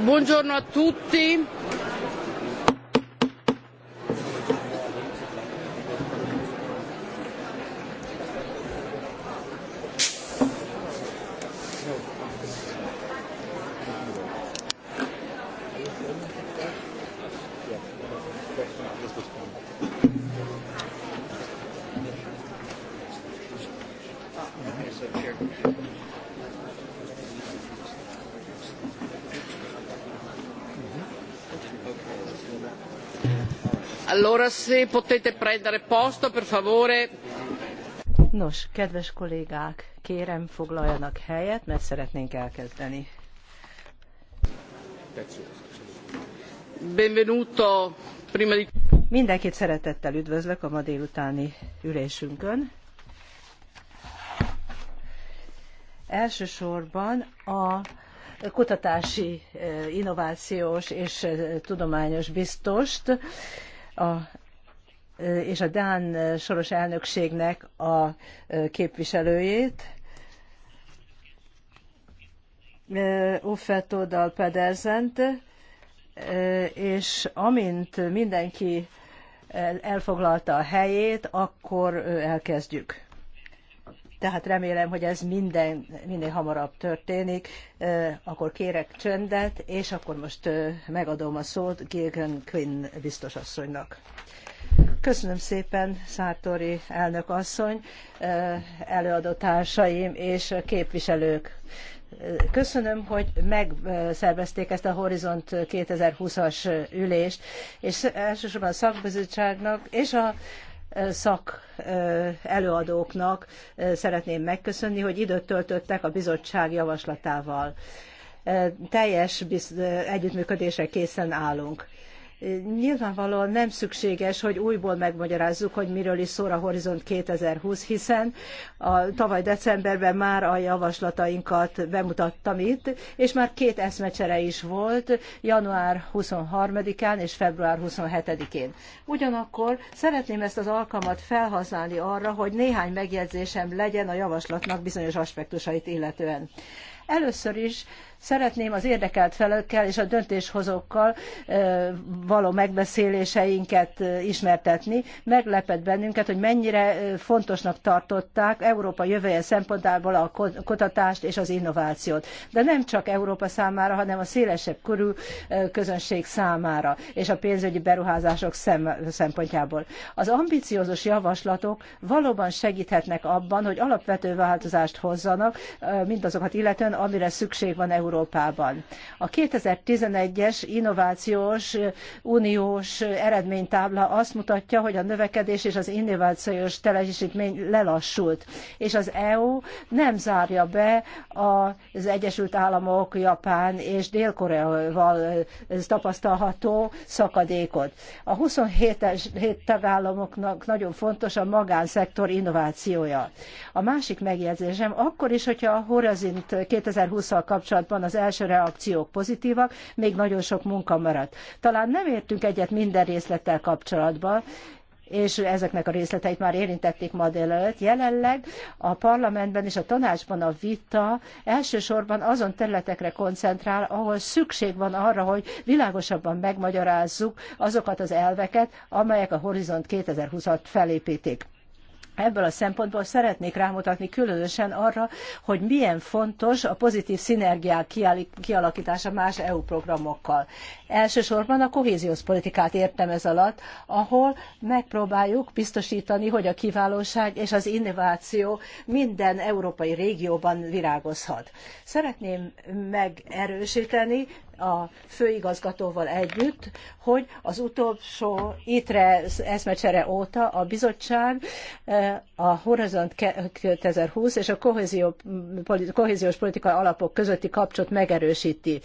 Buongiorno a tutti. Nos, kedves kollégák, kérem foglaljanak helyet, mert szeretnénk elkezdeni. Benvenuto. Mindenkit szeretettel üdvözlök a ma délutáni ülésünkön. Elsősorban a kutatási, eh, innovációs és eh, tudományos biztost, a és a Dán soros elnökségnek a képviselőjét, Uffe Pedersent, és amint mindenki elfoglalta a helyét, akkor elkezdjük. Tehát remélem, hogy ez minden, minél hamarabb történik. Akkor kérek csöndet, és akkor most megadom a szót Gilgen Quinn biztosasszonynak. Köszönöm szépen, Szátori elnök asszony, előadó társaim és képviselők. Köszönöm, hogy megszervezték ezt a Horizont 2020-as ülést, és elsősorban a szakbizottságnak és a szak előadóknak szeretném megköszönni, hogy időt töltöttek a bizottság javaslatával. Teljes együttműködésre készen állunk. Nyilvánvalóan nem szükséges, hogy újból megmagyarázzuk, hogy miről is szól a Horizont 2020, hiszen a, tavaly decemberben már a javaslatainkat bemutattam itt, és már két eszmecsere is volt, január 23-án és február 27-én. Ugyanakkor szeretném ezt az alkalmat felhasználni arra, hogy néhány megjegyzésem legyen a javaslatnak bizonyos aspektusait illetően. Először is Szeretném az érdekelt felőkkel és a döntéshozókkal való megbeszéléseinket ismertetni. Meglepett bennünket, hogy mennyire fontosnak tartották Európa jövője szempontjából a kutatást és az innovációt. De nem csak Európa számára, hanem a szélesebb körű közönség számára és a pénzügyi beruházások szempontjából. Az ambiciózus javaslatok valóban segíthetnek abban, hogy alapvető változást hozzanak mindazokat illetően, amire szükség van Európában Európában. A 2011-es innovációs uniós eredménytábla azt mutatja, hogy a növekedés és az innovációs teljesítmény lelassult, és az EU nem zárja be az Egyesült Államok, Japán és Dél-Koreával tapasztalható szakadékot. A 27 tagállamoknak nagyon fontos a magánszektor innovációja. A másik megjegyzésem, akkor is, hogyha a Horizont 2020-al kapcsolatban Azonban az első reakciók pozitívak, még nagyon sok munka maradt. Talán nem értünk egyet minden részlettel kapcsolatban, és ezeknek a részleteit már érintették ma délelőtt. Jelenleg a parlamentben és a tanácsban a vita elsősorban azon területekre koncentrál, ahol szükség van arra, hogy világosabban megmagyarázzuk azokat az elveket, amelyek a Horizont 2020-at felépítik. Ebből a szempontból szeretnék rámutatni különösen arra, hogy milyen fontos a pozitív szinergiák kialakítása más EU programokkal. Elsősorban a kohéziós politikát értem ez alatt, ahol megpróbáljuk biztosítani, hogy a kiválóság és az innováció minden európai régióban virágozhat. Szeretném megerősíteni a főigazgatóval együtt, hogy az utolsó ITRE eszmecsere óta a bizottság eh, a Horizont 2020 és a kohézió, kohéziós politika alapok közötti kapcsot megerősíti.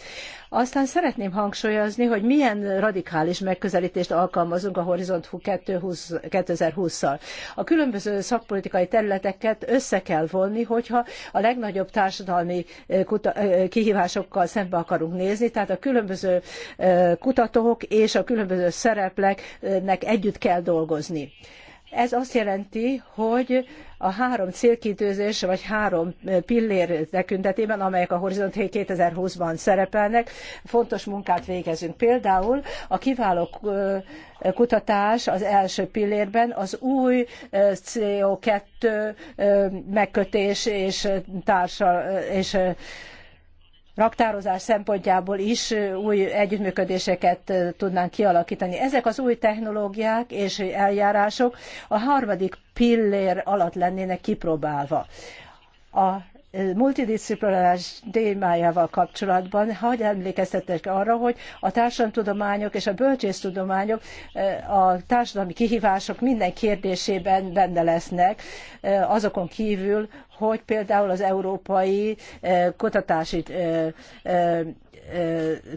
Aztán szeretném hangsúlyozni, hogy milyen radikális megközelítést alkalmazunk a Horizont 2020-szal. A különböző szakpolitikai területeket össze kell vonni, hogyha a legnagyobb társadalmi eh, eh, kihívásokkal szembe akarunk nézni, tehát a különböző eh, kutatók és a különböző szereplőknek együtt kell dolgozni. Ez azt jelenti, hogy a három célkitűzés, vagy három pillér tekintetében, amelyek a Horizont 2020-ban szerepelnek, fontos munkát végezünk. Például a kiváló kutatás az első pillérben az új CO2 megkötés és társa és raktározás szempontjából is új együttműködéseket tudnánk kialakítani. Ezek az új technológiák és eljárások a harmadik pillér alatt lennének kipróbálva. A multidisciplinás témájával kapcsolatban, hogy emlékeztetek arra, hogy a társadalomtudományok és a bölcsésztudományok eh, a társadalmi kihívások minden kérdésében benne lesznek, eh, azokon kívül, hogy például az európai eh, kutatási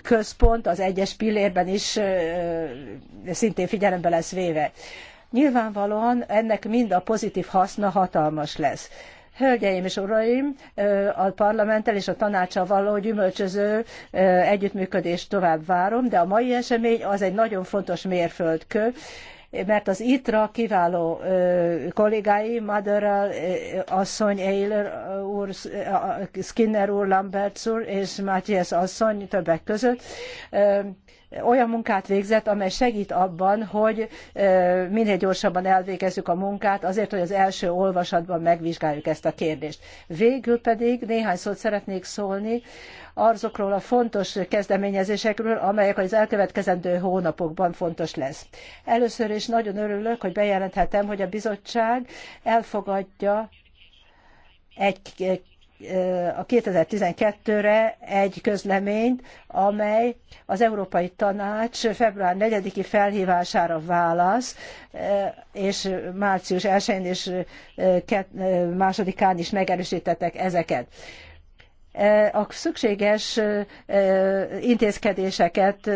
központ az egyes pillérben is szintén figyelembe lesz véve. Nyilvánvalóan ennek mind a pozitív haszna hatalmas lesz. Hölgyeim és uraim, a parlamenttel és a tanácsa való gyümölcsöző együttműködést tovább várom, de a mai esemény az egy nagyon fontos mérföldkő, mert az ITRA kiváló kollégái, Madara asszony, Eiler úr, Skinner úr, Lamberts úr és Matthias asszony többek között olyan munkát végzett, amely segít abban, hogy minél gyorsabban elvégezzük a munkát, azért, hogy az első olvasatban megvizsgáljuk ezt a kérdést. Végül pedig néhány szót szeretnék szólni azokról a fontos kezdeményezésekről, amelyek az elkövetkezendő hónapokban fontos lesz. Először is nagyon örülök, hogy bejelenthetem, hogy a bizottság elfogadja egy a 2012-re egy közleményt, amely az Európai Tanács február 4-i felhívására válasz, eh, és március 1-én és 2-án eh, eh, is megerősítettek ezeket a szükséges intézkedéseket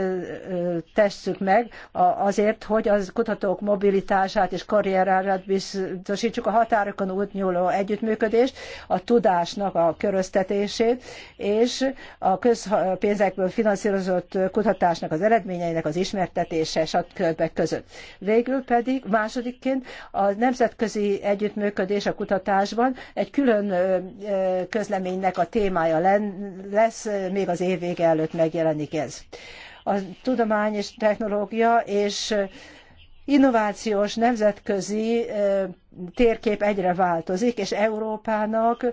tesszük meg azért, hogy az kutatók mobilitását és karrierárát biztosítsuk, a határokon útnyúló együttműködést, a tudásnak a köröztetését, és a közpénzekből finanszírozott kutatásnak az eredményeinek az ismertetése, stb. között. Végül pedig másodikként a nemzetközi együttműködés a kutatásban egy külön közleménynek a témája munkája lesz, még az év vége előtt megjelenik ez. A tudomány és technológia és innovációs nemzetközi térkép egyre változik, és Európának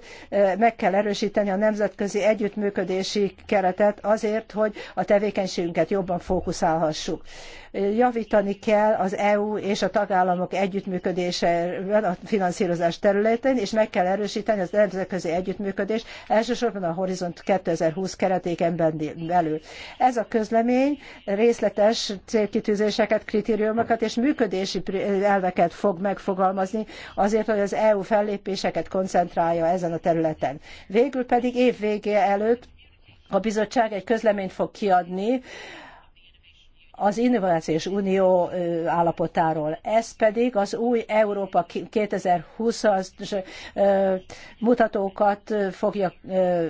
meg kell erősíteni a nemzetközi együttműködési keretet azért, hogy a tevékenységünket jobban fókuszálhassuk. Javítani kell az EU és a tagállamok együttműködésében a finanszírozás területén, és meg kell erősíteni az nemzetközi együttműködést, elsősorban a Horizont 2020 keretéken belül. Ez a közlemény részletes célkitűzéseket, kritériumokat és működési elveket fog megfogalmazni, azért, hogy az EU fellépéseket koncentrálja ezen a területen. Végül pedig év vége előtt a bizottság egy közleményt fog kiadni, az Innovációs Unió állapotáról. Ez pedig az új Európa 2020-as mutatókat fogja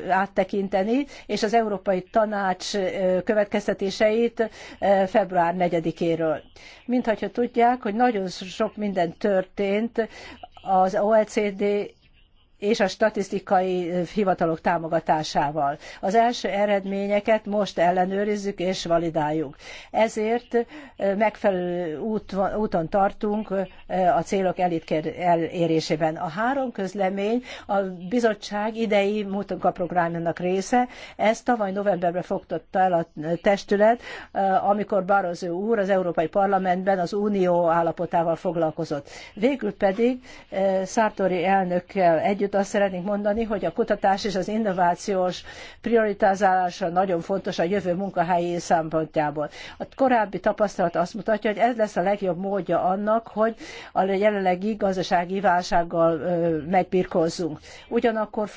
áttekinteni, és az Európai Tanács következtetéseit február 4-éről. Mint tudják, hogy nagyon sok minden történt az OECD és a statisztikai hivatalok támogatásával. Az első eredményeket most ellenőrizzük és validáljuk. Ezért megfelelő úton tartunk a célok elérésében. A három közlemény a bizottság idei munkaprogramjának része. Ezt tavaly novemberben fogtotta el a testület, amikor Barroso úr az Európai Parlamentben az Unió állapotával foglalkozott. Végül pedig Szártori elnökkel együtt együtt azt szeretnénk mondani, hogy a kutatás és az innovációs prioritázálása nagyon fontos a jövő munkahelyi szempontjából. A korábbi tapasztalat azt mutatja, hogy ez lesz a legjobb módja annak, hogy a jelenlegi gazdasági válsággal megbirkózzunk. Ugyanakkor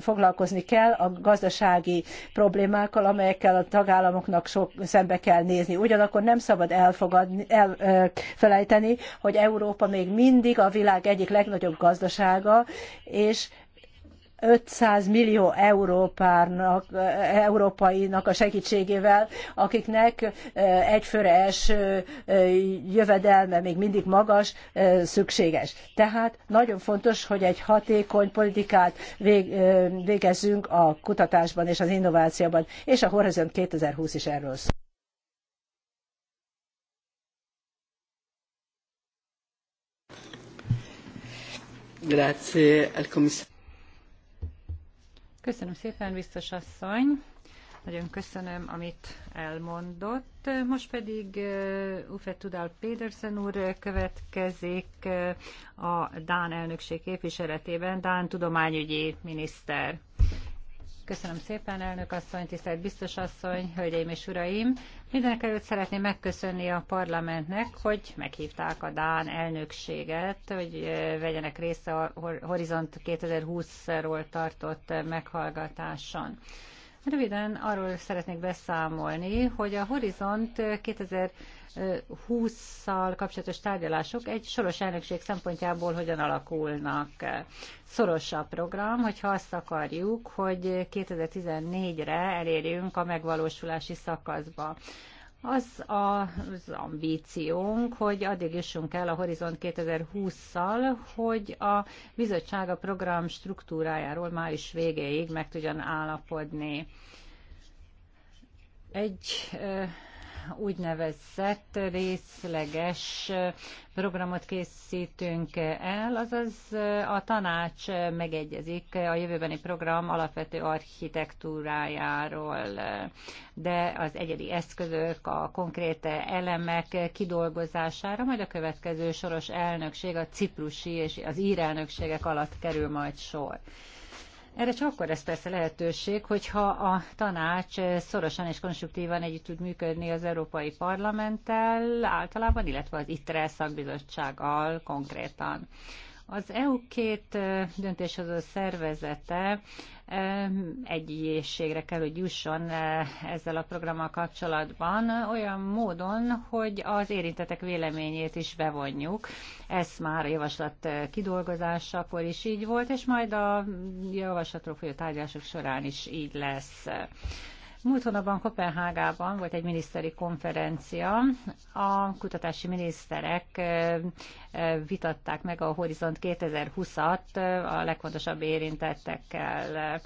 foglalkozni kell a gazdasági problémákkal, amelyekkel a tagállamoknak sok szembe kell nézni. Ugyanakkor nem szabad elfogadni, elfelejteni, hogy Európa még mindig a világ egyik legnagyobb gazdasága, és 500 millió európárnak, európainak a segítségével, akiknek egyfőre eső jövedelme még mindig magas, szükséges. Tehát nagyon fontos, hogy egy hatékony politikát végezzünk a kutatásban és az innovációban, és a Horizont 2020 is erről szól. Grazie al commissario. Köszönöm szépen, biztos asszony. Nagyon köszönöm, amit elmondott. Most pedig eh, Uffe Tudal Pedersen úr következik eh, a Dán elnökség képviseletében, Dán tudományügyi miniszter. Köszönöm szépen, elnök asszony, tisztelt biztos asszony, hölgyeim és uraim! Mindenek előtt szeretném megköszönni a parlamentnek, hogy meghívták a Dán elnökséget, hogy vegyenek részt a Horizont 2020-ról tartott meghallgatáson. Röviden arról szeretnék beszámolni, hogy a Horizont 2000 20-szal kapcsolatos tárgyalások egy soros elnökség szempontjából hogyan alakulnak. Szoros a program, hogyha azt akarjuk, hogy 2014-re elérjünk a megvalósulási szakaszba az a, az ambíciónk, hogy addig jussunk el a Horizont 2020-szal, hogy a bizottság a program struktúrájáról május végéig meg tudjon állapodni. Egy úgynevezett részleges programot készítünk el, azaz a tanács megegyezik a jövőbeni program alapvető architektúrájáról, de az egyedi eszközök, a konkrét elemek kidolgozására majd a következő soros elnökség, a ciprusi és az ír elnökségek alatt kerül majd sor. Erre csak akkor lesz persze lehetőség, hogyha a tanács szorosan és konstruktívan együtt tud működni az Európai Parlamenttel általában, illetve az ITRE szakbizottsággal konkrétan. Az EU két döntéshozó szervezete egyészségre kell, hogy jusson eh, ezzel a programmal kapcsolatban, olyan módon, hogy az érintetek véleményét is bevonjuk. Ez már a javaslat eh, kidolgozásakor is így volt, és majd a javaslatról folyó tárgyalások során is így lesz. Múlt hónapban Kopenhágában volt egy miniszteri konferencia. A kutatási miniszterek vitatták meg a Horizont 2020-at a legfontosabb érintettekkel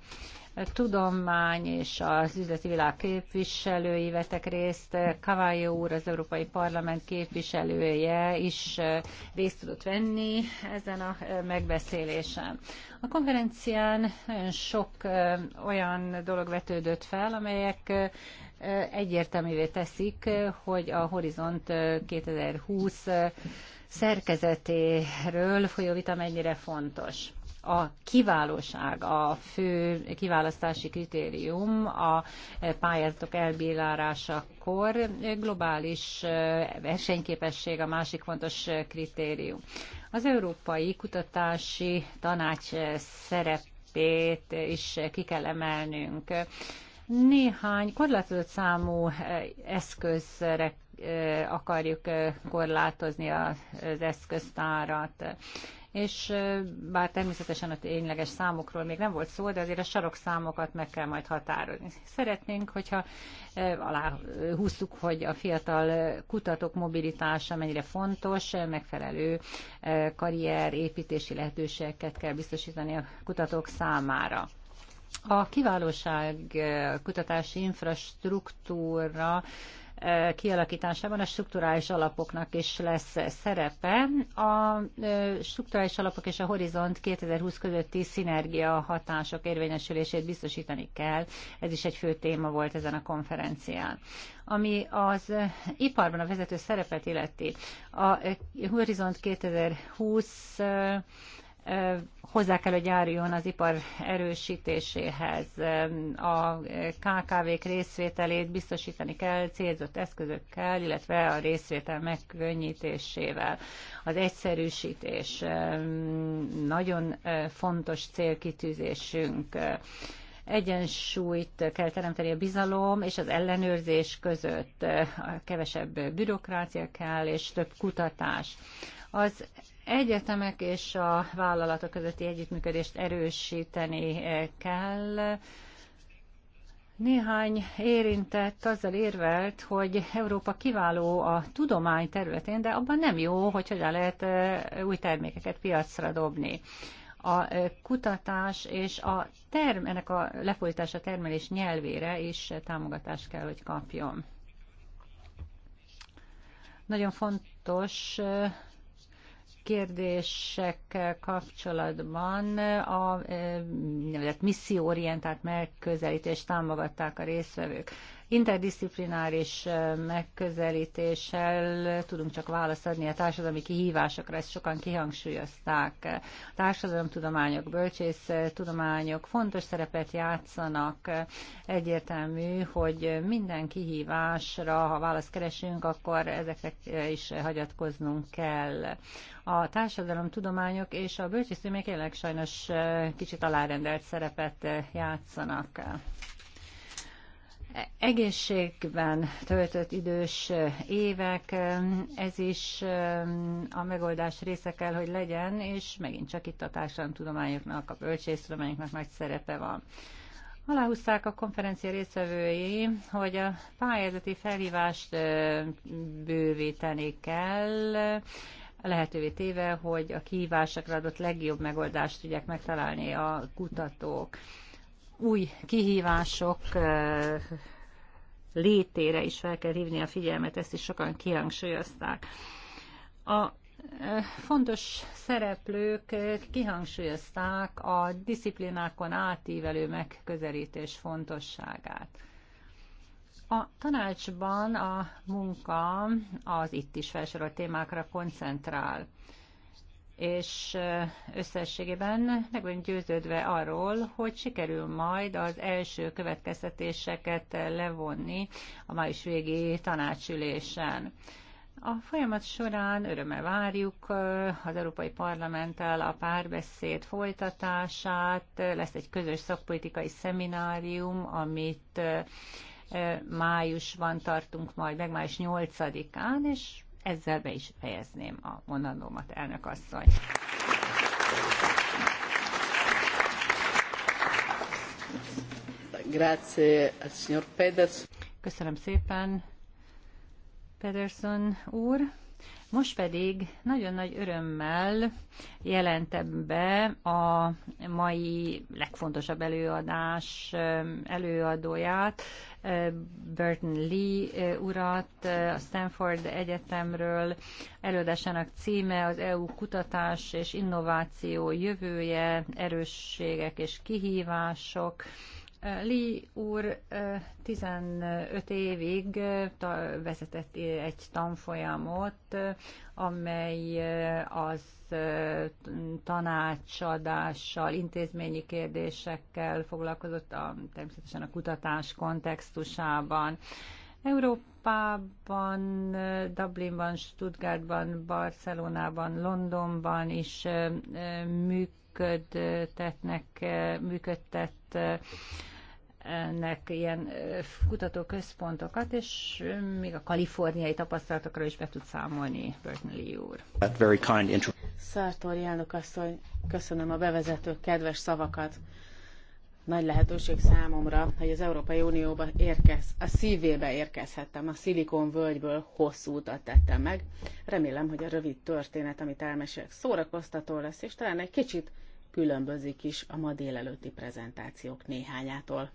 tudomány és az üzleti világ képviselői vettek részt. Kavályó úr, az Európai Parlament képviselője is részt tudott venni ezen a megbeszélésen. A konferencián nagyon sok olyan dolog vetődött fel, amelyek egyértelművé teszik, hogy a Horizont 2020 szerkezetéről folyó vita mennyire fontos a kiválóság, a fő kiválasztási kritérium a pályázatok elbírálásakor, globális versenyképesség a másik fontos kritérium. Az Európai Kutatási Tanács szerepét is ki kell emelnünk. Néhány korlátozott számú eszközre eh, akarjuk eh, korlátozni az eszköztárat és bár természetesen a tényleges számokról még nem volt szó, de azért a sarokszámokat meg kell majd határozni. Szeretnénk, hogyha alá húztuk, hogy a fiatal kutatók mobilitása mennyire fontos, megfelelő karrier építési lehetőségeket kell biztosítani a kutatók számára. A kiválóság kutatási infrastruktúra kialakításában a strukturális alapoknak is lesz szerepe. A strukturális alapok és a Horizont 2020 közötti szinergia hatások érvényesülését biztosítani kell. Ez is egy fő téma volt ezen a konferencián ami az iparban a vezető szerepet illeti. A Horizont 2020 hozzá kell, hogy járjon az ipar erősítéséhez. A KKV-k részvételét biztosítani kell célzott eszközökkel, illetve a részvétel megkönnyítésével. Az egyszerűsítés nagyon fontos célkitűzésünk egyensúlyt kell teremteni a bizalom és az ellenőrzés között. Kevesebb bürokrácia kell, és több kutatás. Az egyetemek és a vállalatok közötti együttműködést erősíteni eh, kell. Néhány érintett azzal érvelt, hogy Európa kiváló a tudomány területén, de abban nem jó, hogy hogyan lehet eh, új termékeket piacra dobni. A eh, kutatás és a term, ennek a lefolytása termelés nyelvére is támogatást kell, hogy kapjon. Nagyon fontos kérdésekkel kapcsolatban a e, misszióorientált megközelítést támogatták a résztvevők interdisziplináris megközelítéssel tudunk csak választ adni a társadalmi kihívásokra, ezt sokan kihangsúlyozták. A társadalomtudományok, bölcsész tudományok fontos szerepet játszanak. Egyértelmű, hogy minden kihívásra, ha választ keresünk, akkor ezekre is hagyatkoznunk kell. A társadalomtudományok és a bölcsésztudományok jelenleg sajnos kicsit alárendelt szerepet játszanak egészségben töltött idős évek, ez is a megoldás része kell, hogy legyen, és megint csak itt a társadalomtudományoknak, a bölcsésztudományoknak nagy szerepe van. Aláhúzták a konferencia részvevői, hogy a pályázati felhívást bővíteni kell, lehetővé téve, hogy a kihívásokra adott legjobb megoldást tudják megtalálni a kutatók új kihívások létére is fel kell hívni a figyelmet, ezt is sokan kihangsúlyozták. A fontos szereplők kihangsúlyozták a disziplinákon átívelő megközelítés fontosságát. A tanácsban a munka az itt is felsorolt témákra koncentrál és összességében meg vagyunk győződve arról, hogy sikerül majd az első következtetéseket levonni a május végi tanácsülésen. A folyamat során örömmel várjuk az Európai Parlamenttel a párbeszéd folytatását. Lesz egy közös szakpolitikai szeminárium, amit májusban tartunk majd, meg május 8-án, és ezzel be is fejezném a mondandómat, elnök asszony. Grazie signor Pedersen. Köszönöm szépen, Pedersen úr. Most pedig nagyon nagy örömmel jelentem be a mai legfontosabb előadás előadóját, Burton Lee urat a Stanford Egyetemről. Előadásának címe az EU kutatás és innováció jövője, erősségek és kihívások. Li úr 15 évig vezetett egy tanfolyamot, amely az tanácsadással, intézményi kérdésekkel foglalkozott, a, természetesen a kutatás kontextusában. Európában, Dublinban, Stuttgartban, Barcelonában, Londonban is működtetnek, működtett ennek ilyen kutatóközpontokat, és még a kaliforniai tapasztalatokra is be tud számolni Bertnelli úr. Very Szartori elnök asszony, köszönöm a bevezető kedves szavakat. Nagy lehetőség számomra, hogy az Európai Unióba érkez, a szívébe érkezhettem, a Szilikon völgyből hosszú utat tettem meg. Remélem, hogy a rövid történet, amit elmesélek, szórakoztató lesz, és talán egy kicsit különbözik is a ma délelőtti prezentációk néhányától.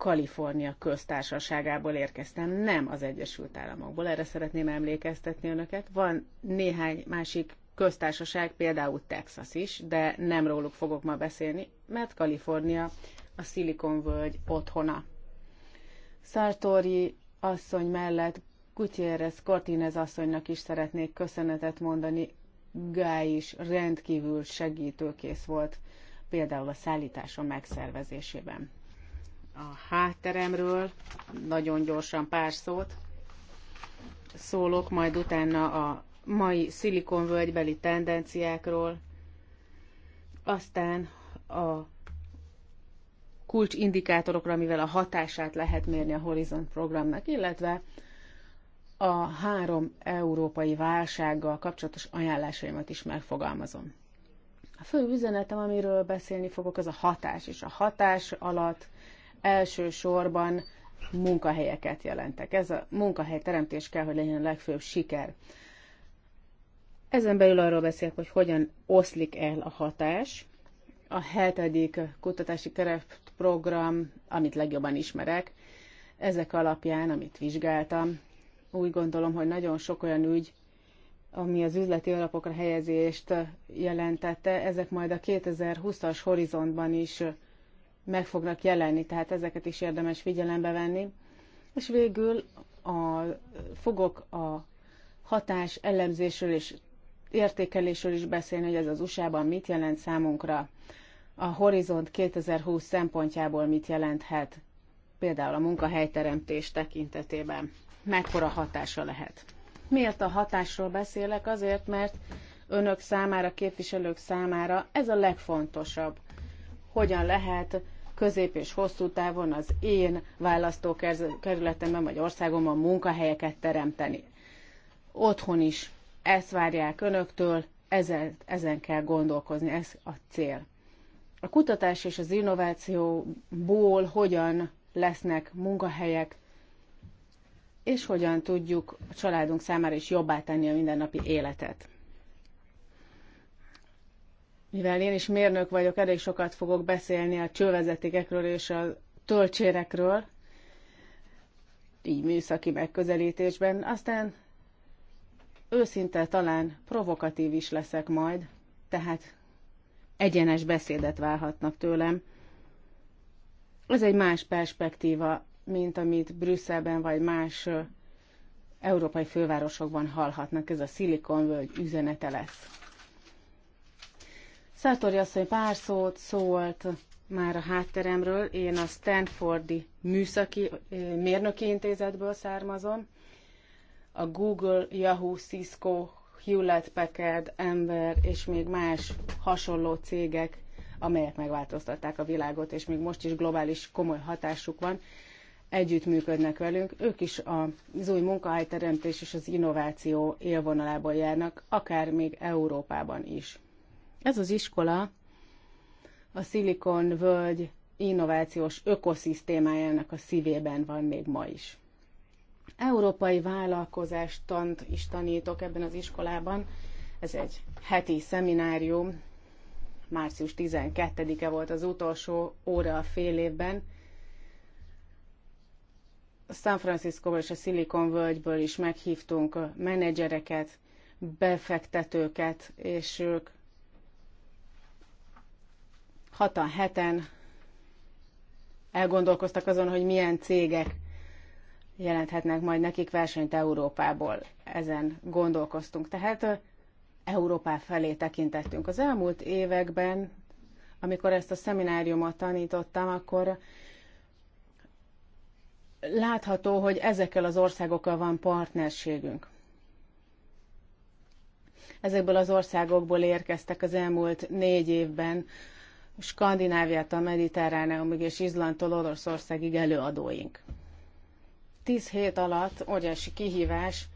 Kalifornia köztársaságából érkeztem, nem az Egyesült Államokból. Erre szeretném emlékeztetni önöket. Van néhány másik köztársaság, például Texas is, de nem róluk fogok ma beszélni, mert Kalifornia a Völgy otthona. Sartori asszony mellett Gutierrez Cortinez asszonynak is szeretnék köszönetet mondani. Gály is rendkívül segítőkész volt, például a szállítása megszervezésében a hátteremről, nagyon gyorsan pár szót szólok, majd utána a mai szilikonvölgybeli tendenciákról, aztán a kulcsindikátorokra, amivel a hatását lehet mérni a Horizon programnak, illetve a három európai válsággal kapcsolatos ajánlásaimat is megfogalmazom. A fő üzenetem, amiről beszélni fogok, az a hatás, és a hatás alatt elsősorban munkahelyeket jelentek. Ez a munkahelyteremtés kell, hogy legyen a legfőbb siker. Ezen belül arról beszélek, hogy hogyan oszlik el a hatás. A hetedik kutatási keretprogram, amit legjobban ismerek, ezek alapján, amit vizsgáltam, úgy gondolom, hogy nagyon sok olyan ügy, ami az üzleti alapokra helyezést jelentette, ezek majd a 2020-as horizontban is meg fognak jelenni, tehát ezeket is érdemes figyelembe venni. És végül a, fogok a hatás elemzésről és értékelésről is beszélni, hogy ez az USA-ban mit jelent számunkra, a Horizont 2020 szempontjából mit jelenthet, például a munkahelyteremtés tekintetében, mekkora hatása lehet. Miért a hatásról beszélek? Azért, mert önök számára, képviselők számára ez a legfontosabb – hogyan lehet közép és hosszú távon az én választókerületemben vagy országomban munkahelyeket teremteni. Otthon is ezt várják önöktől, ezen, ezen kell gondolkozni, ez a cél. A kutatás és az innovációból hogyan lesznek munkahelyek, és hogyan tudjuk a családunk számára is jobbá tenni a mindennapi életet mivel én is mérnök vagyok, elég sokat fogok beszélni a csővezetékekről és a tölcsérekről, így műszaki megközelítésben. Aztán őszinte talán provokatív is leszek majd, tehát egyenes beszédet várhatnak tőlem. Ez egy más perspektíva, mint amit Brüsszelben vagy más európai fővárosokban hallhatnak. Ez a szilikonvölgy üzenete lesz. Szartori asszony pár szót szólt már a hátteremről. Én a Stanfordi Műszaki Mérnöki Intézetből származom. A Google, Yahoo, Cisco, Hewlett Packard, Ember és még más hasonló cégek, amelyek megváltoztatták a világot, és még most is globális komoly hatásuk van, együttműködnek velünk. Ők is az új munkahelyteremtés és az innováció élvonalában járnak, akár még Európában is. Ez az iskola a Silicon völgy innovációs ökoszisztémájának a szívében van még ma is. Európai vállalkozást tant is tanítok ebben az iskolában. Ez egy heti szeminárium. Március 12-e volt az utolsó óra a fél évben. A San francisco és a Silicon völgyből is meghívtunk menedzsereket, befektetőket, és ők hatan, heten elgondolkoztak azon, hogy milyen cégek jelenthetnek majd nekik versenyt Európából. Ezen gondolkoztunk. Tehát Európá felé tekintettünk. Az elmúlt években, amikor ezt a szemináriumot tanítottam, akkor látható, hogy ezekkel az országokkal van partnerségünk. Ezekből az országokból érkeztek az elmúlt négy évben Skandináviát a Mediterráneumig és Izlandtól Oroszországig előadóink. Tíz hét alatt óriási kihívás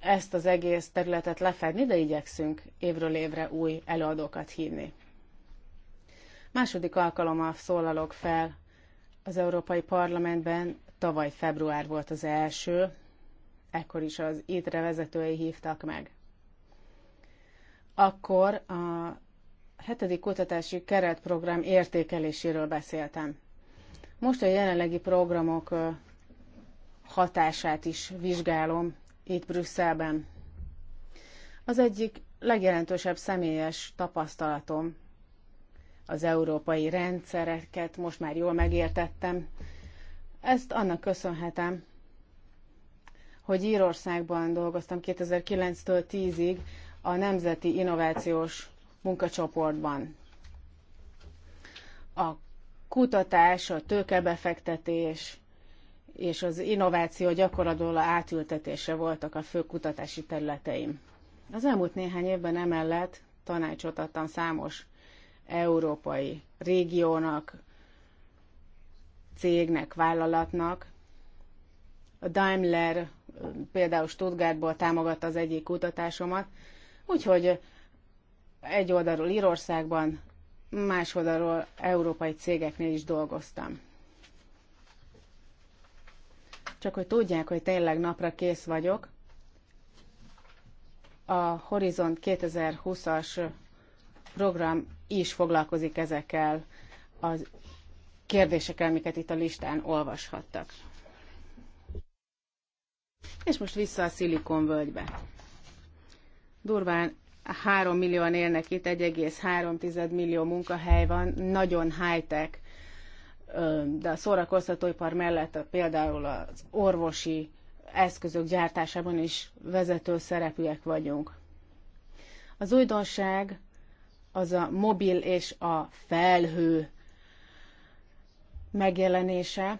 ezt az egész területet lefedni, de igyekszünk évről évre új előadókat hívni. Második alkalommal szólalok fel az Európai Parlamentben, tavaly február volt az első, ekkor is az ITRE vezetői hívtak meg. Akkor a hetedik kutatási keretprogram értékeléséről beszéltem. Most a jelenlegi programok hatását is vizsgálom itt Brüsszelben. Az egyik legjelentősebb személyes tapasztalatom az európai rendszereket most már jól megértettem. Ezt annak köszönhetem, hogy Írországban dolgoztam 2009-től 10-ig a Nemzeti Innovációs munkacsoportban. A kutatás, a tőkebefektetés és az innováció gyakorlatból átültetése voltak a fő kutatási területeim. Az elmúlt néhány évben emellett tanácsot adtam számos európai régiónak, cégnek, vállalatnak. A Daimler például Stuttgartból támogatta az egyik kutatásomat, úgyhogy egy oldalról Írországban, más oldalról európai cégeknél is dolgoztam. Csak hogy tudják, hogy tényleg napra kész vagyok, a Horizont 2020-as program is foglalkozik ezekkel a kérdésekkel, amiket itt a listán olvashattak. És most vissza a Szilikon völgybe. Durván 3 millióan élnek itt, 1,3 millió munkahely van, nagyon high-tech, de a szórakoztatóipar mellett például az orvosi eszközök gyártásában is vezető szerepűek vagyunk. Az újdonság az a mobil és a felhő megjelenése,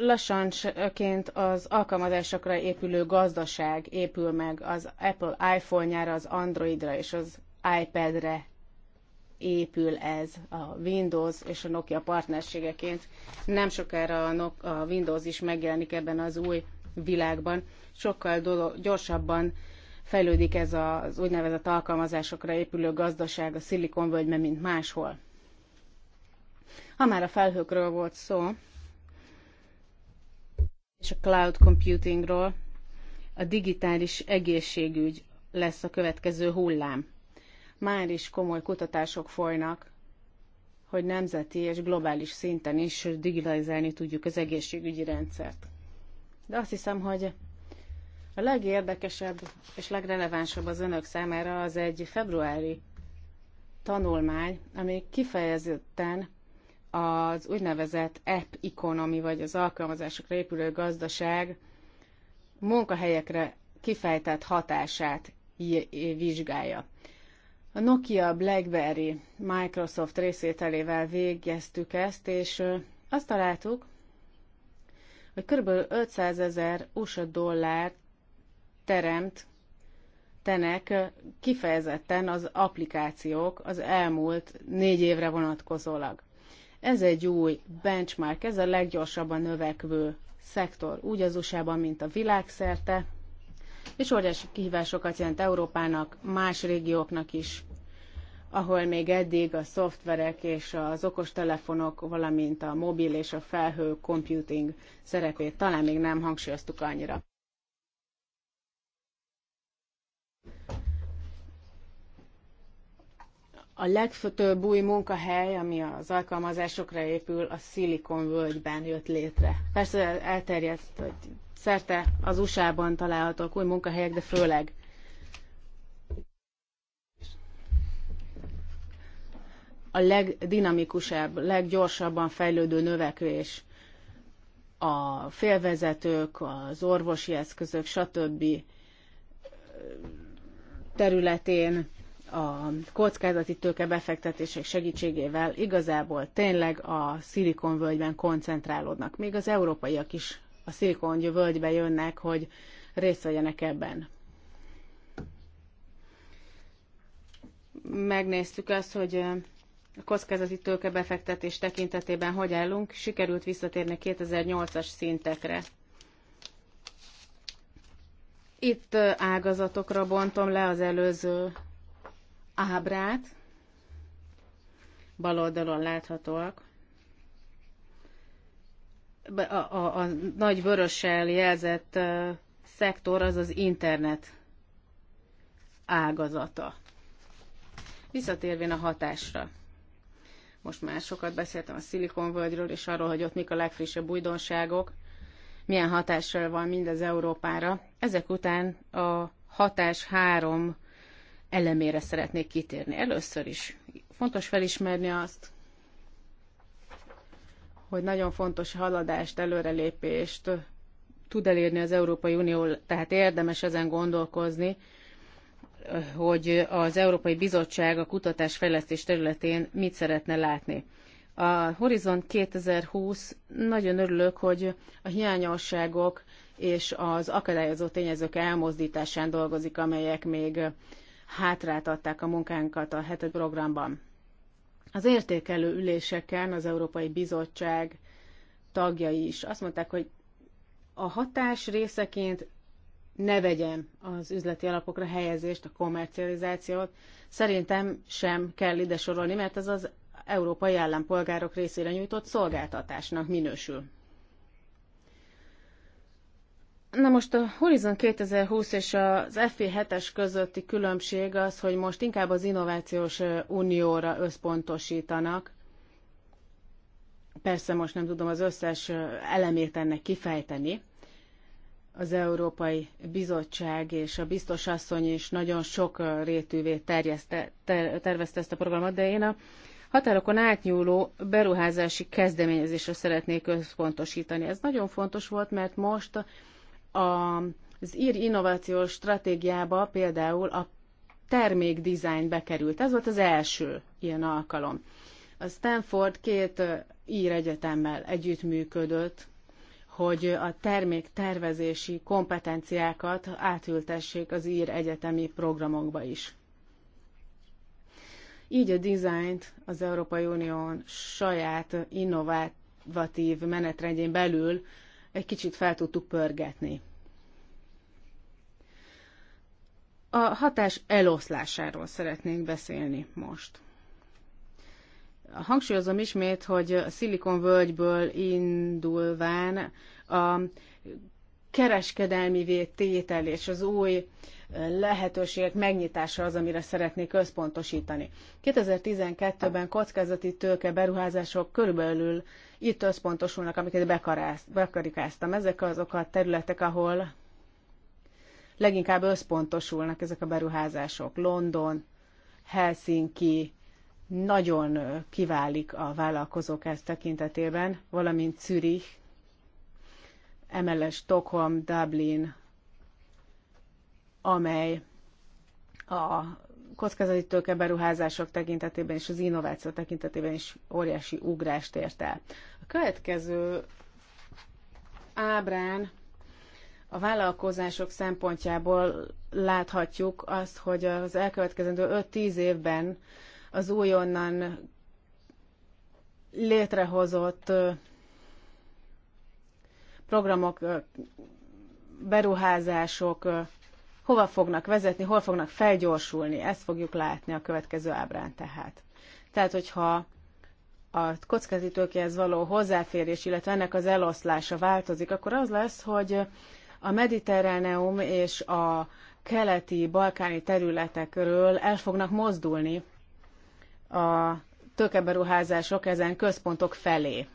lassanként az alkalmazásokra épülő gazdaság épül meg az Apple iPhone-jára, az Androidra és az iPad-re épül ez a Windows és a Nokia partnerségeként. Nem sokára a, no- a Windows is megjelenik ebben az új világban. Sokkal gyorsabban fejlődik ez az úgynevezett alkalmazásokra épülő gazdaság a szilikonvölgyben, mint máshol. Ha már a felhőkről volt szó, és a cloud computingról. A digitális egészségügy lesz a következő hullám. Már is komoly kutatások folynak, hogy nemzeti és globális szinten is digitalizálni tudjuk az egészségügyi rendszert. De azt hiszem, hogy a legérdekesebb és legrelevánsabb az önök számára az egy februári tanulmány, ami kifejezetten az úgynevezett app economy, vagy az alkalmazásokra épülő gazdaság munkahelyekre kifejtett hatását vizsgálja. A Nokia BlackBerry Microsoft részételével végeztük ezt, és azt találtuk, hogy kb. 500 ezer USA dollár teremt tenek kifejezetten az applikációk az elmúlt négy évre vonatkozólag. Ez egy új benchmark, ez a leggyorsabban növekvő szektor, úgy az USA-ban, mint a világszerte, és óriási kihívásokat jelent Európának, más régióknak is, ahol még eddig a szoftverek és az okostelefonok, valamint a mobil és a felhő computing szerepét talán még nem hangsúlyoztuk annyira. A legfőbb új munkahely, ami az alkalmazásokra épül, a völgyben jött létre. Persze elterjedt, hogy szerte az USA-ban találhatók új munkahelyek, de főleg a legdinamikusabb, leggyorsabban fejlődő növekvés a félvezetők, az orvosi eszközök, stb. területén a kockázati tőke befektetések segítségével igazából tényleg a szilikonvölgyben koncentrálódnak. Még az európaiak is a szilikonvölgybe jönnek, hogy részt vegyenek ebben. Megnéztük azt, hogy a kockázati tőke befektetés tekintetében hogy állunk, sikerült visszatérni 2008-as szintekre. Itt ágazatokra bontom le az előző ábrát, bal oldalon láthatóak, a, a, a nagy vörössel jelzett uh, szektor az az internet ágazata. Visszatérvén a hatásra. Most már sokat beszéltem a szilikonvölgyről, és arról, hogy ott mik a legfrissebb újdonságok, milyen hatással van mindez Európára. Ezek után a hatás három elemére szeretnék kitérni. Először is fontos felismerni azt, hogy nagyon fontos haladást, előrelépést tud elérni az Európai Unió, tehát érdemes ezen gondolkozni, hogy az Európai Bizottság a kutatás fejlesztés területén mit szeretne látni. A Horizont 2020 nagyon örülök, hogy a hiányosságok és az akadályozó tényezők elmozdításán dolgozik, amelyek még hátráltatták a munkánkat a hetet programban. Az értékelő üléseken az Európai Bizottság tagjai is azt mondták, hogy a hatás részeként ne vegyem az üzleti alapokra helyezést, a komercializációt. Szerintem sem kell ide sorolni, mert ez az európai állampolgárok részére nyújtott szolgáltatásnak minősül. Na most a Horizon 2020 és az FP7-es e közötti különbség az, hogy most inkább az Innovációs Unióra összpontosítanak. Persze most nem tudom az összes elemét ennek kifejteni. Az Európai Bizottság és a biztos asszony is nagyon sok rétűvé ter, tervezte ezt a programot, de én a határokon átnyúló beruházási kezdeményezésre szeretnék összpontosítani. Ez nagyon fontos volt, mert most az ír innovációs stratégiába például a termékdizájn bekerült. Ez volt az első ilyen alkalom. A Stanford két ír egyetemmel együttműködött, hogy a terméktervezési kompetenciákat átültessék az ír egyetemi programokba is. Így a dizájnt az Európai Unión saját innovatív menetrendjén belül egy kicsit fel tudtuk pörgetni. A hatás eloszlásáról szeretnék beszélni most. Hangsúlyozom ismét, hogy a völgyből indulván a kereskedelmi tétel és az új lehetőségek megnyitása az, amire szeretnék összpontosítani. 2012-ben kockázati tőke beruházások körülbelül itt összpontosulnak, amiket bekarikáztam. Ezek azok a területek, ahol leginkább összpontosulnak ezek a beruházások. London, Helsinki nagyon kiválik a vállalkozók ezt tekintetében, valamint Zürich, emellett Stockholm, Dublin, amely a kockázati beruházások tekintetében és az innováció tekintetében is óriási ugrást ért el. A következő ábrán a vállalkozások szempontjából láthatjuk azt, hogy az elkövetkezendő 5-10 évben az újonnan létrehozott programok, beruházások hova fognak vezetni, hol fognak felgyorsulni. Ezt fogjuk látni a következő ábrán tehát. Tehát, hogyha a kockázatőkéhez való hozzáférés, illetve ennek az eloszlása változik, akkor az lesz, hogy a Mediterráneum és a keleti balkáni területekről el fognak mozdulni a tőkeberuházások ezen központok felé.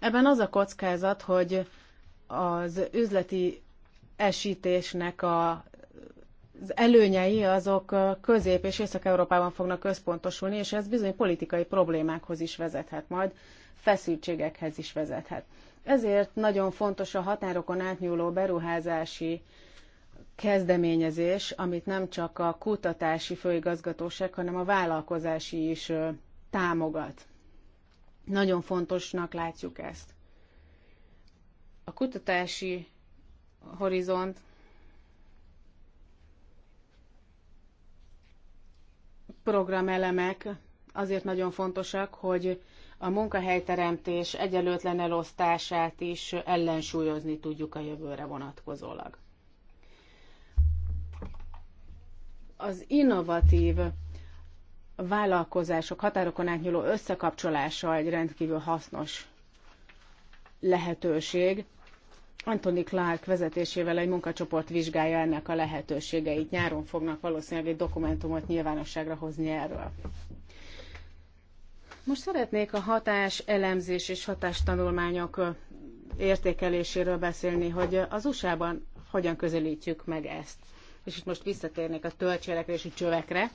Ebben az a kockázat, hogy az üzleti esítésnek a az előnyei azok Közép- és Észak-Európában fognak központosulni, és ez bizony politikai problémákhoz is vezethet majd, feszültségekhez is vezethet. Ezért nagyon fontos a határokon átnyúló beruházási kezdeményezés, amit nem csak a kutatási főigazgatóság, hanem a vállalkozási is támogat. Nagyon fontosnak látjuk ezt. A kutatási horizont programelemek azért nagyon fontosak, hogy a munkahelyteremtés egyenlőtlen elosztását is ellensúlyozni tudjuk a jövőre vonatkozólag. Az innovatív vállalkozások határokon átnyúló összekapcsolása egy rendkívül hasznos lehetőség. Anthony Clark vezetésével egy munkacsoport vizsgálja ennek a lehetőségeit. Nyáron fognak valószínűleg egy dokumentumot nyilvánosságra hozni erről. Most szeretnék a hatás elemzés és hatástanulmányok értékeléséről beszélni, hogy az USA-ban hogyan közelítjük meg ezt. És itt most visszatérnék a töltsérekre és a csövekre.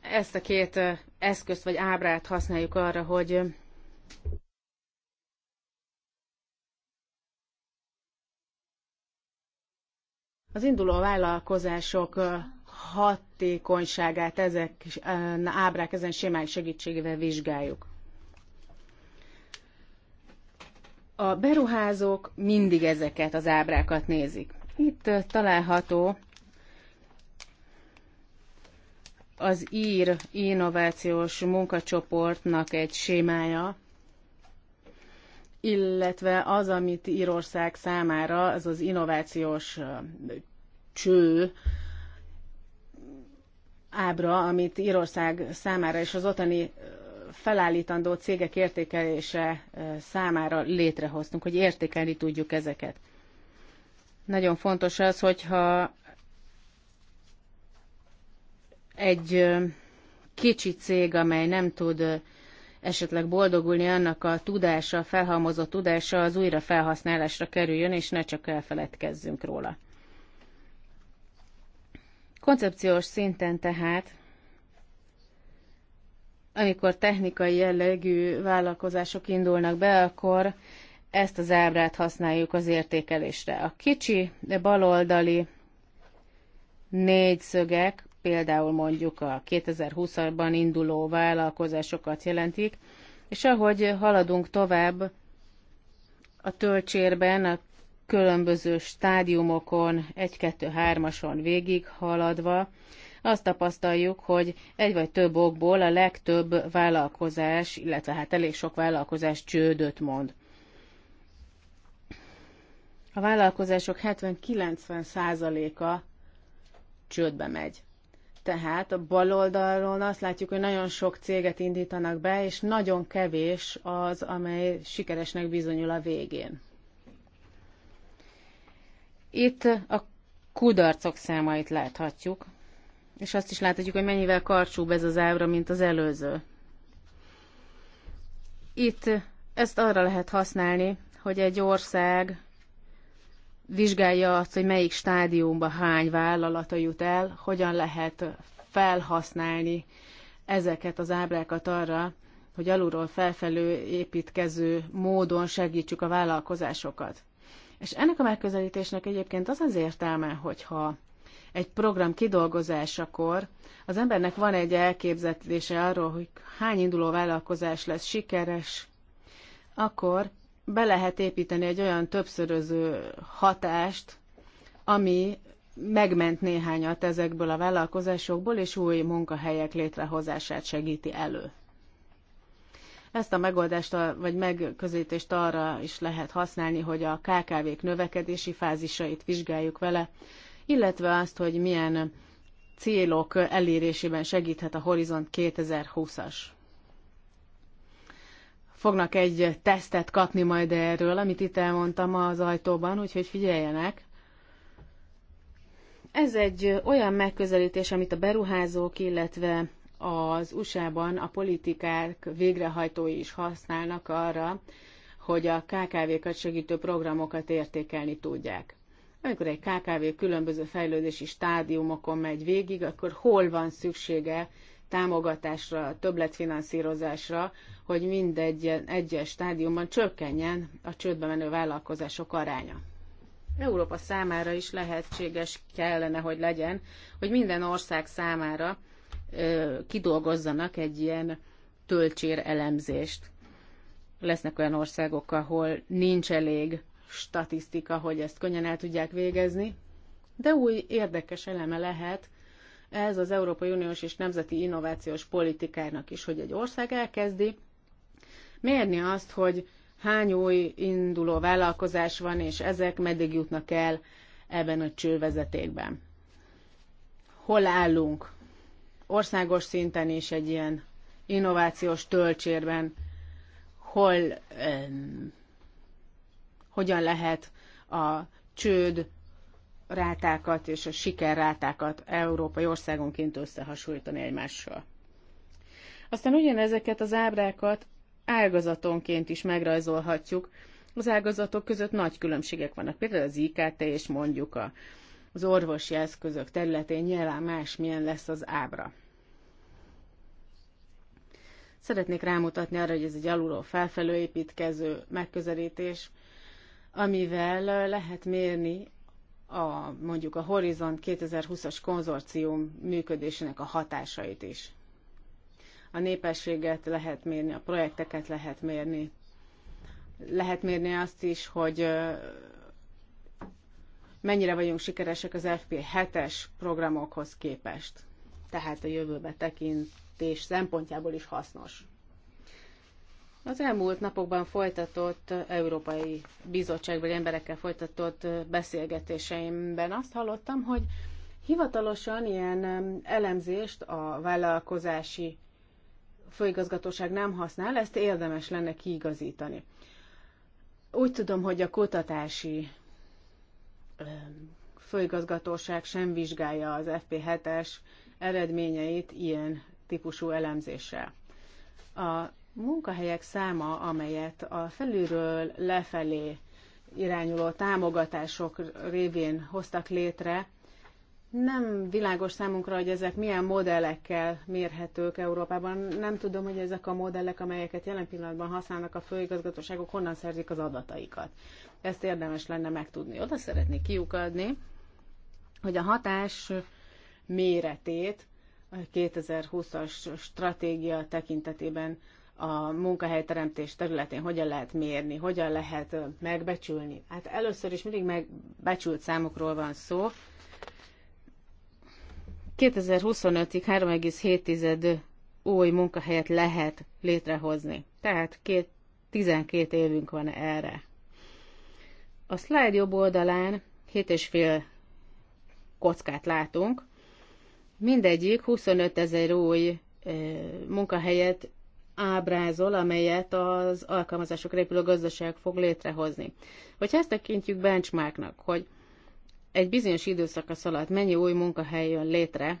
Ezt a két eszközt vagy ábrát használjuk arra, hogy az induló vállalkozások hatékonyságát ezek ábrák ezen sémák segítségével vizsgáljuk. A beruházók mindig ezeket az ábrákat nézik. Itt található az ír innovációs munkacsoportnak egy sémája, illetve az, amit Írország számára, az az innovációs cső, ábra, amit Írország számára és az ottani felállítandó cégek értékelése számára létrehoztunk, hogy értékelni tudjuk ezeket. Nagyon fontos az, hogyha egy kicsi cég, amely nem tud esetleg boldogulni, annak a tudása, felhalmozott tudása az újra felhasználásra kerüljön, és ne csak elfeledkezzünk róla. Koncepciós szinten tehát, amikor technikai jellegű vállalkozások indulnak be, akkor ezt az ábrát használjuk az értékelésre. A kicsi, de baloldali szögek, például mondjuk a 2020-ban induló vállalkozásokat jelentik, és ahogy haladunk tovább a töltsérben, a különböző stádiumokon, 1-2-3-ason végig haladva, azt tapasztaljuk, hogy egy vagy több okból a legtöbb vállalkozás, illetve hát elég sok vállalkozás csődöt mond. A vállalkozások 70-90%-a csődbe megy. Tehát a bal oldalról, azt látjuk, hogy nagyon sok céget indítanak be, és nagyon kevés az, amely sikeresnek bizonyul a végén. Itt a kudarcok számait láthatjuk, és azt is láthatjuk, hogy mennyivel karcsúbb ez az ábra, mint az előző. Itt ezt arra lehet használni, hogy egy ország vizsgálja azt, hogy melyik stádiumban hány vállalata jut el, hogyan lehet felhasználni ezeket az ábrákat arra, hogy alulról felfelő építkező módon segítsük a vállalkozásokat. És ennek a megközelítésnek egyébként az az értelme, hogyha egy program kidolgozásakor az embernek van egy elképzelése arról, hogy hány induló vállalkozás lesz sikeres, akkor be lehet építeni egy olyan többszöröző hatást, ami megment néhányat ezekből a vállalkozásokból, és új munkahelyek létrehozását segíti elő. Ezt a megoldást, vagy megközelítést arra is lehet használni, hogy a KKV-k növekedési fázisait vizsgáljuk vele, illetve azt, hogy milyen célok elérésében segíthet a Horizont 2020-as. Fognak egy tesztet kapni majd erről, amit itt elmondtam az ajtóban, úgyhogy figyeljenek. Ez egy olyan megközelítés, amit a beruházók, illetve az USA-ban a politikák végrehajtói is használnak arra, hogy a KKV-kat segítő programokat értékelni tudják. Amikor egy KKV különböző fejlődési stádiumokon megy végig, akkor hol van szüksége támogatásra, többletfinanszírozásra, hogy mindegy egyes stádiumban csökkenjen a csődbe menő vállalkozások aránya. Európa számára is lehetséges kellene, hogy legyen, hogy minden ország számára kidolgozzanak egy ilyen töltsér elemzést. Lesznek olyan országok, ahol nincs elég statisztika, hogy ezt könnyen el tudják végezni, de új érdekes eleme lehet ez az Európai Uniós és Nemzeti Innovációs Politikának is, hogy egy ország elkezdi mérni azt, hogy hány új induló vállalkozás van, és ezek meddig jutnak el ebben a csővezetékben. Hol állunk országos szinten is egy ilyen innovációs töltsérben, hol eh, hogyan lehet a csőd rátákat és a sikerrátákat európai országonként összehasonlítani egymással. Aztán ugyanezeket az ábrákat ágazatonként is megrajzolhatjuk. Az ágazatok között nagy különbségek vannak, például az IKT és mondjuk a az orvosi eszközök területén nyilván másmilyen lesz az ábra. Szeretnék rámutatni arra, hogy ez egy alulról felfelő építkező megközelítés, amivel lehet mérni a, mondjuk a Horizont 2020-as konzorcium működésének a hatásait is. A népességet lehet mérni, a projekteket lehet mérni, lehet mérni azt is, hogy mennyire vagyunk sikeresek az FP7-es programokhoz képest. Tehát a jövőbe tekintés szempontjából is hasznos. Az elmúlt napokban folytatott Európai bizottság vagy emberekkel folytatott beszélgetéseimben azt hallottam, hogy hivatalosan ilyen elemzést a vállalkozási főigazgatóság nem használ, ezt érdemes lenne kiigazítani. Úgy tudom, hogy a kutatási főigazgatóság sem vizsgálja az FP7-es eredményeit ilyen típusú elemzéssel. A munkahelyek száma, amelyet a felülről lefelé irányuló támogatások révén hoztak létre, nem világos számunkra, hogy ezek milyen modellekkel mérhetők Európában. Nem tudom, hogy ezek a modellek, amelyeket jelen pillanatban használnak a főigazgatóságok, honnan szerzik az adataikat. Ezt érdemes lenne megtudni. Oda szeretnék kiukadni, hogy a hatás méretét a 2020-as stratégia tekintetében a munkahelyteremtés területén hogyan lehet mérni, hogyan lehet megbecsülni. Hát először is mindig megbecsült számokról van szó. 2025-ig 3,7 új munkahelyet lehet létrehozni. Tehát két, 12 évünk van erre. A slide jobb oldalán 7,5 kockát látunk. Mindegyik 25 ezer új munkahelyet ábrázol, amelyet az alkalmazások repülő gazdaság fog létrehozni. Hogyha ezt tekintjük benchmarknak, hogy egy bizonyos időszakasz alatt mennyi új munkahely jön létre,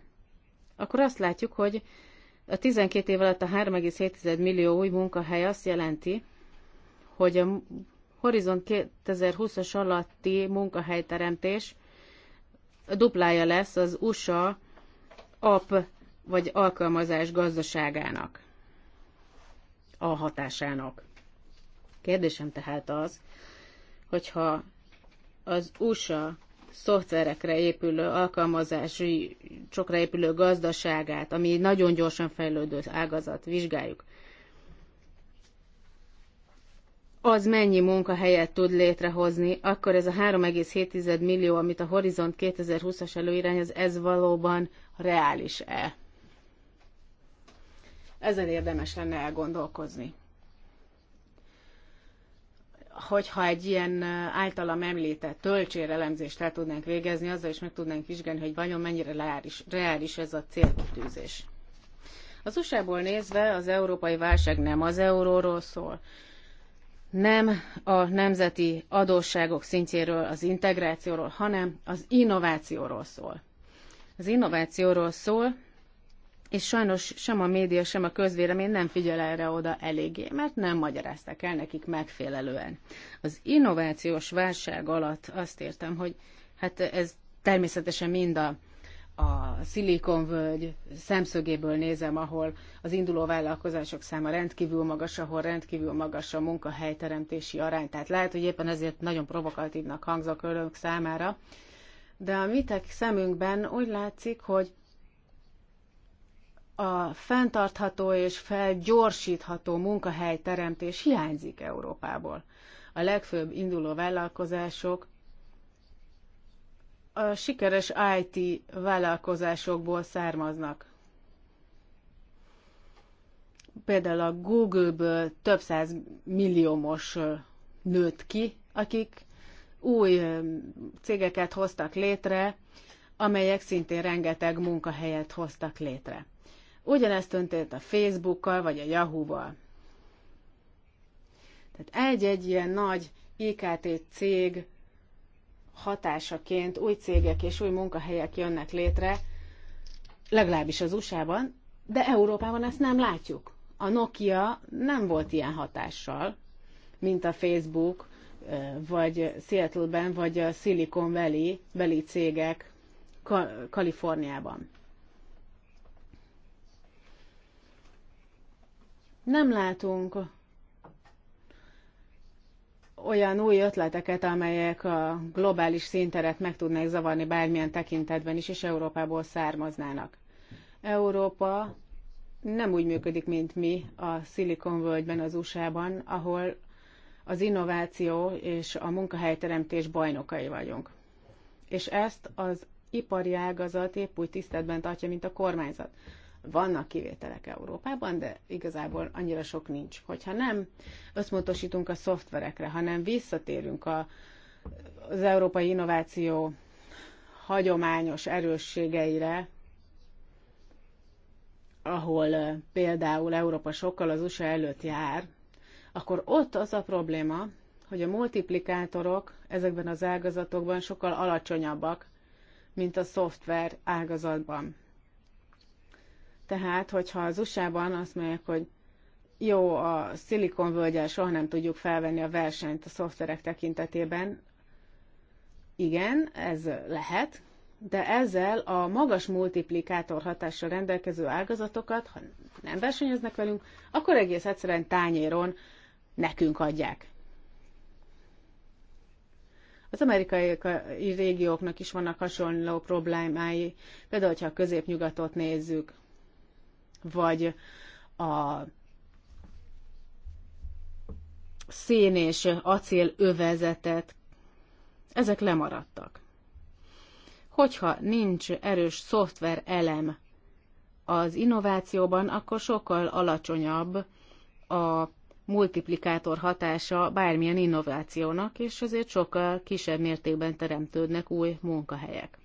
akkor azt látjuk, hogy a 12 év alatt a 3,7 millió új munkahely azt jelenti, hogy a Horizont 2020-as alatti munkahelyteremtés duplája lesz az USA app vagy alkalmazás gazdaságának, a hatásának. Kérdésem tehát az, hogyha az USA szoftverekre épülő, alkalmazási sokra épülő gazdaságát, ami nagyon gyorsan fejlődő ágazat, vizsgáljuk, az mennyi munkahelyet tud létrehozni, akkor ez a 3,7 millió, amit a Horizont 2020-as előirányoz, ez valóban reális-e? Ezen érdemes lenne elgondolkozni. Hogyha egy ilyen általam említett töltsérelemzést el tudnánk végezni, azzal is meg tudnánk vizsgálni, hogy vajon mennyire reális, reális ez a célkitűzés. Az USA-ból nézve az európai válság nem az euróról szól nem a nemzeti adósságok szintjéről, az integrációról, hanem az innovációról szól. Az innovációról szól, és sajnos sem a média, sem a közvélemény nem figyel erre oda eléggé, mert nem magyarázták el nekik megfelelően. Az innovációs válság alatt azt értem, hogy hát ez természetesen mind a a völgy szemszögéből nézem, ahol az induló vállalkozások száma rendkívül magas, ahol rendkívül magas a munkahelyteremtési arány. Tehát lehet, hogy éppen ezért nagyon provokatívnak hangzok önök számára, de a mitek szemünkben úgy látszik, hogy a fenntartható és felgyorsítható munkahelyteremtés hiányzik Európából. A legfőbb induló vállalkozások a sikeres IT vállalkozásokból származnak. Például a Google-ből több száz milliómos nőtt ki, akik új cégeket hoztak létre, amelyek szintén rengeteg munkahelyet hoztak létre. Ugyanezt történt a Facebookkal vagy a Yahoo-val. Tehát egy-egy ilyen nagy IKT cég hatásaként új cégek és új munkahelyek jönnek létre, legalábbis az USA-ban, de Európában ezt nem látjuk. A Nokia nem volt ilyen hatással, mint a Facebook, vagy Seattle-ben, vagy a Silicon Valley beli cégek Kaliforniában. Nem látunk olyan új ötleteket, amelyek a globális színteret meg tudnák zavarni bármilyen tekintetben is, és Európából származnának. Európa nem úgy működik, mint mi a Szilikonvölgyben, az USA-ban, ahol az innováció és a munkahelyteremtés bajnokai vagyunk. És ezt az ipari ágazat épp úgy tiszteletben tartja, mint a kormányzat. Vannak kivételek Európában, de igazából annyira sok nincs. Hogyha nem összpontosítunk a szoftverekre, hanem visszatérünk a, az európai innováció hagyományos erősségeire, ahol eh, például Európa sokkal az USA előtt jár, akkor ott az a probléma, hogy a multiplikátorok ezekben az ágazatokban sokkal alacsonyabbak, mint a szoftver ágazatban. Tehát, hogyha az USA-ban azt mondják, hogy jó, a völgyel soha nem tudjuk felvenni a versenyt a szoftverek tekintetében, igen, ez lehet, de ezzel a magas multiplikátor hatással rendelkező ágazatokat, ha nem versenyeznek velünk, akkor egész egyszerűen tányéron nekünk adják. Az amerikai régióknak is vannak hasonló problémái, például, ha a középnyugatot nézzük, vagy a szén és acél övezetet, ezek lemaradtak. Hogyha nincs erős szoftver elem az innovációban, akkor sokkal alacsonyabb a multiplikátor hatása bármilyen innovációnak, és ezért sokkal kisebb mértékben teremtődnek új munkahelyek.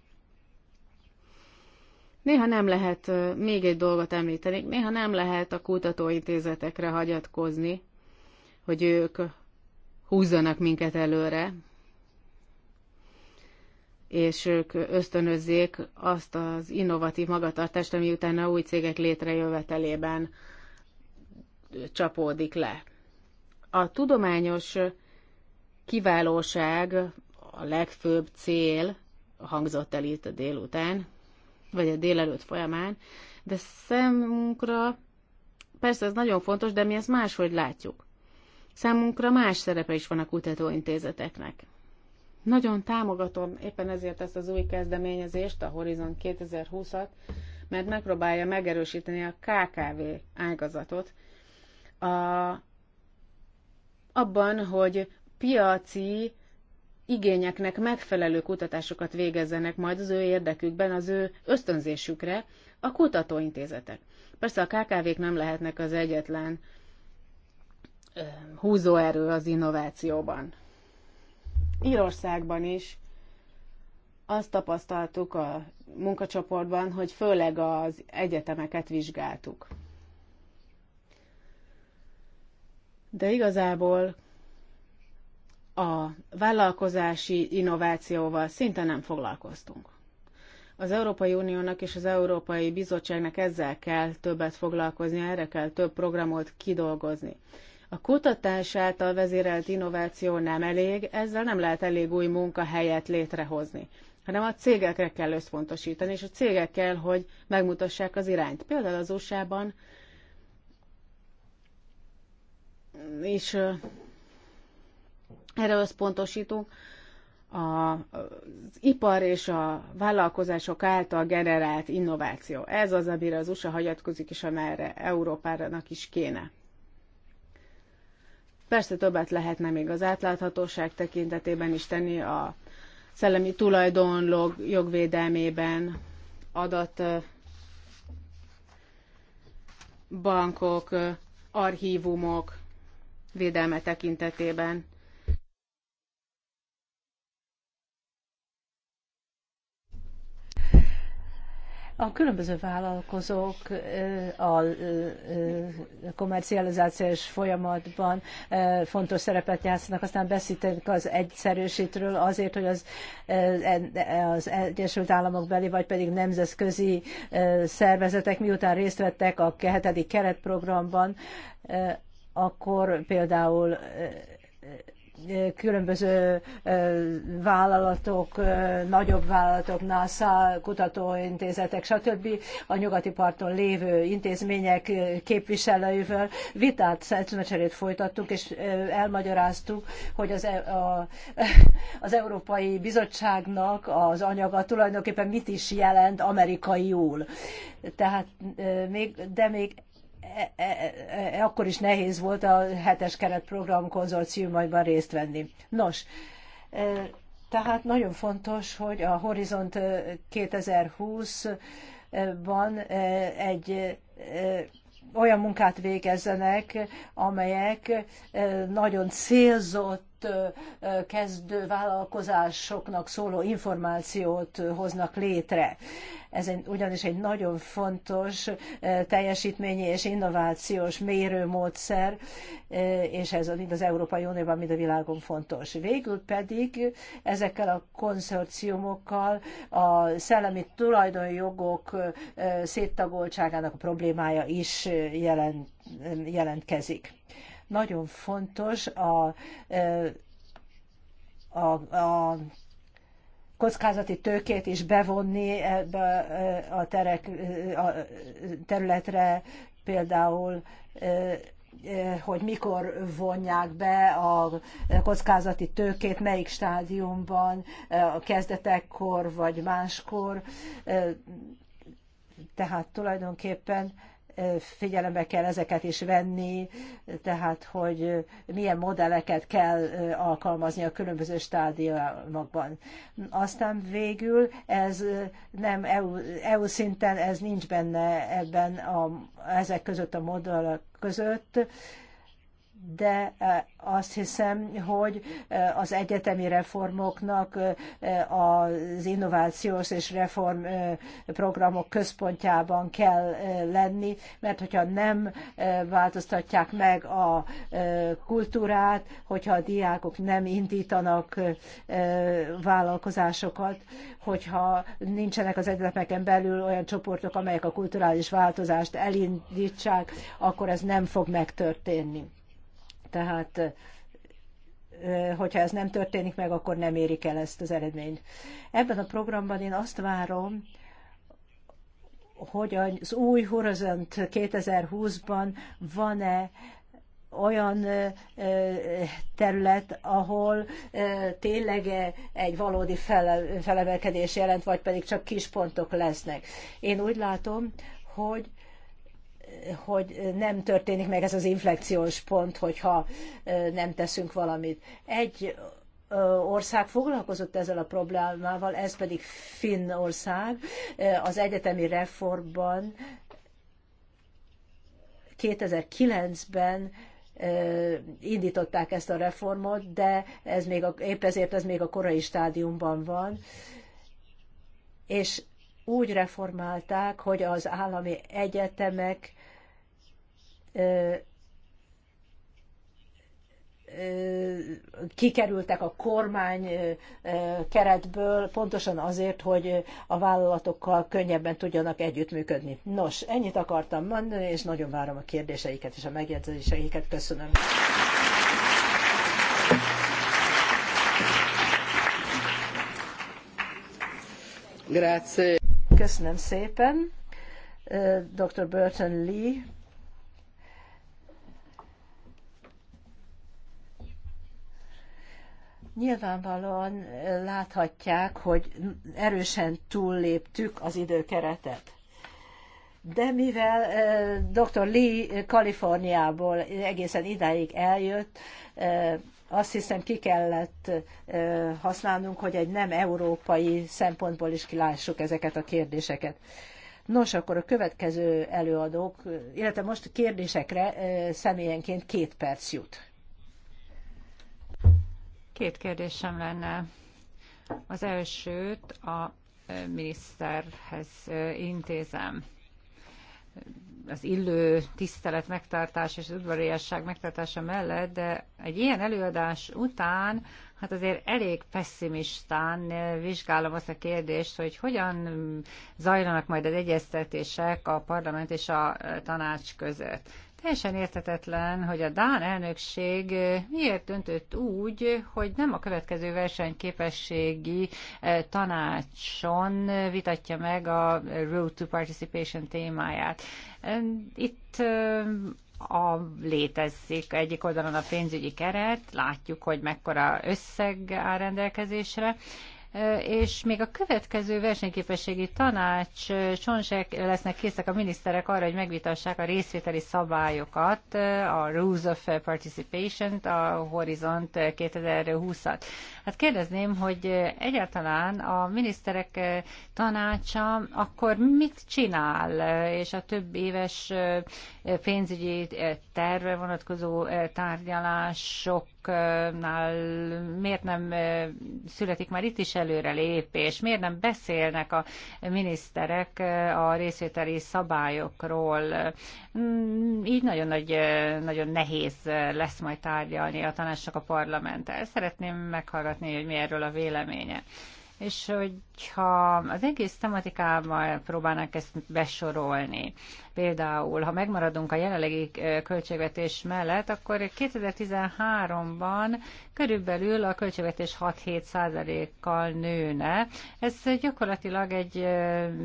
Néha nem lehet, még egy dolgot említeni, néha nem lehet a kutatóintézetekre hagyatkozni, hogy ők húzzanak minket előre, és ők ösztönözzék azt az innovatív magatartást, ami utána a új cégek létrejövetelében csapódik le. A tudományos kiválóság a legfőbb cél, hangzott el itt a délután, vagy a délelőtt folyamán, de számunkra, persze ez nagyon fontos, de mi ezt máshogy látjuk. Számunkra más szerepe is van a kutatóintézeteknek. Nagyon támogatom éppen ezért ezt az új kezdeményezést, a Horizon 2020-at, mert megpróbálja megerősíteni a KKV ágazatot a, abban, hogy piaci igényeknek megfelelő kutatásokat végezzenek majd az ő érdekükben, az ő ösztönzésükre a kutatóintézetek. Persze a KKV-k nem lehetnek az egyetlen húzóerő az innovációban. Írországban is azt tapasztaltuk a munkacsoportban, hogy főleg az egyetemeket vizsgáltuk. De igazából a vállalkozási innovációval szinte nem foglalkoztunk. Az Európai Uniónak és az Európai Bizottságnak ezzel kell többet foglalkozni, erre kell több programot kidolgozni. A kutatás által vezérelt innováció nem elég, ezzel nem lehet elég új munkahelyet létrehozni, hanem a cégekre kell összpontosítani, és a cégek kell, hogy megmutassák az irányt. Például az USA-ban és erre összpontosítunk az ipar és a vállalkozások által generált innováció. Ez az, amire az USA hagyatkozik, és amerre Európának is kéne. Persze többet lehetne még az átláthatóság tekintetében is tenni a szellemi tulajdonlog jogvédelmében, adat bankok, archívumok védelme tekintetében A különböző vállalkozók a komercializációs folyamatban fontos szerepet játszanak, aztán beszéltek az egyszerűsítről azért, hogy az, az Egyesült Államok beli, vagy pedig nemzetközi szervezetek miután részt vettek a 7. keretprogramban, akkor például különböző vállalatok, nagyobb vállalatok, NASA, kutatóintézetek, stb. a nyugati parton lévő intézmények képviselőivel vitát, szemecserét folytattunk, és elmagyaráztuk, hogy az, e- a, az Európai Bizottságnak az anyaga tulajdonképpen mit is jelent amerikai jól. Tehát, még, de még E, e, e, akkor is nehéz volt a hetes keretprogram konzorciumaiban részt venni. Nos, tehát nagyon fontos, hogy a Horizont 2020-ban egy olyan munkát végezzenek, amelyek nagyon célzott kezdő vállalkozásoknak szóló információt hoznak létre. Ez egy, ugyanis egy nagyon fontos teljesítményi és innovációs mérőmódszer, és ez mind az Európai Unióban, mind a világon fontos. Végül pedig ezekkel a konszorciumokkal a szellemi tulajdonjogok széttagoltságának a problémája is jelent, jelentkezik. Nagyon fontos a, eh, a, a kockázati tőkét is bevonni ebbe eh, a, terek, eh, a területre, például hogy mikor vonják be a kockázati tőkét, melyik stádiumban, a kezdetekkor vagy máskor. Tehát tulajdonképpen figyelembe kell ezeket is venni, tehát hogy milyen modelleket kell alkalmazni a különböző stádiumokban. Aztán végül ez nem EU, EU szinten, ez nincs benne ebben a, ezek között a modellek között, de eh, azt hiszem, hogy eh, az egyetemi reformoknak eh, az innovációs és reform programok központjában kell lenni, mert hogyha nem változtatják meg a kultúrát, hogyha a diákok nem indítanak vállalkozásokat, hogyha nincsenek az egyetemeken belül olyan csoportok, amelyek a kulturális változást elindítsák, akkor ez nem fog megtörténni tehát hogyha ez nem történik meg, akkor nem érik el ezt az eredményt. Ebben a programban én azt várom, hogy az új Horizont 2020-ban van-e olyan terület, ahol tényleg egy valódi felemelkedés jelent, vagy pedig csak kis pontok lesznek. Én úgy látom, hogy hogy nem történik meg ez az inflekciós pont, hogyha nem teszünk valamit. Egy ország foglalkozott ezzel a problémával, ez pedig Finnország. Az egyetemi reformban 2009-ben indították ezt a reformot, de ez még a, épp ezért ez még a korai stádiumban van. És úgy reformálták, hogy az állami egyetemek kikerültek a kormány keretből, pontosan azért, hogy a vállalatokkal könnyebben tudjanak együttműködni. Nos, ennyit akartam mondani, és nagyon várom a kérdéseiket és a megjegyzéseiket. Köszönöm. Grazie. Köszönöm szépen. Dr. Burton Lee Nyilvánvalóan láthatják, hogy erősen túlléptük az időkeretet. De mivel dr. Lee Kaliforniából egészen idáig eljött, azt hiszem ki kellett használnunk, hogy egy nem európai szempontból is kilássuk ezeket a kérdéseket. Nos, akkor a következő előadók, illetve most kérdésekre személyenként két perc jut. Két kérdésem lenne. Az elsőt a miniszterhez intézem. Az illő tisztelet megtartása és az udvariasság megtartása mellett, de egy ilyen előadás után hát azért elég pessimistán vizsgálom azt a kérdést, hogy hogyan zajlanak majd az egyeztetések a parlament és a tanács között. Teljesen értetetlen, hogy a Dán elnökség eh, miért döntött úgy, hogy nem a következő versenyképességi eh, tanácson eh, vitatja meg a Road to Participation témáját. Itt a, létezik egyik oldalon a pénzügyi keret, látjuk, hogy mekkora összeg áll rendelkezésre, és még a következő versenyképességi tanács csonsek lesznek készek a miniszterek arra, hogy megvitassák a részvételi szabályokat, a Rules of participation a Horizont 2020-at. Hát kérdezném, hogy egyáltalán a miniszterek tanácsa akkor mit csinál, és a több éves pénzügyi terve vonatkozó tárgyalások országoknál miért nem születik már itt is előrelépés, miért nem beszélnek a miniszterek a részvételi szabályokról. Mm, így nagyon, nagy, nagyon nehéz lesz majd tárgyalni a tanácsnak a parlamenttel. Szeretném meghallgatni, hogy mi erről a véleménye. És hogy hogyha az egész tematikával próbálnak ezt besorolni, például ha megmaradunk a jelenlegi költségvetés mellett, akkor 2013-ban körülbelül a költségvetés 6-7 kal nőne. Ez gyakorlatilag egy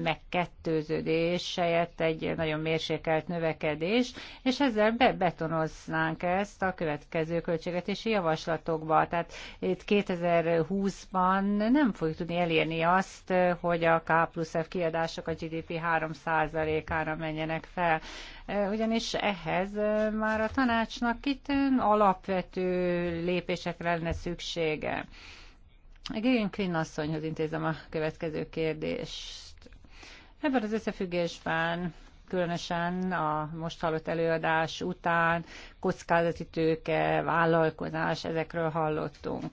megkettőződés, helyett egy nagyon mérsékelt növekedés, és ezzel bebetonoznánk betonoznánk ezt a következő költségvetési javaslatokba. Tehát itt 2020-ban nem fogjuk tudni elérni azt, azt, hogy a K plusz F kiadások a GDP 3%-ára menjenek fel. Ugyanis ehhez már a tanácsnak itt alapvető lépésekre lenne szüksége. Egyébként Klin asszonyhoz intézem a következő kérdést. Ebben az összefüggésben különösen a most hallott előadás után kockázati tőke, vállalkozás, ezekről hallottunk.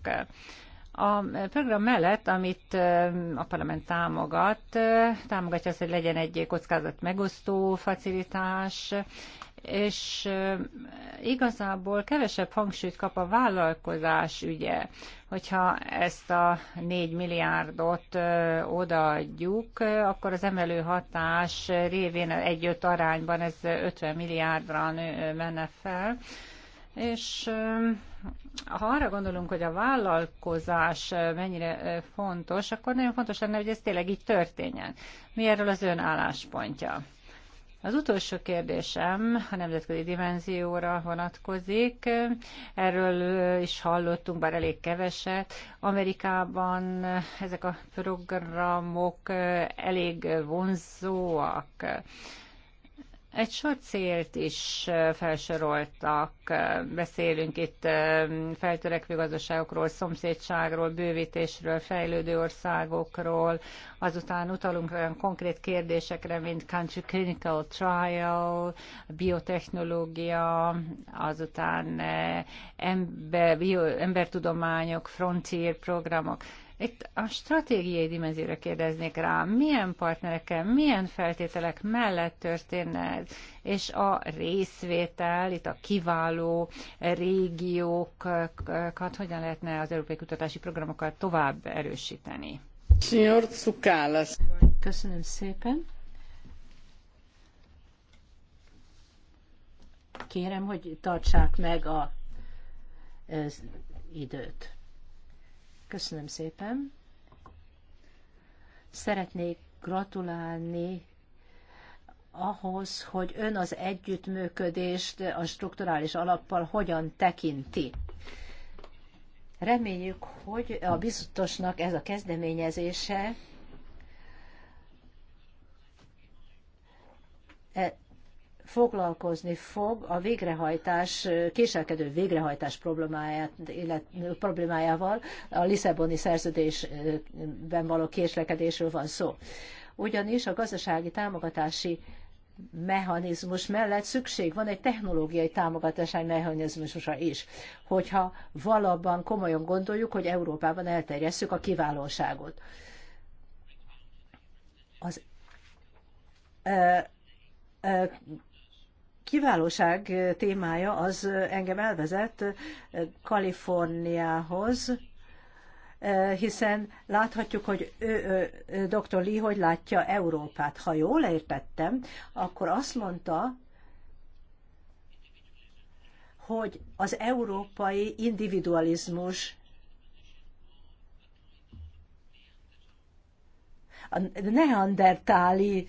A program mellett, amit a parlament támogat, támogatja azt, hogy legyen egy kockázat megosztó facilitás, és igazából kevesebb hangsúlyt kap a vállalkozás ügye. Hogyha ezt a 4 milliárdot odaadjuk, akkor az emelő hatás révén egy-öt arányban ez 50 milliárdra menne fel, és ha arra gondolunk, hogy a vállalkozás mennyire fontos, akkor nagyon fontos lenne, hogy ez tényleg így történjen. Mi erről az ön álláspontja? Az utolsó kérdésem a nemzetközi dimenzióra vonatkozik. Erről is hallottunk, bár elég keveset. Amerikában ezek a programok elég vonzóak. Egy sor célt is felsoroltak, beszélünk itt feltörekvő gazdaságokról, szomszédságról, bővítésről, fejlődő országokról, azután utalunk olyan konkrét kérdésekre, mint country clinical trial, biotechnológia, azután ember, bio, embertudományok, frontier programok. Itt a stratégiai dimenzióra kérdeznék rá, milyen partnerekkel, milyen feltételek mellett történne ez, és a részvétel, itt a kiváló régiókat hogyan lehetne az európai kutatási programokat tovább erősíteni. Signor Köszönöm szépen. Kérem, hogy tartsák meg a, az időt. Köszönöm szépen. Szeretnék gratulálni ahhoz, hogy ön az együttműködést a strukturális alappal hogyan tekinti. Reméljük, hogy a biztosnak ez a kezdeményezése foglalkozni fog a végrehajtás, késelkedő végrehajtás problémáját, illet, problémájával, a Lisszaboni szerződésben való késlekedésről van szó. Ugyanis a gazdasági támogatási mechanizmus mellett szükség van egy technológiai támogatási mechanizmusra is, hogyha valóban komolyan gondoljuk, hogy Európában elterjesszük a kiválóságot. Az ö, ö, kiválóság témája az engem elvezet Kaliforniához, hiszen láthatjuk, hogy ő, ő, dr. Lee hogy látja Európát. Ha jól értettem, akkor azt mondta, hogy az európai individualizmus a neandertáli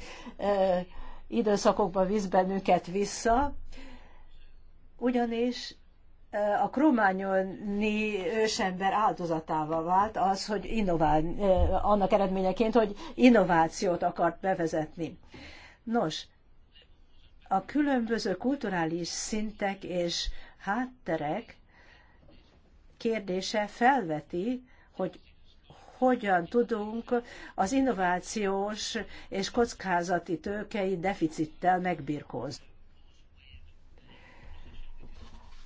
időszakokba visz bennünket vissza, ugyanis a krományoni ősember áldozatával vált az, hogy innovál, annak eredményeként, hogy innovációt akart bevezetni. Nos, a különböző kulturális szintek és hátterek kérdése felveti, hogy hogyan tudunk az innovációs és kockázati tőkei deficittel megbirkózni.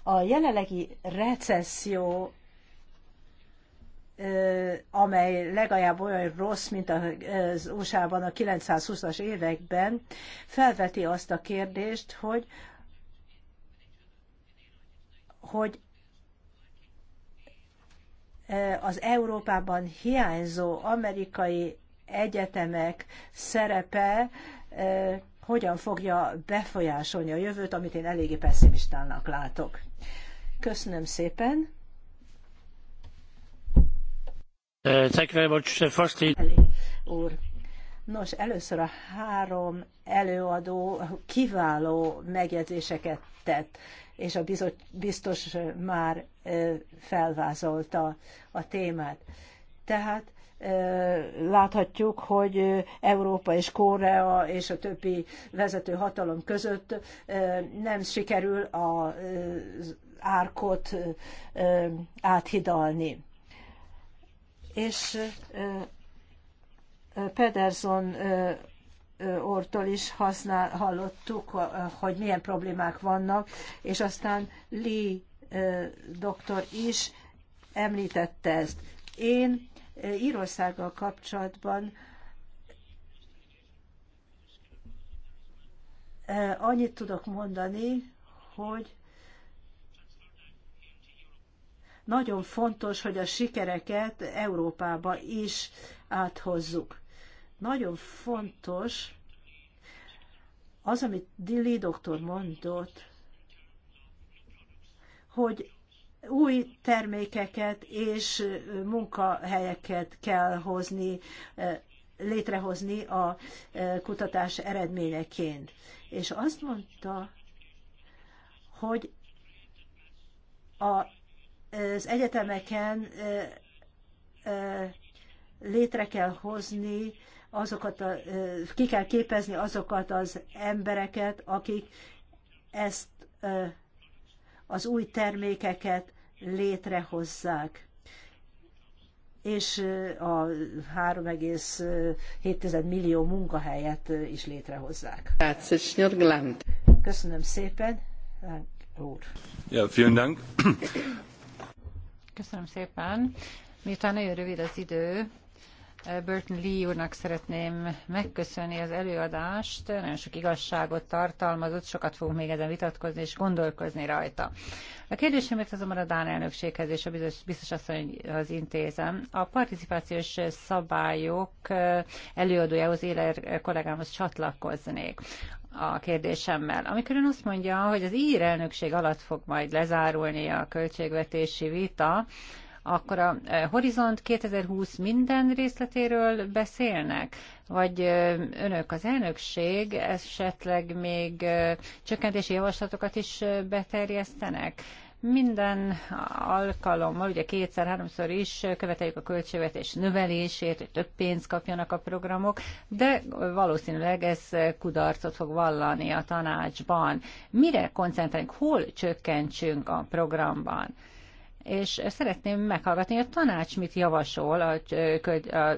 A jelenlegi recesszió amely legalább olyan rossz, mint az USA-ban a 920-as években, felveti azt a kérdést, hogy hogy Eh, az Európában hiányzó amerikai egyetemek szerepe eh, hogyan fogja befolyásolni a jövőt, amit én eléggé pessimistának látok. Köszönöm szépen. Eh, thank you very much. Úr. Nos, először a három előadó kiváló megjegyzéseket tett és a biztos már felvázolta a témát. Tehát láthatjuk, hogy Európa és Korea és a többi vezető hatalom között nem sikerül az árkot áthidalni. És Pedersen ortól is használ, hallottuk, hogy milyen problémák vannak, és aztán Lee doktor is említette ezt. Én Írországgal kapcsolatban annyit tudok mondani, hogy nagyon fontos, hogy a sikereket Európába is áthozzuk. Nagyon fontos az, amit Dilly doktor mondott, hogy új termékeket és munkahelyeket kell hozni, létrehozni a kutatás eredményeként. És azt mondta, hogy az egyetemeken létre kell hozni azokat a, ki kell képezni azokat az embereket, akik ezt az új termékeket létrehozzák. És a 3,7 millió munkahelyet is létrehozzák. Köszönöm szépen. Úr. Ja, vielen Dank. Köszönöm szépen. Miután nagyon rövid az idő, Burton Lee úrnak szeretném megköszönni az előadást, nagyon sok igazságot tartalmazott, sokat fogunk még ezen vitatkozni és gondolkozni rajta. A kérdésemért azonban a Dán elnökséghez és a biztos, biztos asszonyhoz intézem. A participációs szabályok eh, előadójához, Éler kollégámhoz csatlakoznék a kérdésemmel. Amikor ön azt mondja, hogy az ír elnökség alatt fog majd lezárulni a költségvetési vita, akkor a e, Horizont 2020 minden részletéről beszélnek? Vagy e, önök az elnökség esetleg még e, csökkentési javaslatokat is beterjesztenek? minden alkalommal, ugye kétszer-háromszor is követeljük a költségvetés növelését, hogy több pénzt kapjanak a programok, de valószínűleg ez kudarcot fog vallani a tanácsban. Mire koncentrálunk, hol csökkentsünk a programban? és szeretném meghallgatni, hogy a tanács mit javasol a, a, a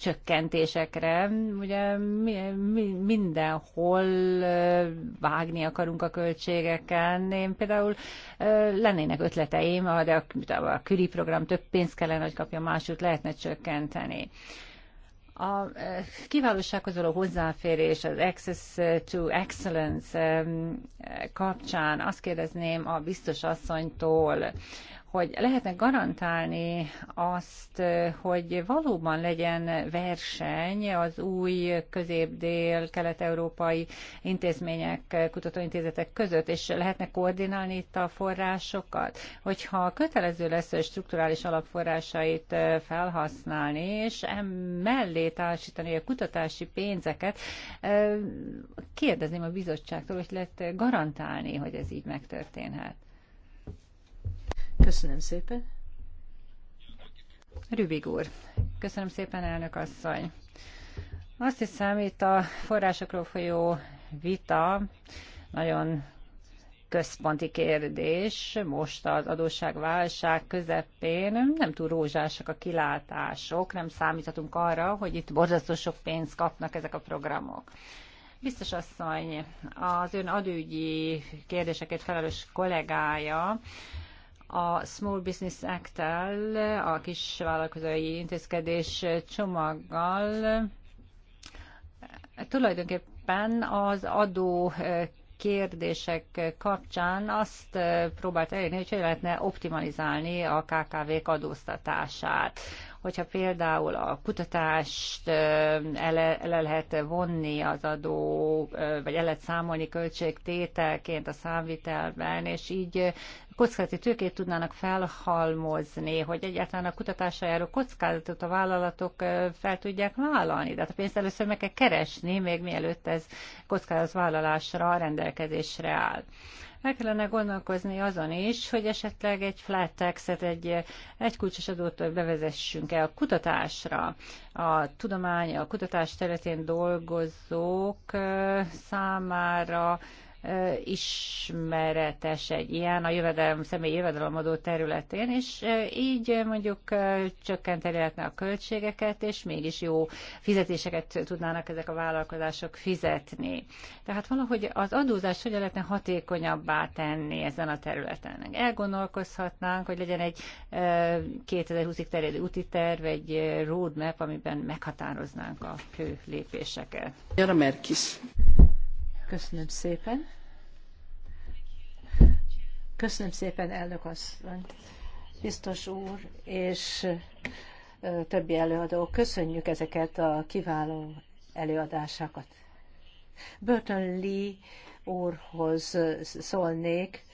csökkentésekre. Ugye mi, mi, mindenhol vágni akarunk a költségeken. Én például lennének ötleteim, de a, a küri program több pénzt kellene, hogy kapja, másút lehetne csökkenteni. A kiválósághoz való hozzáférés, az Access to Excellence kapcsán azt kérdezném a biztos asszonytól, hogy lehetne garantálni azt, hogy valóban legyen verseny az új közép-dél-kelet-európai intézmények, kutatóintézetek között, és lehetne koordinálni itt a forrásokat? Hogyha kötelező lesz a strukturális alapforrásait felhasználni, és mellé társítani a kutatási pénzeket, kérdezném a bizottságtól, hogy lehet garantálni, hogy ez így megtörténhet. Köszönöm szépen. Rübig úr. Köszönöm szépen, elnök asszony. Azt hiszem, itt a forrásokról folyó vita nagyon központi kérdés most az adósságválság közepén. Nem túl rózsásak a kilátások, nem számíthatunk arra, hogy itt borzasztó sok pénzt kapnak ezek a programok. Biztos asszony, az ön adőgyi kérdéseket felelős kollégája a Small Business Act-tel, a kisvállalkozói intézkedés csomaggal tulajdonképpen az adó kérdések kapcsán azt próbált elérni, hogy lehetne optimalizálni a KKV-k adóztatását hogyha például a kutatást ele, ele lehet vonni az adó, vagy el lehet számolni költségtételként a számvitelben, és így kockázati tőkét tudnának felhalmozni, hogy egyáltalán a kutatásra járó kockázatot a vállalatok fel tudják vállalni. Tehát a pénzt először meg kell keresni, még mielőtt ez kockázatvállalásra rendelkezésre áll. El kellene gondolkozni azon is, hogy esetleg egy flat tax-et, egy egy kulcsos adót bevezessünk-e a kutatásra. A tudomány, a kutatás területén dolgozók számára ismeretes egy ilyen a jövedelem, személyi jövedelemadó területén, és így mondjuk csökkenteni lehetne a költségeket, és mégis jó fizetéseket tudnának ezek a vállalkozások fizetni. Tehát valahogy az adózás hogyan lehetne hatékonyabbá tenni ezen a területen. Elgondolkozhatnánk, hogy legyen egy 2020-ig terjedő úti terv, egy roadmap, amiben meghatároznánk a fő lépéseket. Jara Merkis. Köszönöm szépen. Köszönöm szépen, elnök asszony, biztos úr, és többi előadó. Köszönjük ezeket a kiváló előadásokat. Burton Lee úrhoz szólnék,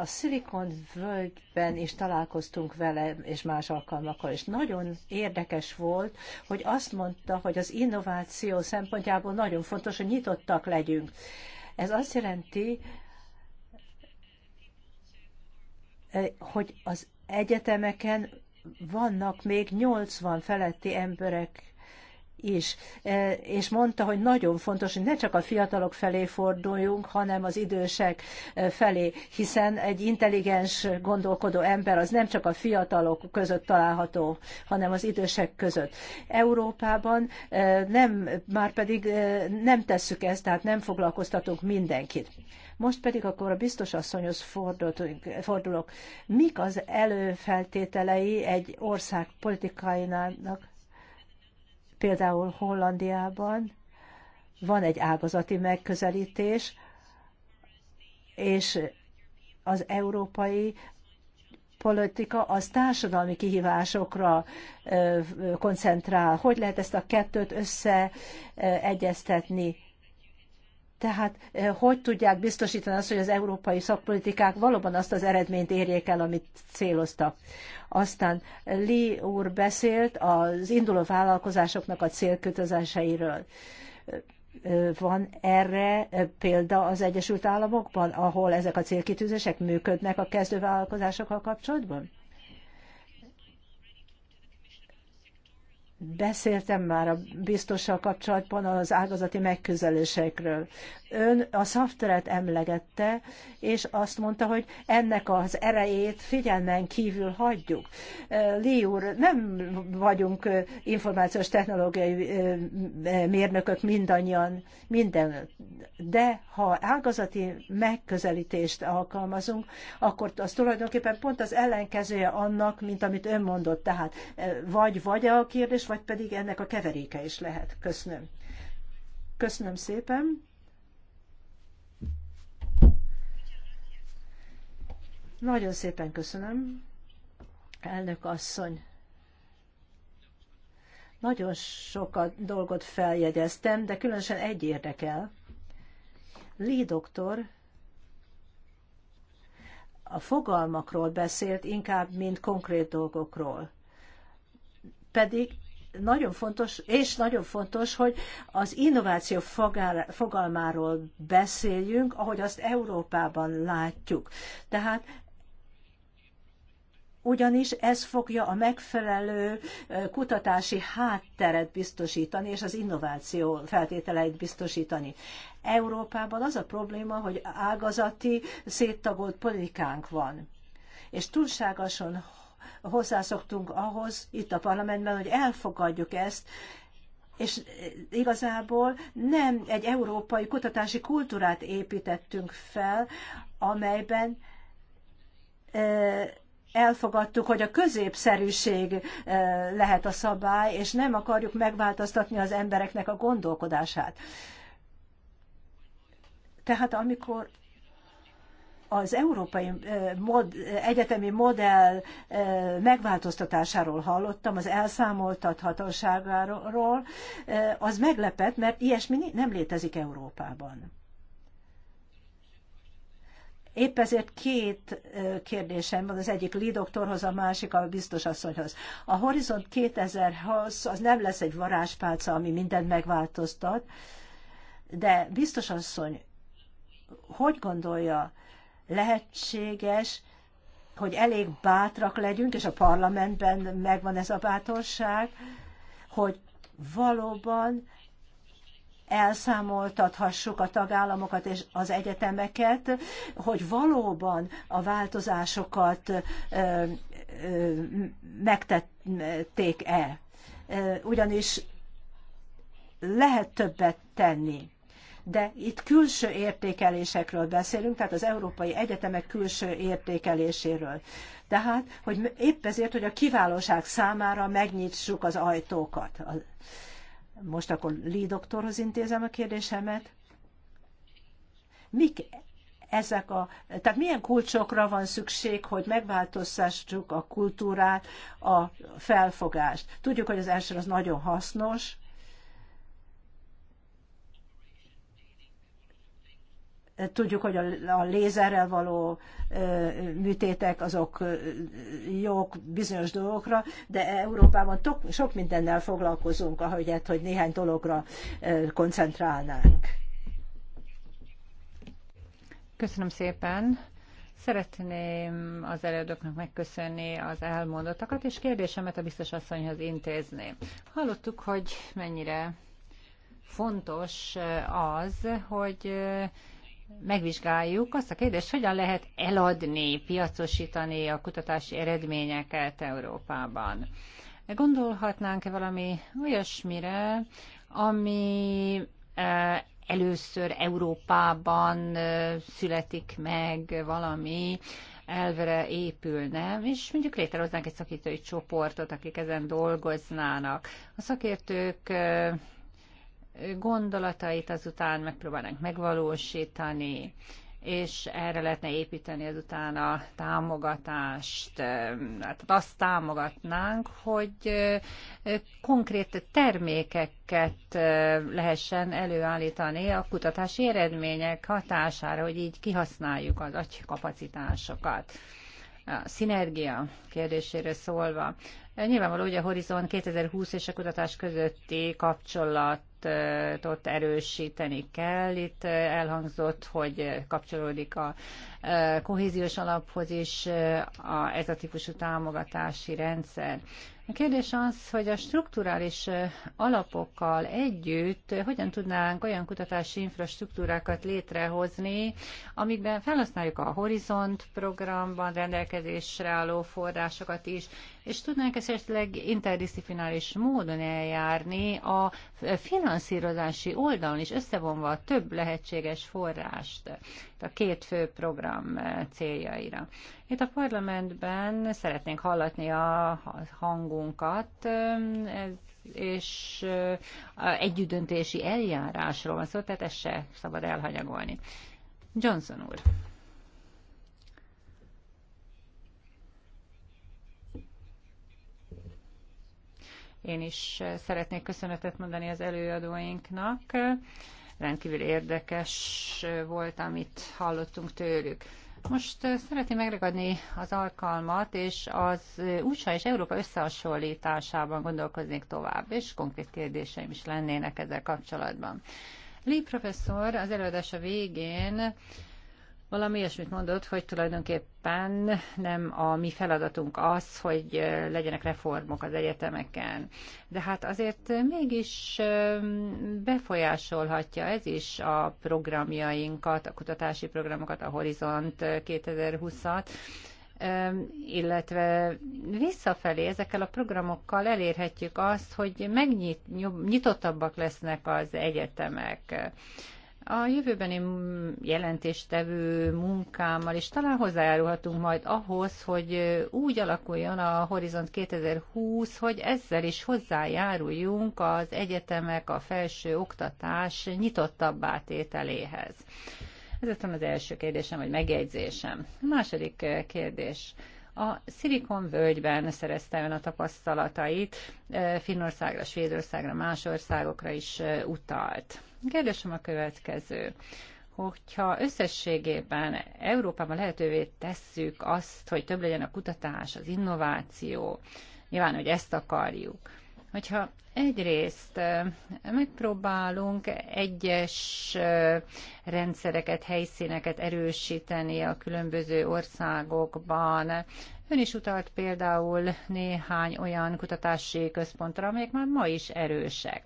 a Silicon völgyben is találkoztunk vele, és más alkalmakkal is. Nagyon érdekes volt, hogy azt mondta, hogy az innováció szempontjából nagyon fontos, hogy nyitottak legyünk. Ez azt jelenti, hogy az egyetemeken vannak még 80 feletti emberek, is, e, és mondta, hogy nagyon fontos, hogy ne csak a fiatalok felé forduljunk, hanem az idősek e, felé, hiszen egy intelligens gondolkodó ember az nem csak a fiatalok között található, hanem az idősek között. Európában e, nem, már pedig nem tesszük ezt, tehát nem foglalkoztatunk mindenkit. Most pedig akkor a biztos asszonyhoz fordulok. Mik az előfeltételei egy ország politikájának Például Hollandiában van egy ágazati megközelítés, és az európai politika az társadalmi kihívásokra koncentrál. Hogy lehet ezt a kettőt összeegyeztetni? Tehát eh, hogy tudják biztosítani azt, hogy az európai szakpolitikák valóban azt az eredményt érjék el, amit céloztak? Aztán Lee úr beszélt az induló vállalkozásoknak a célkötözéseiről. Eh, van erre eh, példa az Egyesült Államokban, ahol ezek a célkitűzések működnek a kezdővállalkozásokkal kapcsolatban? Beszéltem már a biztossal kapcsolatban az ágazati megközelésekről. Ön a szaftveret emlegette, és azt mondta, hogy ennek az erejét figyelmen kívül hagyjuk. Li úr, nem vagyunk információs technológiai mérnökök mindannyian, minden, de ha ágazati megközelítést alkalmazunk, akkor az tulajdonképpen pont az ellenkezője annak, mint amit ön mondott. Tehát vagy vagy a kérdés, vagy pedig ennek a keveréke is lehet. Köszönöm. Köszönöm szépen. Nagyon szépen köszönöm, elnök asszony. Nagyon sokat dolgot feljegyeztem, de különösen egy érdekel. Lee doktor a fogalmakról beszélt inkább, mint konkrét dolgokról. Pedig nagyon fontos, és nagyon fontos, hogy az innováció fogalmáról beszéljünk, ahogy azt Európában látjuk. Tehát ugyanis ez fogja a megfelelő kutatási hátteret biztosítani, és az innováció feltételeit biztosítani. Európában az a probléma, hogy ágazati, széttagolt politikánk van. És túlságosan hozzászoktunk ahhoz itt a parlamentben, hogy elfogadjuk ezt, és igazából nem egy európai kutatási kultúrát építettünk fel, amelyben elfogadtuk, hogy a középszerűség eh, lehet a szabály, és nem akarjuk megváltoztatni az embereknek a gondolkodását. Tehát amikor az európai eh, mod, egyetemi modell eh, megváltoztatásáról hallottam, az elszámoltathatóságáról, az meglepett, mert ilyesmi nem létezik Európában. Épp ezért két kérdésem van, az egyik Lee doktorhoz, a másik a biztos asszonyhoz. A Horizont 2000-hoz az nem lesz egy varázspálca, ami mindent megváltoztat, de biztos asszony, hogy gondolja, lehetséges, hogy elég bátrak legyünk, és a parlamentben megvan ez a bátorság, hogy valóban elszámoltathassuk a tagállamokat és az egyetemeket, hogy valóban a változásokat megtették-e. Ugyanis lehet többet tenni de itt külső értékelésekről beszélünk, tehát az európai egyetemek külső értékeléséről. Tehát, hogy épp ezért, hogy a kiválóság számára megnyitsuk az ajtókat. Most akkor Lee doktorhoz intézem a kérdésemet. Mik ezek a, tehát milyen kulcsokra van szükség, hogy megváltoztassuk a kultúrát, a felfogást? Tudjuk, hogy az első az nagyon hasznos, Tudjuk, hogy a lézerrel való műtétek azok jók bizonyos dolgokra, de Európában sok mindennel foglalkozunk, ahogy hát, hogy néhány dologra koncentrálnánk. Köszönöm szépen. Szeretném az előadóknak megköszönni az elmondottakat, és kérdésemet a biztos asszonyhoz intézni. Hallottuk, hogy mennyire fontos az, hogy megvizsgáljuk azt a kérdést, hogyan lehet eladni, piacosítani a kutatási eredményeket Európában. Gondolhatnánk-e valami olyasmire, ami e, először Európában e, születik meg valami, elvre épülne, és mondjuk létrehoznánk egy szakítói csoportot, akik ezen dolgoznának. A szakértők e, gondolatait azután megpróbálnánk megvalósítani, és erre lehetne építeni azután a támogatást. Hát azt támogatnánk, hogy konkrét termékeket lehessen előállítani a kutatási eredmények hatására, hogy így kihasználjuk az agykapacitásokat. A szinergia kérdésére szólva. Nyilvánvaló, hogy a Horizon 2020 és a kutatás közötti kapcsolat kapcsolatot erősíteni kell. Itt elhangzott, hogy kapcsolódik a e, kohéziós alaphoz is e, ez a típusú támogatási rendszer. A kérdés az, hogy a strukturális alapokkal együtt hogyan tudnánk olyan kutatási infrastruktúrákat létrehozni, amikben felhasználjuk a Horizont programban rendelkezésre álló forrásokat is, és tudnánk esetleg interdisziplináris módon eljárni a finanszírozási oldalon is, összevonva a több lehetséges forrást a két fő program céljaira. Itt a parlamentben szeretnénk hallatni a hangunkat, ez és együttdöntési eljárásról van szó, tehát ezt se szabad elhanyagolni. Johnson úr. Én is szeretnék köszönetet mondani az előadóinknak. Rendkívül érdekes volt, amit hallottunk tőlük. Most szeretném megragadni az alkalmat, és az USA és Európa összehasonlításában gondolkoznék tovább, és konkrét kérdéseim is lennének ezzel kapcsolatban. Lee professzor az előadása végén valami ilyesmit mondott, hogy tulajdonképpen nem a mi feladatunk az, hogy legyenek reformok az egyetemeken. De hát azért mégis befolyásolhatja ez is a programjainkat, a kutatási programokat, a Horizont 2020-at, illetve visszafelé ezekkel a programokkal elérhetjük azt, hogy megnyitottabbak lesznek az egyetemek a jövőbeni jelentéstevő munkámmal is talán hozzájárulhatunk majd ahhoz, hogy úgy alakuljon a Horizont 2020, hogy ezzel is hozzájáruljunk az egyetemek, a felső oktatás nyitottabb átételéhez. Ez talán az első kérdésem, vagy megjegyzésem. A második kérdés. A Silicon völgyben szerezte ön a tapasztalatait, Finnországra, Svédországra, más országokra is utalt. Kérdésem a következő hogyha összességében Európában lehetővé tesszük azt, hogy több legyen a kutatás, az innováció, nyilván, hogy ezt akarjuk, hogyha egyrészt megpróbálunk egyes rendszereket, helyszíneket erősíteni a különböző országokban, Ön is utalt például néhány olyan kutatási központra, amelyek már ma is erősek.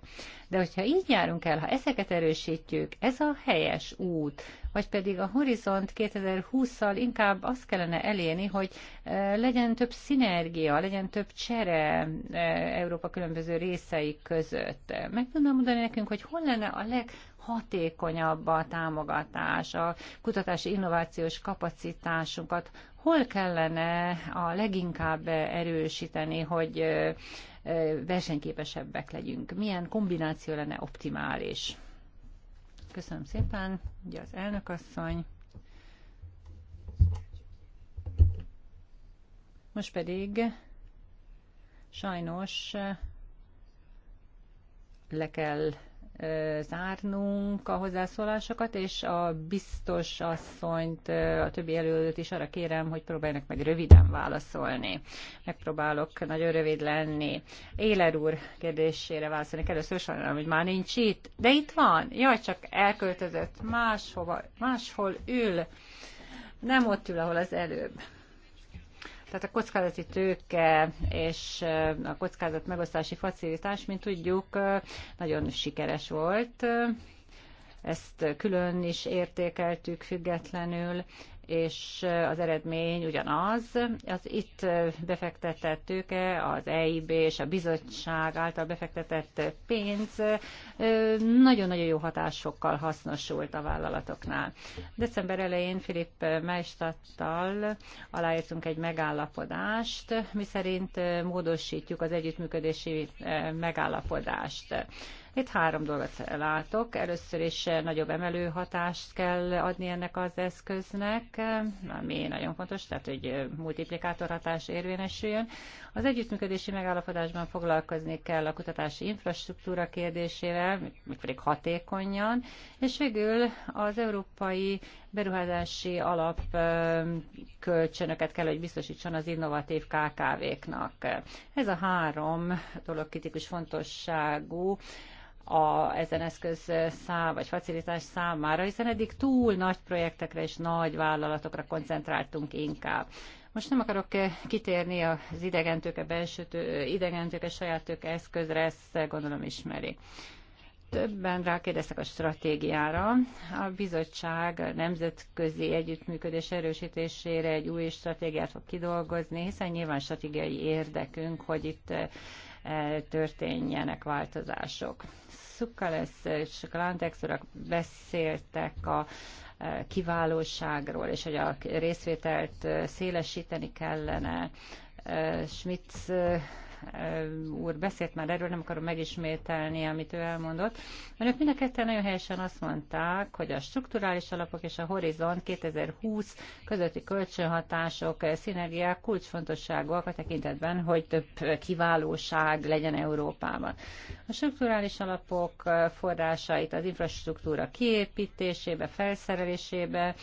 De hogyha így járunk el, ha ezeket erősítjük, ez a helyes út, vagy pedig a Horizont 2020-szal inkább azt kellene elérni, hogy e, legyen több szinergia, legyen több csere e, Európa különböző részei között. Meg tudnám mondani nekünk, hogy hol lenne a leg hatékonyabb a támogatás, a kutatási innovációs kapacitásunkat hol kellene a leginkább erősíteni, hogy versenyképesebbek legyünk? Milyen kombináció lenne optimális? Köszönöm szépen, ugye az elnökasszony. Most pedig sajnos le kell zárnunk a hozzászólásokat, és a biztos asszonyt, a többi előadót is arra kérem, hogy próbáljanak meg röviden válaszolni. Megpróbálok nagyon rövid lenni. Éler úr kérdésére válaszolni. Először sajnálom, hogy már nincs itt, de itt van. Jaj, csak elköltözött máshova, máshol ül. Nem ott ül, ahol az előbb. Tehát a kockázati tőke és a kockázat megosztási facilitás, mint tudjuk, nagyon sikeres volt. Ezt külön is értékeltük függetlenül, és az eredmény ugyanaz. Az itt befektetett tőke, az EIB és a bizottság által befektetett pénz nagyon-nagyon jó hatásokkal hasznosult a vállalatoknál. December elején Filip Meistattal aláírtunk egy megállapodást, miszerint módosítjuk az együttműködési megállapodást. Itt három dolgot látok. Először is nagyobb emelő hatást kell adni ennek az eszköznek, ami nagyon fontos, tehát hogy multiplikátor hatás érvényesüljön. Az együttműködési megállapodásban foglalkozni kell a kutatási infrastruktúra kérdésével, még pedig hatékonyan, és végül az európai beruházási alap kölcsönöket kell, hogy biztosítson az innovatív KKV-knak. Ez a három dolog kritikus fontosságú a, ezen eszköz szám, vagy facilitás számára, hiszen eddig túl nagy projektekre és nagy vállalatokra koncentráltunk inkább. Most nem akarok eh, kitérni az idegentőke belső tő, idegentőke saját tőke eszközre, ezt gondolom ismeri. Többen rákérdeztek a stratégiára. A bizottság nemzetközi együttműködés erősítésére egy új stratégiát fog kidolgozni, hiszen nyilván stratégiai érdekünk, hogy itt eh, történjenek változások. Szukalesz és Kalantex urak beszéltek a e, kiválóságról, és hogy a részvételt e, szélesíteni kellene. E, Schmitz Eh, úr beszélt már erről, nem akarom megismételni, amit ő elmondott. Önök mind a ketten nagyon helyesen azt mondták, hogy a strukturális alapok és a Horizont 2020 közötti kölcsönhatások, eh, szinergiák kulcsfontosságúak a tekintetben, hogy több kiválóság legyen Európában. A strukturális alapok eh, forrásait az infrastruktúra kiépítésébe, felszerelésébe,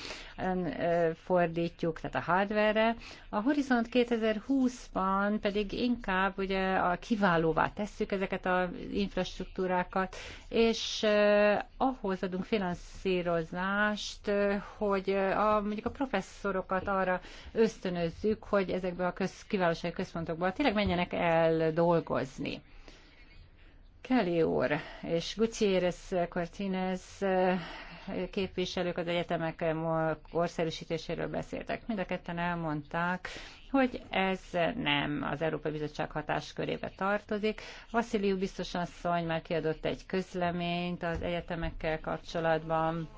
fordítjuk, tehát a hardware-re. A Horizont 2020-ban pedig inkább ugye a kiválóvá tesszük ezeket az infrastruktúrákat, és ahhoz adunk finanszírozást, hogy a, mondjuk a professzorokat arra ösztönözzük, hogy ezekbe a köz, kiválósági központokba tényleg menjenek el dolgozni. Kelly úr és Gutierrez Cortinez képviselők az egyetemek korszerűsítéséről beszéltek. Mind a ketten elmondták, hogy ez nem az Európai Bizottság hatáskörébe tartozik. Vassziliu biztos asszony már kiadott egy közleményt az egyetemekkel kapcsolatban,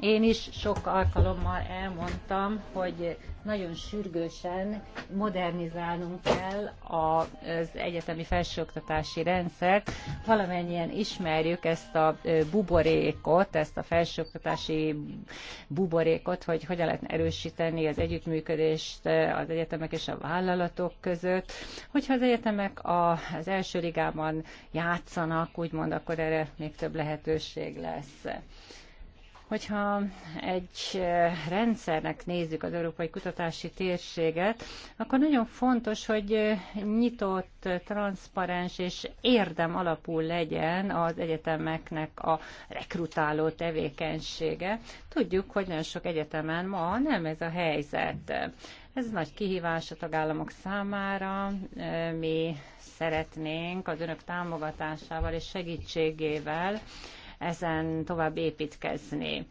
én is sok alkalommal elmondtam, hogy nagyon sürgősen modernizálnunk kell az egyetemi felsőoktatási rendszert. Valamennyien ismerjük ezt a buborékot, ezt a felsőoktatási buborékot, hogy hogyan lehet erősíteni az együttműködést az egyetemek és a vállalatok között. Hogyha az egyetemek az első ligában játszanak, úgymond, akkor erre még több lehetőség lesz. Hogyha egy eh, rendszernek nézzük az európai kutatási térséget, akkor nagyon fontos, hogy eh, nyitott, transzparens és érdem alapú legyen az egyetemeknek a rekrutáló tevékenysége. Tudjuk, hogy nagyon sok egyetemen ma nem ez a helyzet. Ez nagy kihívás a tagállamok számára. Eh, mi szeretnénk az önök támogatásával és segítségével ezen tovább építkezni.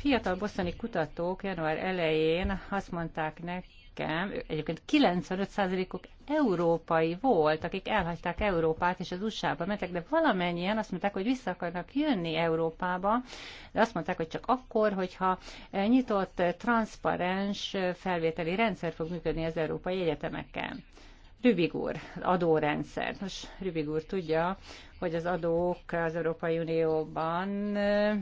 Fiatal bosszani kutatók január elején azt mondták nekem, egyébként 95%-uk európai volt, akik elhagyták Európát és az USA-ba mentek, de valamennyien azt mondták, hogy vissza akarnak jönni Európába, de azt mondták, hogy csak akkor, hogyha nyitott, transzparens felvételi rendszer fog működni az európai egyetemeken. Rübig úr, adórendszer. Nos, Rübig úr tudja, hogy az adók az Európai Unióban eh,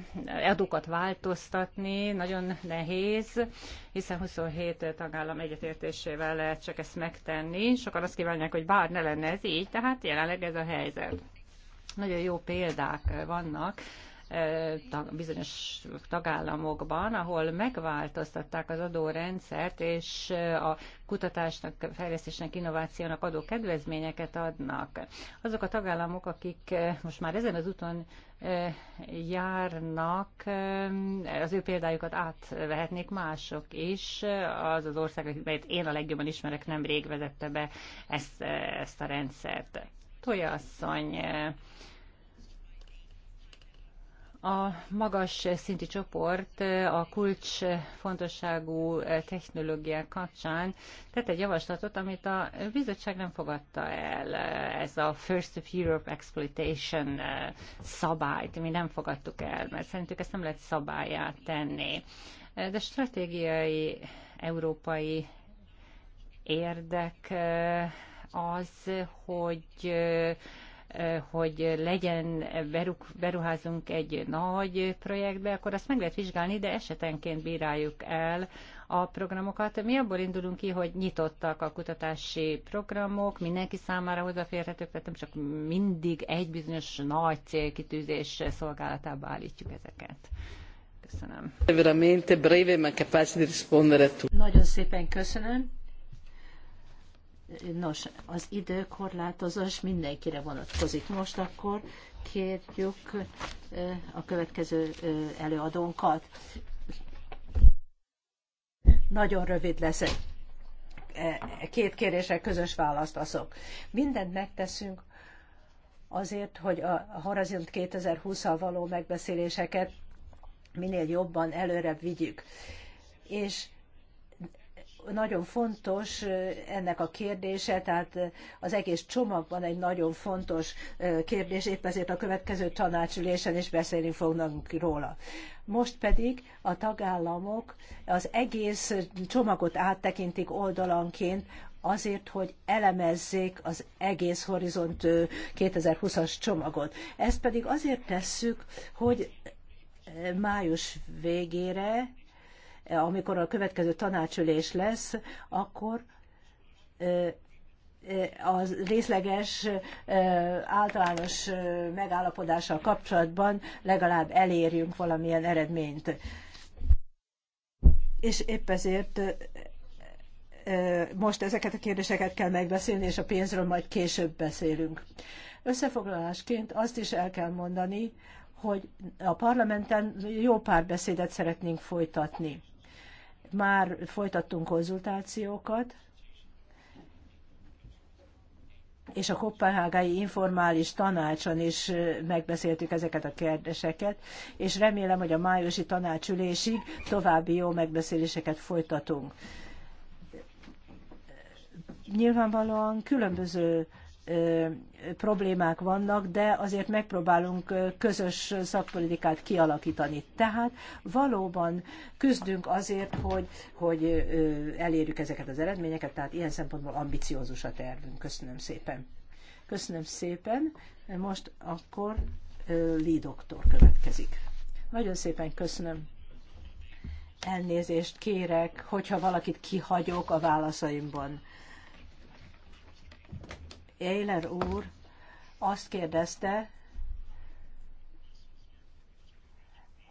adókat változtatni nagyon nehéz, hiszen 27 tagállam egyetértésével lehet csak ezt megtenni. Sokan azt kívánják, hogy bár ne lenne ez így, tehát jelenleg ez a helyzet. Nagyon jó példák vannak bizonyos tagállamokban, ahol megváltoztatták az adórendszert, és a kutatásnak, fejlesztésnek, innovációnak adó kedvezményeket adnak. Azok a tagállamok, akik most már ezen az úton járnak, az ő példájukat átvehetnék mások is. Az az ország, amelyet én a legjobban ismerek, nem rég vezette be ezt, ezt a rendszert. Tojasszony, asszony, a magas szinti csoport a kulcs fontosságú technológiák kapcsán tett egy javaslatot, amit a bizottság nem fogadta el. Ez a First of Europe Exploitation eh, szabályt mi nem fogadtuk el, mert szerintük ezt nem lehet szabályát tenni. Eh, de stratégiai európai érdek eh, az, hogy hogy legyen, beruházunk egy nagy projektbe, akkor azt meg lehet vizsgálni, de esetenként bíráljuk el a programokat. Mi abból indulunk ki, hogy nyitottak a kutatási programok, mindenki számára hozzáférhetők, tehát nem csak mindig egy bizonyos nagy célkitűzés szolgálatába állítjuk ezeket. Köszönöm. Nagyon szépen köszönöm. Nos, az idő korlátozás mindenkire vonatkozik. Most akkor kérjük a következő előadónkat. Nagyon rövid lesz, Két kérésre közös választ azok. Mindent megteszünk azért, hogy a Horizont 2020-al való megbeszéléseket minél jobban előre vigyük. És nagyon fontos ennek a kérdése, tehát az egész csomagban egy nagyon fontos kérdés, épp ezért a következő tanácsülésen is beszélni fognak róla. Most pedig a tagállamok az egész csomagot áttekintik oldalanként, azért, hogy elemezzék az egész Horizont 2020-as csomagot. Ezt pedig azért tesszük, hogy május végére amikor a következő tanácsülés lesz, akkor az részleges általános megállapodással kapcsolatban legalább elérjünk valamilyen eredményt. És épp ezért most ezeket a kérdéseket kell megbeszélni, és a pénzről majd később beszélünk. Összefoglalásként azt is el kell mondani, hogy a parlamenten jó párbeszédet szeretnénk folytatni már folytattunk konzultációkat, és a kopenhágai informális tanácson is megbeszéltük ezeket a kérdéseket, és remélem, hogy a májusi tanácsülésig további jó megbeszéléseket folytatunk. Nyilvánvalóan különböző problémák vannak, de azért megpróbálunk közös szakpolitikát kialakítani. Tehát valóban küzdünk azért, hogy, hogy elérjük ezeket az eredményeket, tehát ilyen szempontból ambiciózus a tervünk. Köszönöm szépen. Köszönöm szépen. Most akkor Lee doktor következik. Nagyon szépen köszönöm. Elnézést kérek, hogyha valakit kihagyok a válaszaimban Éler úr azt kérdezte,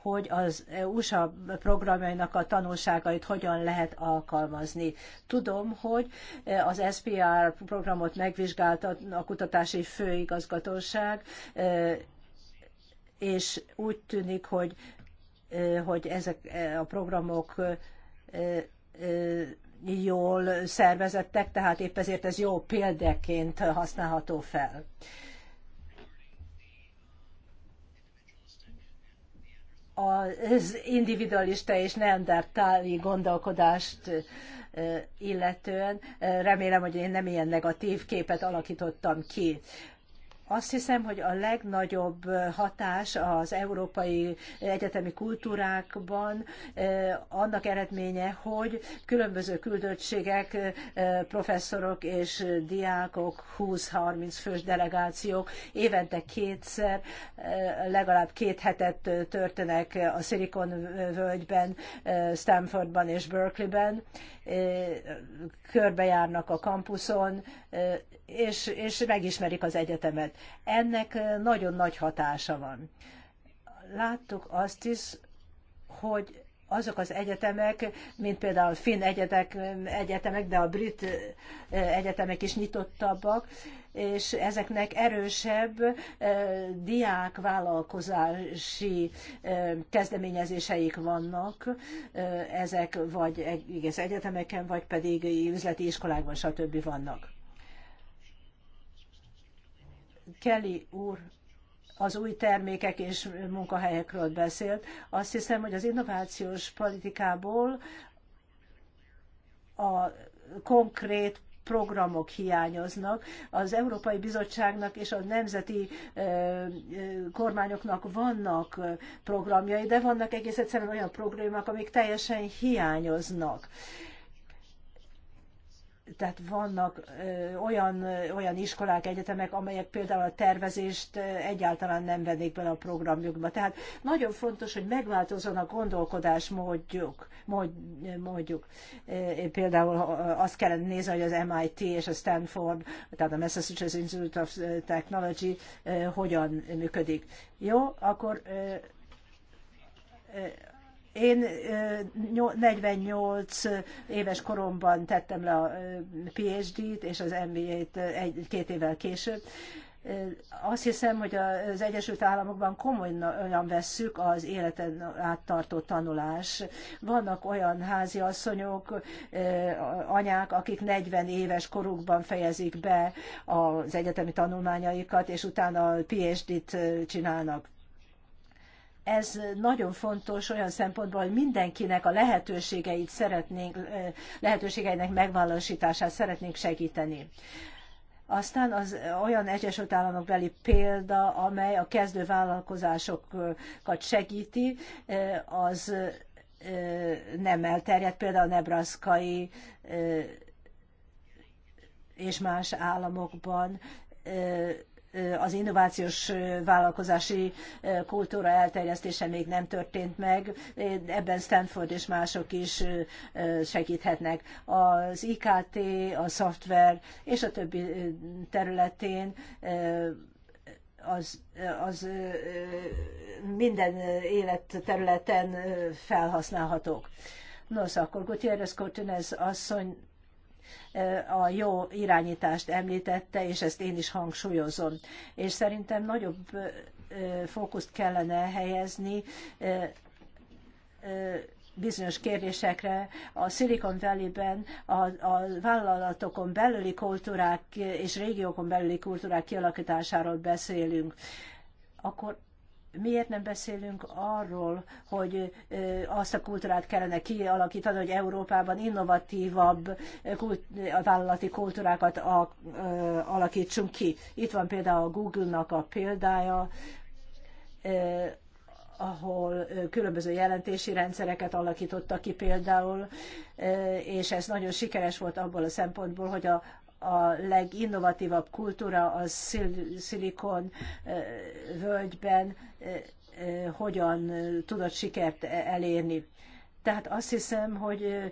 hogy az USA programjainak a tanulságait hogyan lehet alkalmazni. Tudom, hogy az SPR programot megvizsgálta a kutatási főigazgatóság, és úgy tűnik, hogy, hogy ezek a programok jól szervezettek, tehát épp ezért ez jó példaként használható fel. Az individualista és neandertáli gondolkodást illetően remélem, hogy én nem ilyen negatív képet alakítottam ki azt hiszem, hogy a legnagyobb hatás az európai egyetemi kultúrákban annak eredménye, hogy különböző küldöttségek, professzorok és diákok, 20-30 fős delegációk évente kétszer, legalább két hetet törtenek a Silicon völgyben, Stanfordban és Berkeleyben, körbejárnak a kampuszon, és, és megismerik az egyetemet. Ennek nagyon nagy hatása van. Láttuk azt is, hogy azok az egyetemek, mint például a finn egyetek, egyetemek, de a brit egyetemek is nyitottabbak, és ezeknek erősebb diák vállalkozási kezdeményezéseik vannak, ezek vagy egész egyetemeken, vagy pedig üzleti iskolákban, stb. vannak. Kelly úr az új termékek és munkahelyekről beszélt. Azt hiszem, hogy az innovációs politikából a konkrét programok hiányoznak. Az Európai Bizottságnak és a nemzeti kormányoknak vannak programjai, de vannak egész egyszerűen olyan problémák, amik teljesen hiányoznak tehát vannak olyan, olyan iskolák, egyetemek, amelyek például a tervezést egyáltalán nem vennék bele a programjukba. Tehát nagyon fontos, hogy megváltozzon a gondolkodás módjuk. Mód, módjuk. Például azt kellene nézni, hogy az MIT és a Stanford, tehát a Massachusetts Institute of Technology hogyan működik. Jó, akkor én 48 éves koromban tettem le a PhD-t és az MBA-t egy-két évvel később. Azt hiszem, hogy az Egyesült Államokban komolyan vesszük az életen áttartó tanulás. Vannak olyan asszonyok, anyák, akik 40 éves korukban fejezik be az egyetemi tanulmányaikat, és utána a PhD-t csinálnak ez nagyon fontos olyan szempontból, hogy mindenkinek a lehetőségeit szeretnénk, lehetőségeinek megvalósítását szeretnénk segíteni. Aztán az olyan Egyesült Államok beli példa, amely a kezdő vállalkozásokat segíti, az nem elterjedt, például a nebraszkai és más államokban az innovációs vállalkozási kultúra elterjesztése még nem történt meg. Ebben Stanford és mások is segíthetnek. Az IKT, a szoftver és a többi területén az, az minden életterületen felhasználhatók. Nos, akkor Gutierrez Cortinez asszony a jó irányítást említette, és ezt én is hangsúlyozom. És szerintem nagyobb fókuszt kellene helyezni bizonyos kérdésekre a Silicon Valley-ben a, a vállalatokon belüli kultúrák és régiókon belüli kultúrák kialakításáról beszélünk, akkor miért nem beszélünk arról, hogy azt a kultúrát kellene kialakítani, hogy Európában innovatívabb vállalati kultúrákat alakítsunk ki. Itt van például a Google-nak a példája, ahol különböző jelentési rendszereket alakítottak ki például, és ez nagyon sikeres volt abból a szempontból, hogy a a leginnovatívabb kultúra a szil- szilikon völgyben hogyan tudott sikert e-, elérni. Tehát azt hiszem, hogy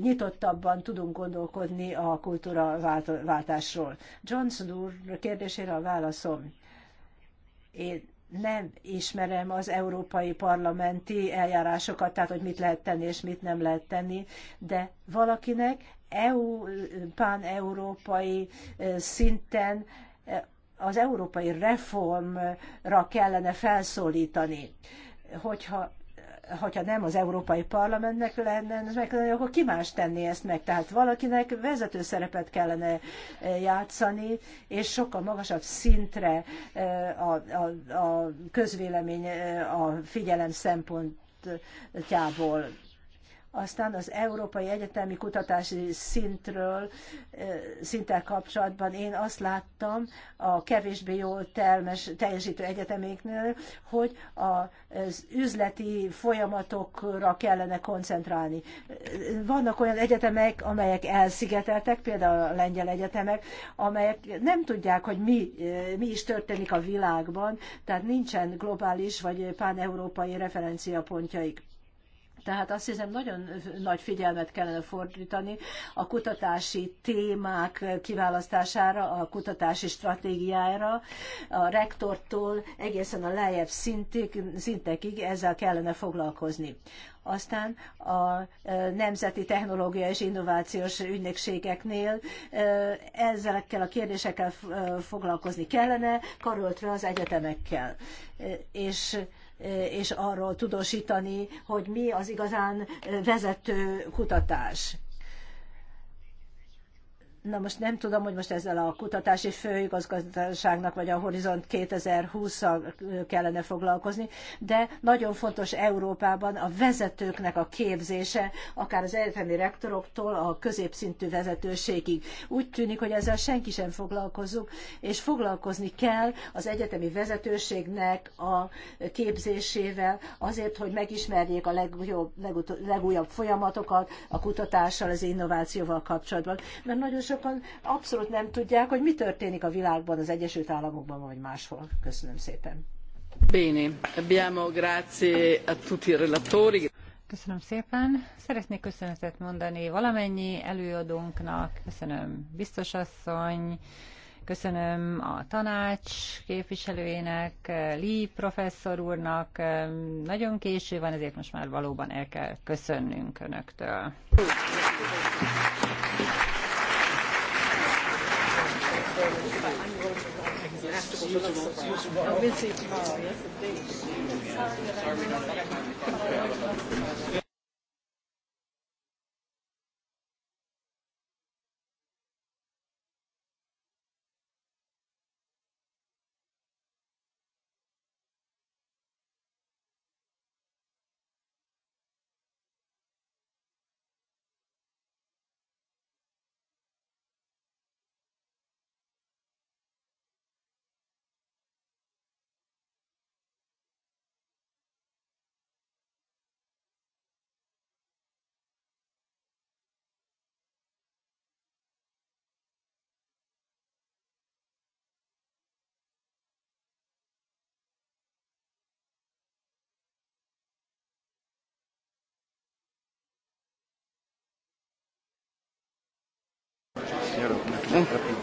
nyitottabban tudunk gondolkodni a kultúraváltásról. Johnson úr kérdésére a válaszom. Én nem ismerem az európai parlamenti eljárásokat, tehát hogy mit lehet tenni és mit nem lehet tenni, de valakinek EU, pán-európai szinten az európai reformra kellene felszólítani. Hogyha hogyha nem az Európai Parlamentnek lenne megtenni, akkor ki más tenni ezt meg? Tehát valakinek vezető szerepet kellene eh, játszani, és sokkal magasabb szintre eh, a, a, a közvélemény eh, a figyelem szempontjából aztán az Európai Egyetemi Kutatási Szintről, szinttel kapcsolatban én azt láttam a kevésbé jól telmes, teljesítő egyeteméknél, hogy az üzleti folyamatokra kellene koncentrálni. Vannak olyan egyetemek, amelyek elszigeteltek, például a lengyel egyetemek, amelyek nem tudják, hogy mi, mi is történik a világban, tehát nincsen globális vagy páneurópai referenciapontjaik. Tehát azt hiszem, nagyon nagy figyelmet kellene fordítani a kutatási témák kiválasztására, a kutatási stratégiára, a rektortól egészen a lejjebb szintig, szintekig ezzel kellene foglalkozni. Aztán a e, Nemzeti Technológia és Innovációs Ügynökségeknél e, ezekkel a kérdésekkel e, foglalkozni kellene, karöltve az egyetemekkel. És és arról tudósítani, hogy mi az igazán vezető kutatás Na most nem tudom, hogy most ezzel a kutatási főigazgatóságnak vagy a Horizont 2020-al kellene foglalkozni, de nagyon fontos Európában a vezetőknek a képzése, akár az egyetemi rektoroktól a középszintű vezetőségig. Úgy tűnik, hogy ezzel senki sem foglalkozunk, és foglalkozni kell az egyetemi vezetőségnek a képzésével azért, hogy megismerjék a legjobb, legújabb folyamatokat a kutatással, az innovációval kapcsolatban. Mert nagyon sok sokan abszolút nem tudják, hogy mi történik a világban, az Egyesült Államokban vagy máshol. Köszönöm szépen. Bene, abbiamo grazie a tutti i relatori. Köszönöm szépen. Szeretnék köszönetet mondani valamennyi előadónknak. Köszönöm biztosasszony, köszönöm a tanács képviselőjének, Lee professzor úrnak. Nagyon késő van, ezért most már valóban el kell köszönnünk önöktől very much. I'm rolling along. After we'll look I'll miss you tomorrow. Yes, indeed. Sorry that I'm not. Köszönöm.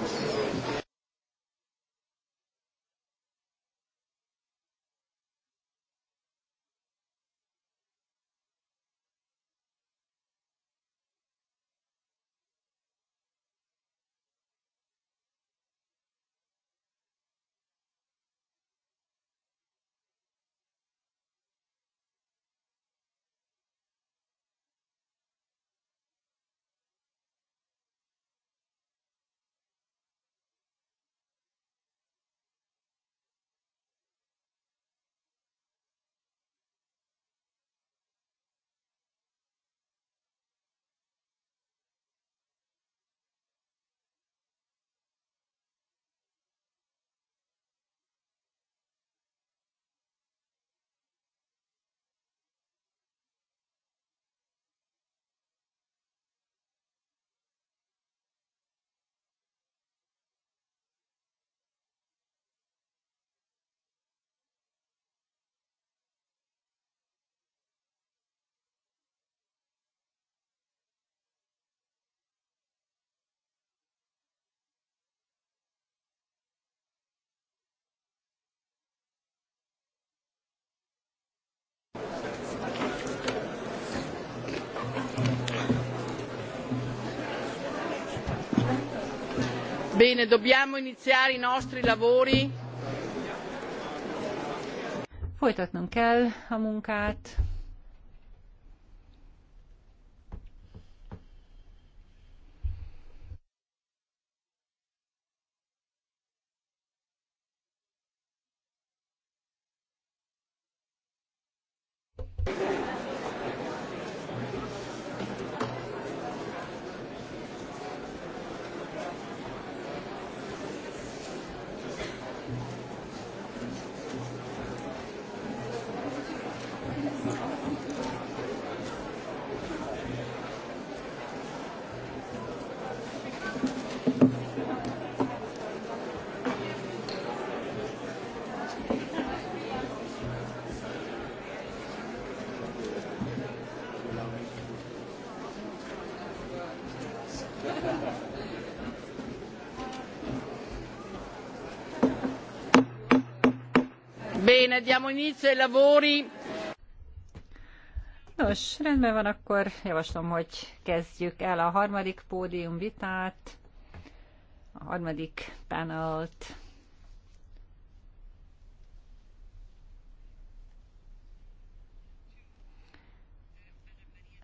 Bene, dobbiamo iniziare i nostri lavori. Folytatnunk kell a munkát. Nos, rendben van, akkor javaslom, hogy kezdjük el a harmadik pódium vitát, a harmadik panelt.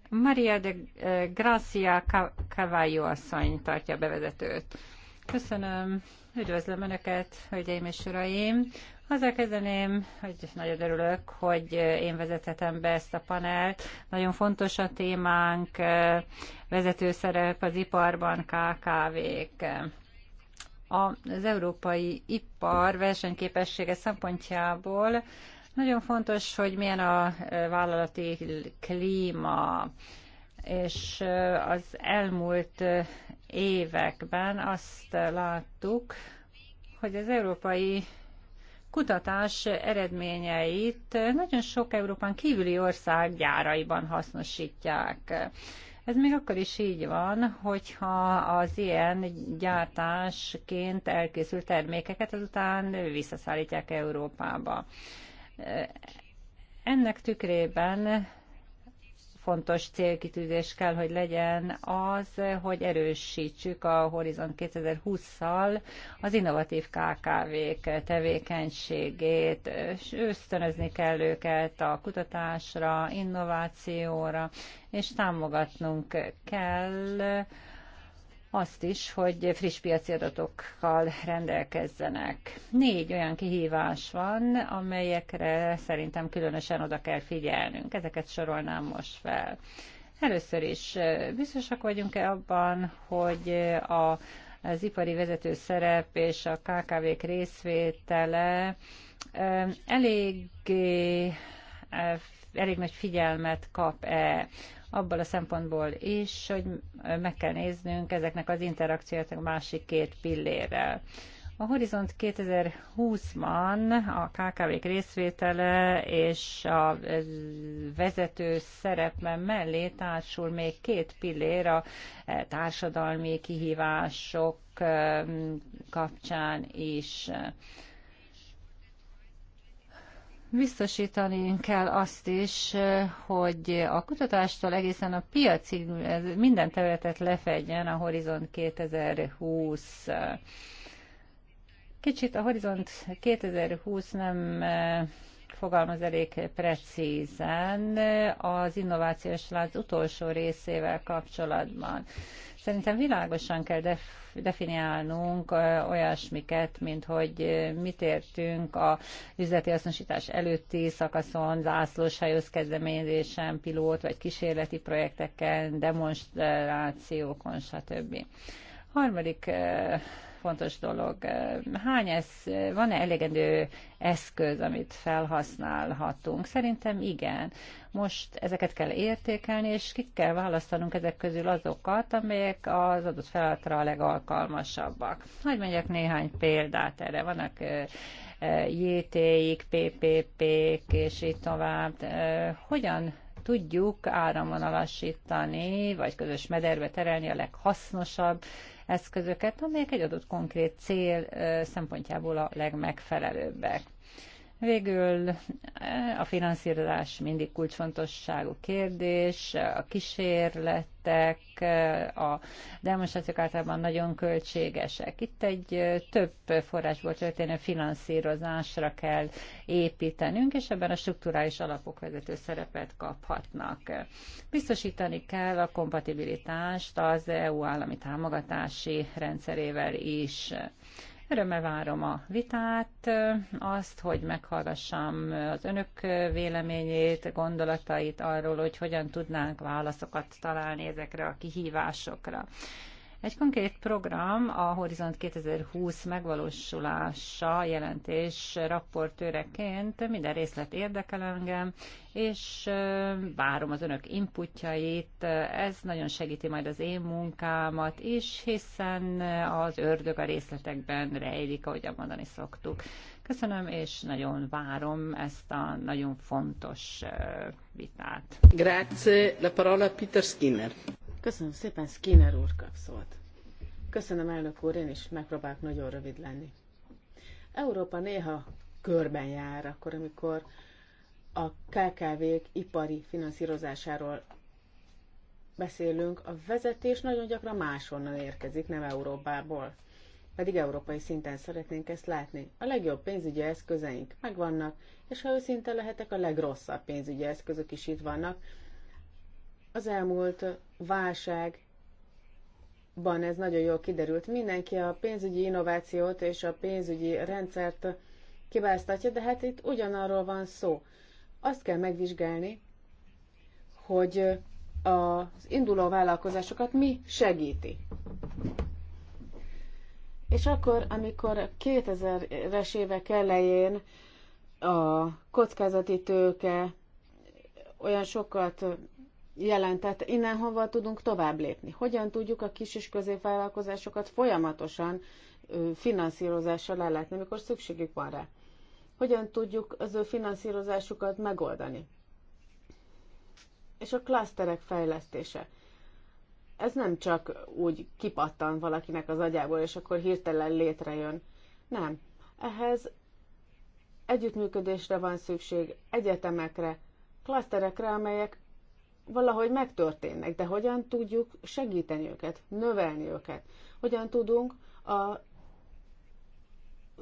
Maria de eh, Gracia Cavallo asszony tartja bevezetőt. Köszönöm, üdvözlöm Önöket, hölgyeim és uraim! Azzal kezdeném, hogy nagyon örülök, hogy én vezethetem be ezt a panelt. Nagyon fontos a témánk, vezető szerep az iparban, KKV-k. Az európai ipar versenyképessége szempontjából nagyon fontos, hogy milyen a vállalati klíma, és az elmúlt években azt láttuk, hogy az európai kutatás eredményeit nagyon sok Európán kívüli ország gyáraiban hasznosítják. Ez még akkor is így van, hogyha az ilyen gyártásként elkészült termékeket azután visszaszállítják Európába. Ennek tükrében fontos célkitűzés kell, hogy legyen az, hogy erősítsük a Horizon 2020-szal az innovatív KKV-k tevékenységét, ösztönözni kell őket a kutatásra, innovációra, és támogatnunk kell azt is, hogy friss piaci adatokkal rendelkezzenek. Négy olyan kihívás van, amelyekre szerintem különösen oda kell figyelnünk. Ezeket sorolnám most fel. Először is biztosak vagyunk-e abban, hogy a, az ipari vezető szerep és a KKV-k részvétele elég elég nagy figyelmet kap-e abból a szempontból is, hogy meg kell néznünk ezeknek az interakciót a másik két pillérrel. A Horizont 2020-ban a KKV-k részvétele és a vezető szerepben mellé társul még két pillér a társadalmi kihívások kapcsán is biztosítani kell azt is, hogy a kutatástól egészen a piacig minden területet lefedjen a Horizont 2020. Kicsit a Horizont 2020 nem eh, fogalmaz elég precízen az innovációs lánc utolsó részével kapcsolatban. Szerintem világosan kell definiálnunk olyasmiket, mint hogy mit értünk a üzleti hasznosítás előtti szakaszon, zászlós hajóz kezdeményezésen, pilót vagy kísérleti projekteken, demonstrációkon, stb. Harmadik fontos dolog. Hány ez, van-e elegendő eszköz, amit felhasználhatunk? Szerintem igen. Most ezeket kell értékelni, és ki kell választanunk ezek közül azokat, amelyek az adott feladatra a legalkalmasabbak. Hogy mondjak néhány példát erre. Vannak JT-ik, PPP-k, és így tovább. Hogyan tudjuk áramvonalasítani, vagy közös mederbe terelni a leghasznosabb eszközöket, amelyek egy adott konkrét cél szempontjából a legmegfelelőbbek. Végül eh, a finanszírozás mindig kulcsfontosságú kérdés, eh, a kísérletek, eh, a demonstrációk általában nagyon költségesek. Itt egy több forrásból történő finanszírozásra kell építenünk, és ebben a struktúrális alapok vezető szerepet kaphatnak. Biztosítani kell a kompatibilitást az EU állami támogatási rendszerével is. Örömmel várom a vitát, azt, hogy meghallgassam az önök véleményét, gondolatait arról, hogy hogyan tudnánk válaszokat találni ezekre a kihívásokra. Egy konkrét program, a Horizont 2020 megvalósulása jelentés raportőreként minden részlet érdekel engem, és várom az önök inputjait. Ez nagyon segíti majd az én munkámat is, hiszen az ördög a részletekben rejlik, ahogy mondani szoktuk. Köszönöm, és nagyon várom ezt a nagyon fontos vitát. Grazie. La parola Peter Skinner. Köszönöm szépen, Skinner úr kap szólt. Köszönöm, elnök úr, én is megpróbálok nagyon rövid lenni. Európa néha körben jár, akkor amikor a KKV-k ipari finanszírozásáról beszélünk, a vezetés nagyon gyakran máshonnan érkezik, nem Európából. Pedig európai szinten szeretnénk ezt látni. A legjobb pénzügyi eszközeink megvannak, és ha őszinte lehetek, a legrosszabb pénzügyi eszközök is itt vannak, az elmúlt válságban ez nagyon jól kiderült. Mindenki a pénzügyi innovációt és a pénzügyi rendszert kibáztatja, de hát itt ugyanarról van szó. Azt kell megvizsgálni, hogy az induló vállalkozásokat mi segíti. És akkor, amikor 2000-es évek elején a kockázati tőke olyan sokat jelentett, innen hova tudunk tovább lépni? Hogyan tudjuk a kis és középvállalkozásokat folyamatosan finanszírozással ellátni, amikor szükségük van rá? Hogyan tudjuk az ő finanszírozásukat megoldani? És a klaszterek fejlesztése. Ez nem csak úgy kipattan valakinek az agyából, és akkor hirtelen létrejön. Nem. Ehhez együttműködésre van szükség, egyetemekre, klaszterekre, amelyek valahogy megtörténnek, de hogyan tudjuk segíteni őket, növelni őket? Hogyan tudunk a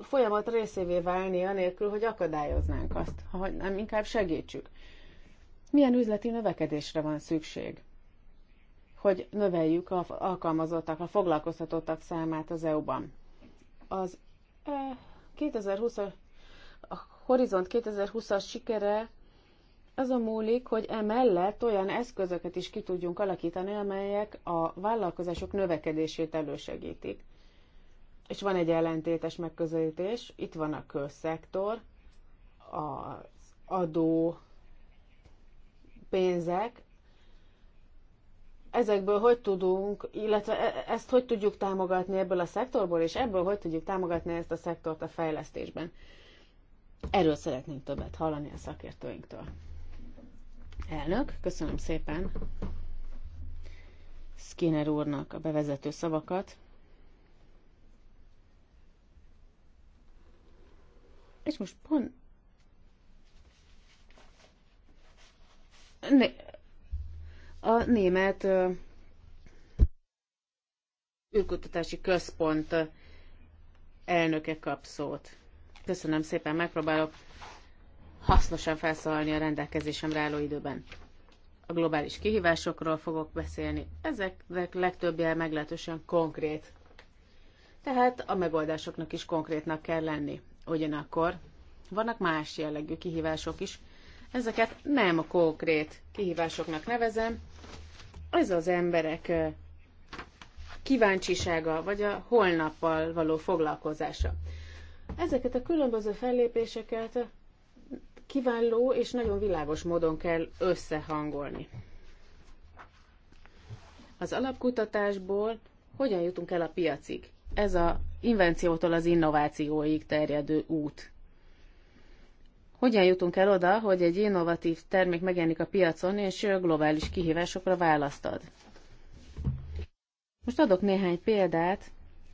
folyamat részévé válni, anélkül, hogy akadályoznánk azt, hogy nem inkább segítsük? Milyen üzleti növekedésre van szükség? hogy növeljük a alkalmazottak, a foglalkoztatottak számát az EU-ban. Az 2020 eh, a Horizont 2020-as sikere az a múlik, hogy emellett olyan eszközöket is ki tudjunk alakítani, amelyek a vállalkozások növekedését elősegítik. És van egy ellentétes megközelítés, itt van a közszektor, az adó pénzek, ezekből hogy tudunk, illetve e-, ezt hogy tudjuk támogatni ebből a szektorból, és ebből hogy tudjuk támogatni ezt a szektort a fejlesztésben. Erről szeretnénk többet hallani a szakértőinktől. Elnök, köszönöm szépen Skinner úrnak a bevezető szavakat. És most pont... Né... A német űrkutatási központ elnöke kap szót. Köszönöm szépen, megpróbálok hasznosan felszólalni a rendelkezésemre álló időben. A globális kihívásokról fogok beszélni. Ezek legtöbbje meglehetősen konkrét. Tehát a megoldásoknak is konkrétnak kell lenni. Ugyanakkor vannak más jellegű kihívások is. Ezeket nem a konkrét kihívásoknak nevezem. Ez az emberek kíváncsisága, vagy a holnappal való foglalkozása. Ezeket a különböző fellépéseket kiváló és nagyon világos módon kell összehangolni. Az alapkutatásból hogyan jutunk el a piacig? Ez a invenciótól az innovációig terjedő út. Hogyan jutunk el oda, hogy egy innovatív termék megjelenik a piacon, és globális kihívásokra választ ad? Most adok néhány példát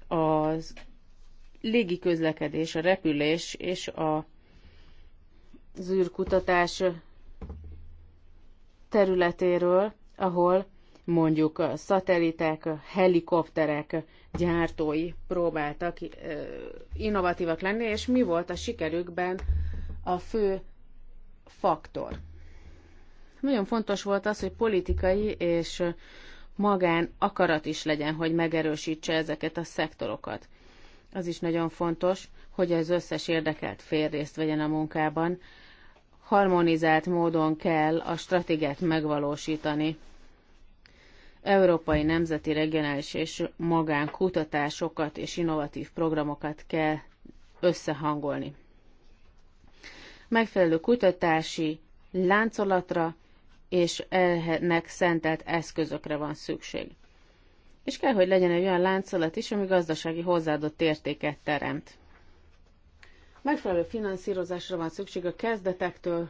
az légi közlekedés, a repülés és a zűrkutatás területéről, ahol mondjuk a szatelitek, a helikopterek gyártói próbáltak innovatívak lenni, és mi volt a sikerükben a fő faktor. Nagyon fontos volt az, hogy politikai és magán akarat is legyen, hogy megerősítse ezeket a szektorokat. Az is nagyon fontos, hogy az összes érdekelt fél részt vegyen a munkában, harmonizált módon kell a stratégiát megvalósítani. Európai nemzeti, regionális és magánkutatásokat és innovatív programokat kell összehangolni. Megfelelő kutatási láncolatra és ennek szentelt eszközökre van szükség. És kell, hogy legyen egy olyan láncolat is, ami gazdasági hozzáadott értéket teremt. Megfelelő finanszírozásra van szükség a kezdetektől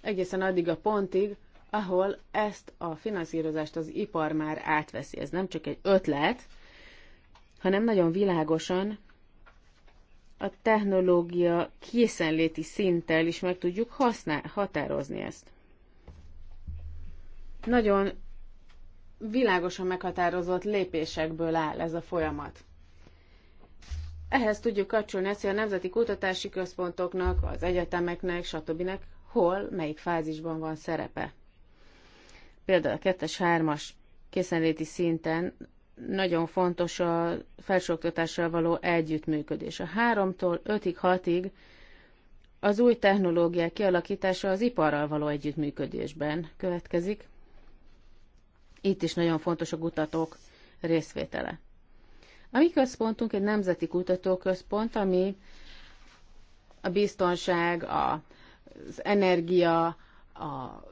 egészen addig a pontig, ahol ezt a finanszírozást az ipar már átveszi. Ez nem csak egy ötlet, hanem nagyon világosan a technológia készenléti szinttel is meg tudjuk használ, határozni ezt. Nagyon világosan meghatározott lépésekből áll ez a folyamat. Ehhez tudjuk kapcsolni azt, hogy a nemzeti kutatási központoknak, az egyetemeknek, stb. hol, melyik fázisban van szerepe. Például a 2-3-as készenléti szinten nagyon fontos a felsőoktatással való együttműködés. A 3-tól 5-ig, 6-ig az új technológiák kialakítása az iparral való együttműködésben következik. Itt is nagyon fontos a kutatók részvétele. A mi központunk egy nemzeti kutatóközpont, ami a biztonság, a, az energia, a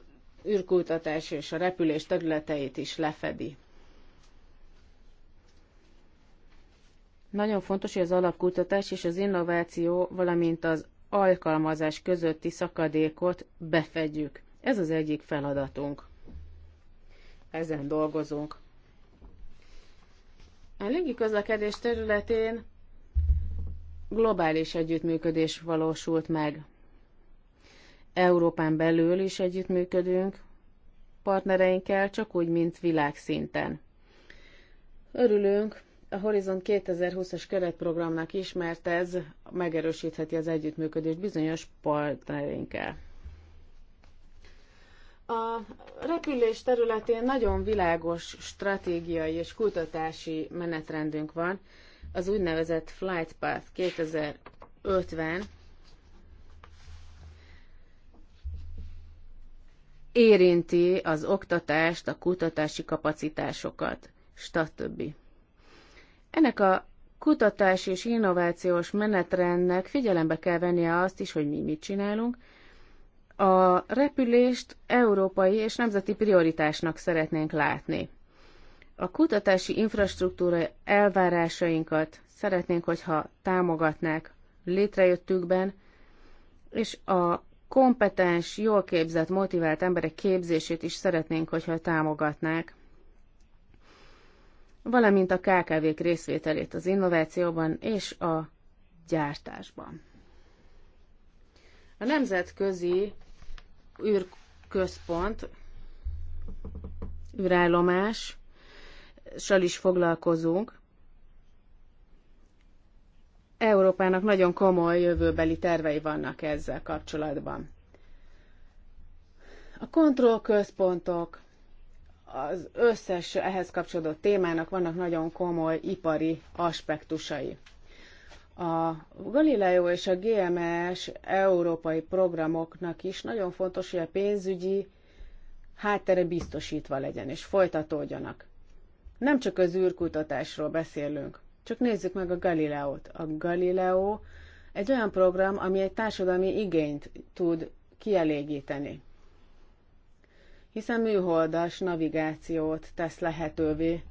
űrkutatás és a repülés területeit is lefedi. Nagyon fontos, hogy az alapkutatás és az innováció, valamint az alkalmazás közötti szakadékot befedjük. Ez az egyik feladatunk. Ezen dolgozunk. A légi közlekedés területén globális együttműködés valósult meg. Európán belül is együttműködünk partnereinkkel, csak úgy, mint világszinten. Örülünk a Horizon 2020-as keretprogramnak is, mert ez megerősítheti az együttműködést bizonyos partnereinkkel. A repülés területén nagyon világos stratégiai és kutatási menetrendünk van, az úgynevezett Flight Path 2050 érinti az oktatást, a kutatási kapacitásokat, stb. Ennek a kutatási és innovációs menetrendnek figyelembe kell vennie azt is, hogy mi mit csinálunk, a repülést európai és nemzeti prioritásnak szeretnénk látni. A kutatási infrastruktúra elvárásainkat szeretnénk, hogyha támogatnák létrejöttükben, és a kompetens, jól képzett, motivált emberek képzését is szeretnénk, hogyha támogatnák, valamint a KKV-k részvételét az innovációban és a gyártásban. A nemzetközi űrközpont, űrállomás, sal is foglalkozunk. Európának nagyon komoly jövőbeli tervei vannak ezzel kapcsolatban. A kontrollközpontok, az összes ehhez kapcsolódó témának vannak nagyon komoly ipari aspektusai. A Galileo és a GMS európai programoknak is nagyon fontos, hogy a pénzügyi háttere biztosítva legyen és folytatódjanak. Nem csak az űrkutatásról beszélünk, csak nézzük meg a Galileót. A Galileo egy olyan program, ami egy társadalmi igényt tud kielégíteni. Hiszen műholdas navigációt tesz lehetővé,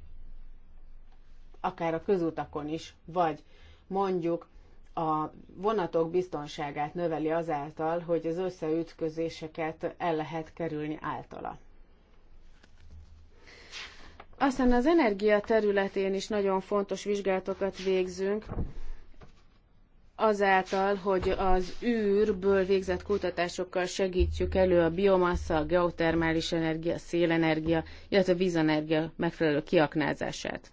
akár a közutakon is, vagy mondjuk a vonatok biztonságát növeli azáltal, hogy az összeütközéseket el lehet kerülni általa. Aztán az energia területén is nagyon fontos vizsgálatokat végzünk, azáltal, hogy az űrből végzett kutatásokkal segítjük elő a biomassa, a geotermális energia, a szélenergia, illetve a vízenergia megfelelő kiaknázását.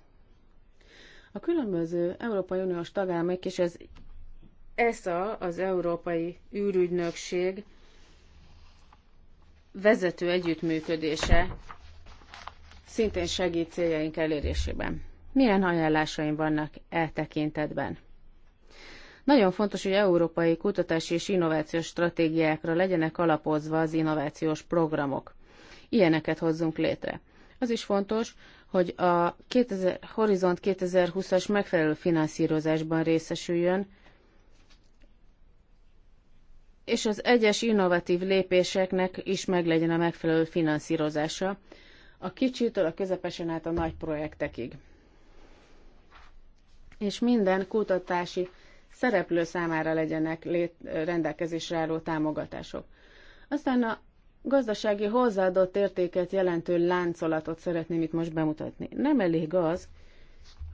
A különböző Európai Uniós tagállamok és az ESA, az Európai űrügynökség vezető együttműködése szintén segít céljaink elérésében. Milyen ajánlásaim vannak e tekintetben? Nagyon fontos, hogy európai kutatási és innovációs stratégiákra legyenek alapozva az innovációs programok. Ilyeneket hozzunk létre. Az is fontos, hogy a 2000, Horizont 2020-as megfelelő finanszírozásban részesüljön, és az egyes innovatív lépéseknek is meglegyen a megfelelő finanszírozása, a kicsitől a közepesen át a nagy projektekig. És minden kutatási szereplő számára legyenek lét, rendelkezésre álló támogatások. Aztán a gazdasági hozzáadott értéket jelentő láncolatot szeretném itt most bemutatni. Nem elég az,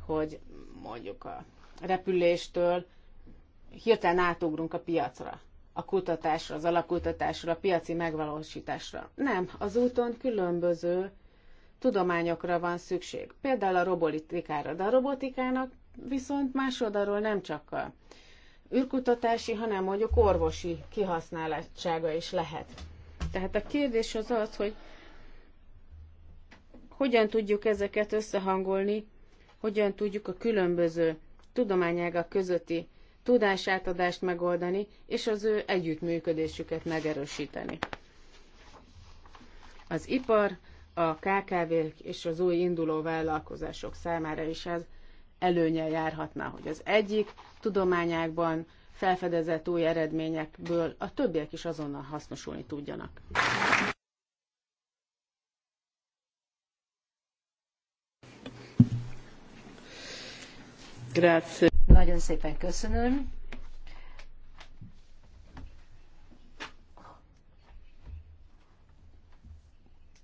hogy mondjuk a repüléstől hirtelen átugrunk a piacra, a kutatásra, az alapkutatásra, a piaci megvalósításra. Nem, az úton különböző tudományokra van szükség. Például a robotikára, de a robotikának viszont másodarról nem csak a űrkutatási, hanem mondjuk orvosi kihasználtsága is lehet. Tehát a kérdés az az, hogy hogyan tudjuk ezeket összehangolni, hogyan tudjuk a különböző tudományágak közötti tudásátadást megoldani, és az ő együttműködésüket megerősíteni. Az ipar, a kkv és az új induló vállalkozások számára is ez előnye járhatna, hogy az egyik tudományákban felfedezett új eredményekből a többiek is azonnal hasznosulni tudjanak. Grazie. Nagyon szépen köszönöm.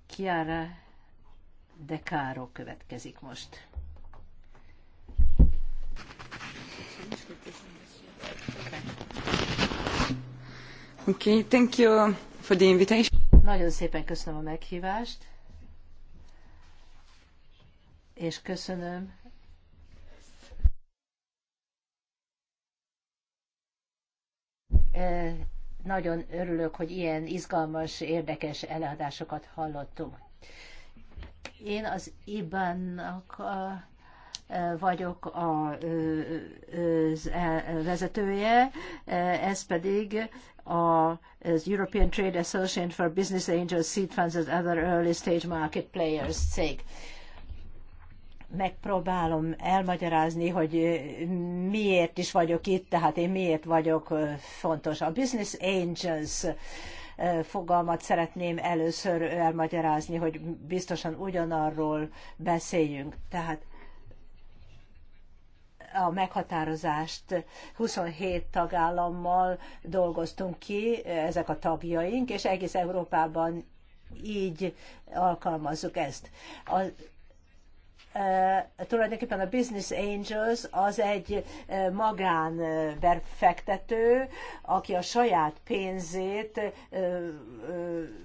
Chiara De Caro következik most. Okay, thank you for the invitation. Nagyon szépen köszönöm a meghívást, és köszönöm e, nagyon örülök, hogy ilyen izgalmas, érdekes előadásokat hallottunk. Én az IBAN-nak a vagyok a e, vezetője, e, ez pedig az European Trade Association for Business Angels, Seed Funds and Other Early Stage Market Players cég megpróbálom elmagyarázni, hogy miért is vagyok itt, tehát én miért vagyok fontos. A Business Angels fogalmat szeretném először elmagyarázni, hogy biztosan ugyanarról beszéljünk. Tehát a meghatározást 27 tagállammal dolgoztunk ki, ezek a tagjaink, és egész Európában így alkalmazzuk ezt. A Eh, tulajdonképpen a Business Angels az egy eh, magán befektető, aki a saját pénzét eh,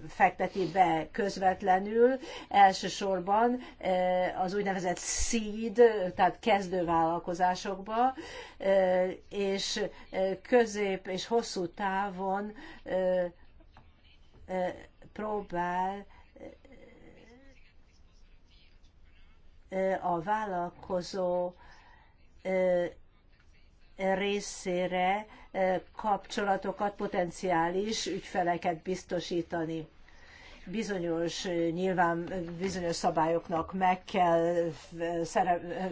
fekteti be közvetlenül, elsősorban az úgynevezett seed, tehát kezdővállalkozásokba, és közép és hosszú távon próbál a vállalkozó részére kapcsolatokat, potenciális ügyfeleket biztosítani. Bizonyos, nyilván bizonyos szabályoknak meg kell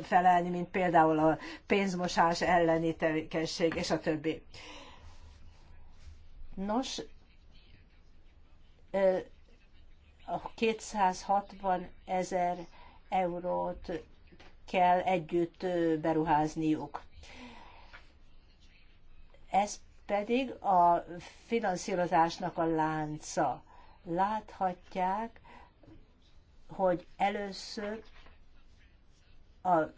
felelni, mint például a pénzmosás elleni tevékenység, és a többi. Nos, a 260 ezer eurót kell együtt beruházniuk. Ez pedig a finanszírozásnak a lánca. Láthatják, hogy először a, a,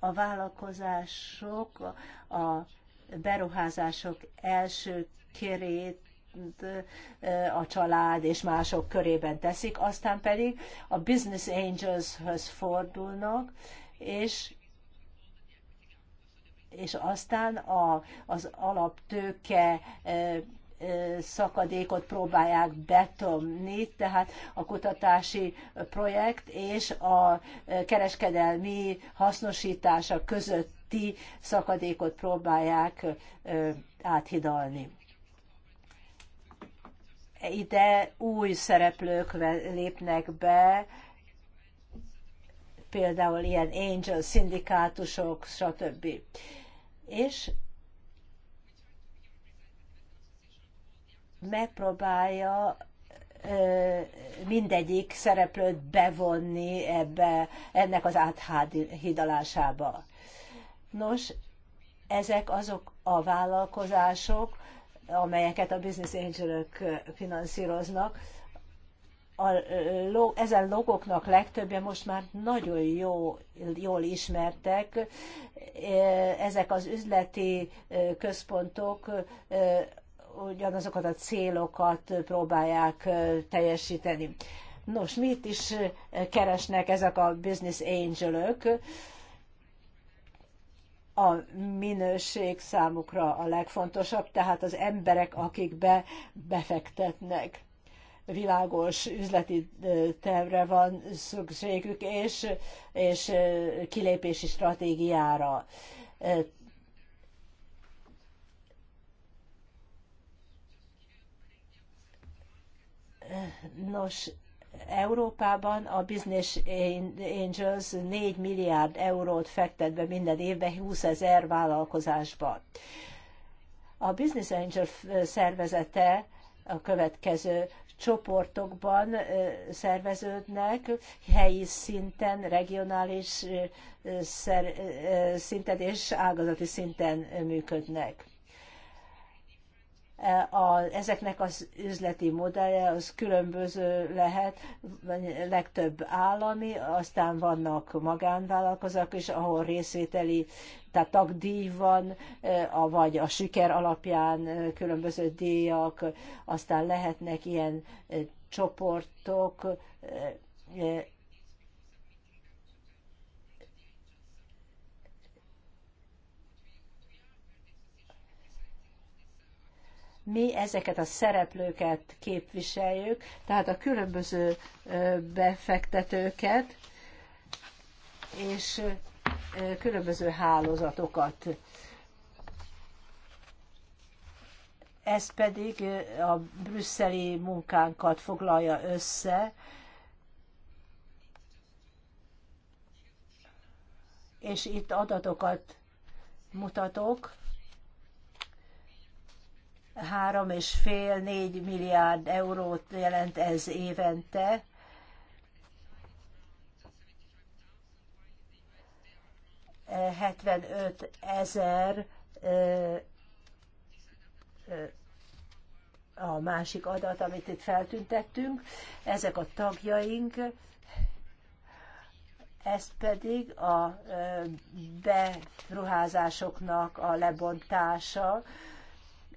a vállalkozások a beruházások első körét a család és mások körében teszik, aztán pedig a business angels fordulnak, és és aztán a, az alaptőke szakadékot próbálják betömni, tehát a kutatási projekt és a kereskedelmi hasznosítása közötti szakadékot próbálják áthidalni ide új szereplők lépnek be, például ilyen angel szindikátusok, stb. És megpróbálja mindegyik szereplőt bevonni ebbe, ennek az áthidalásába. Nos, ezek azok a vállalkozások, amelyeket a business angelök finanszíroznak, a, ezen logoknak legtöbbje most már nagyon jó, jól ismertek. Ezek az üzleti központok ugyanazokat a célokat próbálják teljesíteni. Nos, mit is keresnek ezek a business angelök? a minőség számukra a legfontosabb, tehát az emberek, akikbe befektetnek világos üzleti tervre van szükségük, és, és kilépési stratégiára. Nos, Európában a Business Angels 4 milliárd eurót fektet be minden évben 20 ezer vállalkozásba. A Business Angel szervezete a következő csoportokban szerveződnek, helyi szinten, regionális szinten és ágazati szinten működnek a, ezeknek az üzleti modellje az különböző lehet, legtöbb állami, aztán vannak magánvállalkozók is, ahol részvételi, tehát tagdíj van, a, vagy a siker alapján különböző díjak, aztán lehetnek ilyen csoportok, mi ezeket a szereplőket képviseljük, tehát a különböző befektetőket és különböző hálózatokat. Ez pedig a brüsszeli munkánkat foglalja össze, és itt adatokat mutatok Három és fél, négy milliárd eurót jelent ez évente. E, 75 ezer a másik adat, amit itt feltüntettünk, ezek a tagjaink, ezt pedig a beruházásoknak a lebontása,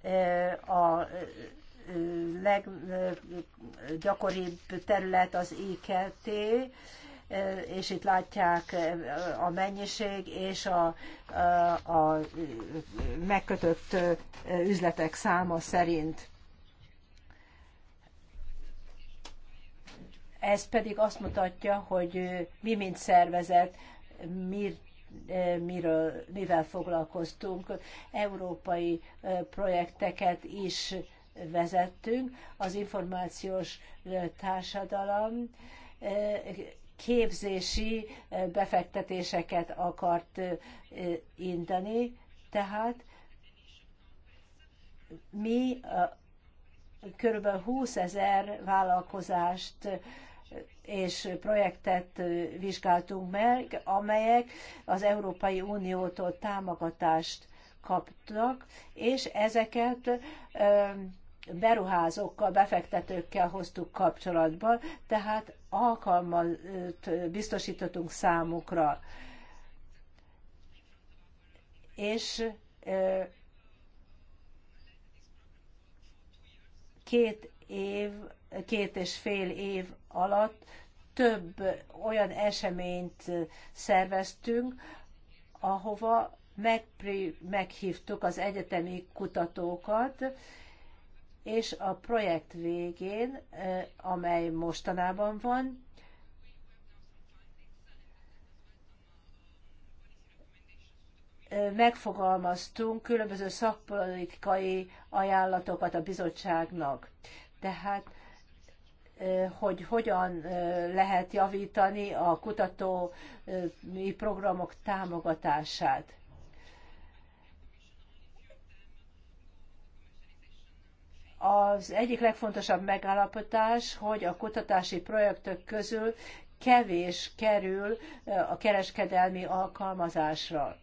Eh, a eh, leggyakoribb terület az IKT, eh, és itt látják a mennyiség és a, a, a megkötött üzletek száma szerint. Ez pedig azt mutatja, hogy mi, mint szervezet, mit miről, mivel foglalkoztunk, európai projekteket is vezettünk, az információs társadalom képzési befektetéseket akart indani, tehát mi körülbelül 20 ezer vállalkozást és projektet vizsgáltunk meg, amelyek az Európai Uniótól támogatást kaptak, és ezeket beruházókkal, befektetőkkel hoztuk kapcsolatba, tehát alkalmat biztosítottunk számukra. És két év két és fél év alatt több olyan eseményt szerveztünk, ahova meghívtuk az egyetemi kutatókat, és a projekt végén, amely mostanában van, megfogalmaztunk különböző szakpolitikai ajánlatokat a bizottságnak. Tehát hogy hogyan lehet javítani a kutatói programok támogatását. Az egyik legfontosabb megállapítás, hogy a kutatási projektök közül kevés kerül a kereskedelmi alkalmazásra.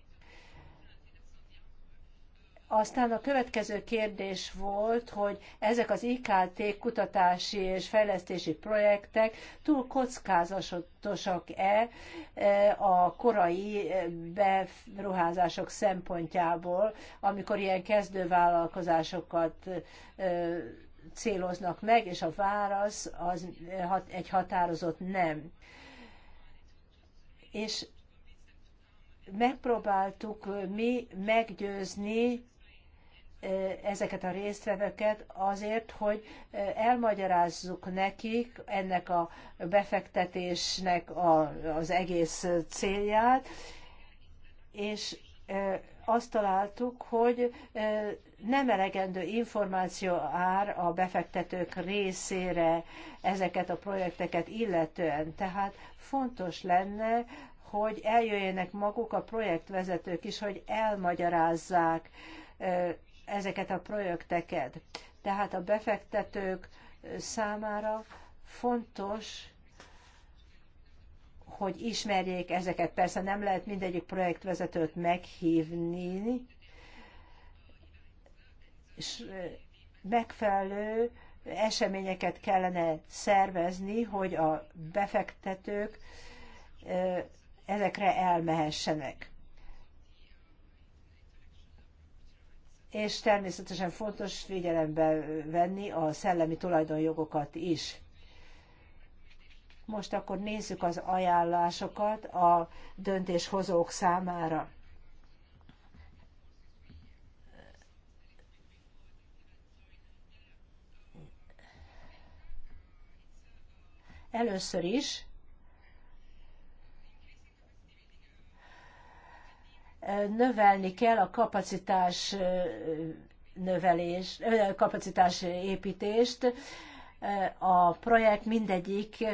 Aztán a következő kérdés volt, hogy ezek az IKT kutatási és fejlesztési projektek túl kockázatosak-e e, a korai e, beruházások szempontjából, amikor ilyen kezdővállalkozásokat e, céloznak meg, és a válasz az egy határozott nem. És megpróbáltuk mi meggyőzni ezeket a résztvevőket azért, hogy elmagyarázzuk nekik ennek a befektetésnek a, az egész célját, és azt találtuk, hogy nem elegendő információ ár a befektetők részére ezeket a projekteket illetően. Tehát fontos lenne, hogy eljöjjenek maguk a projektvezetők is, hogy elmagyarázzák ezeket a projekteket. Tehát a befektetők számára fontos, hogy ismerjék ezeket. Persze nem lehet mindegyik projektvezetőt meghívni, és megfelelő eseményeket kellene szervezni, hogy a befektetők ezekre elmehessenek. és természetesen fontos figyelembe venni a szellemi tulajdonjogokat is. Most akkor nézzük az ajánlásokat a döntéshozók számára. Először is növelni kell a kapacitás növelés, kapacitás építést a projekt mindegyik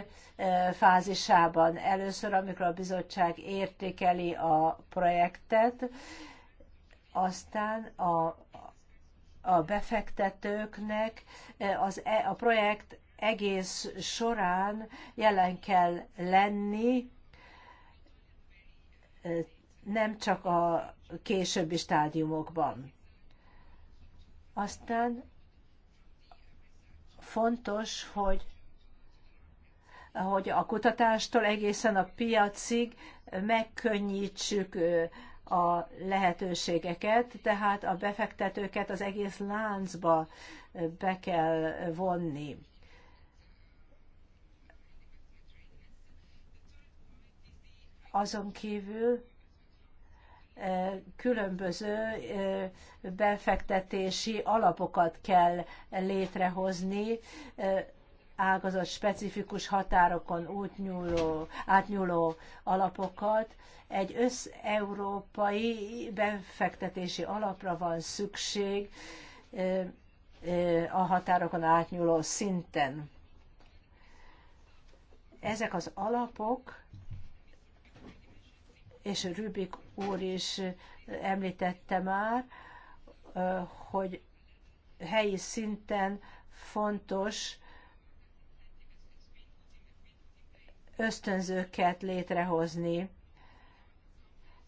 fázisában. Először, amikor a bizottság értékeli a projektet, aztán a, a befektetőknek az, e, a projekt egész során jelen kell lenni nem csak a későbbi stádiumokban. Aztán fontos, hogy hogy a kutatástól egészen a piacig megkönnyítsük a lehetőségeket, tehát a befektetőket az egész láncba be kell vonni. Azon kívül különböző befektetési alapokat kell létrehozni, ágazat specifikus határokon útnyúló, átnyúló alapokat. Egy összeurópai befektetési alapra van szükség a határokon átnyúló szinten. Ezek az alapok, és Rubik úr is említette már, hogy helyi szinten fontos ösztönzőket létrehozni,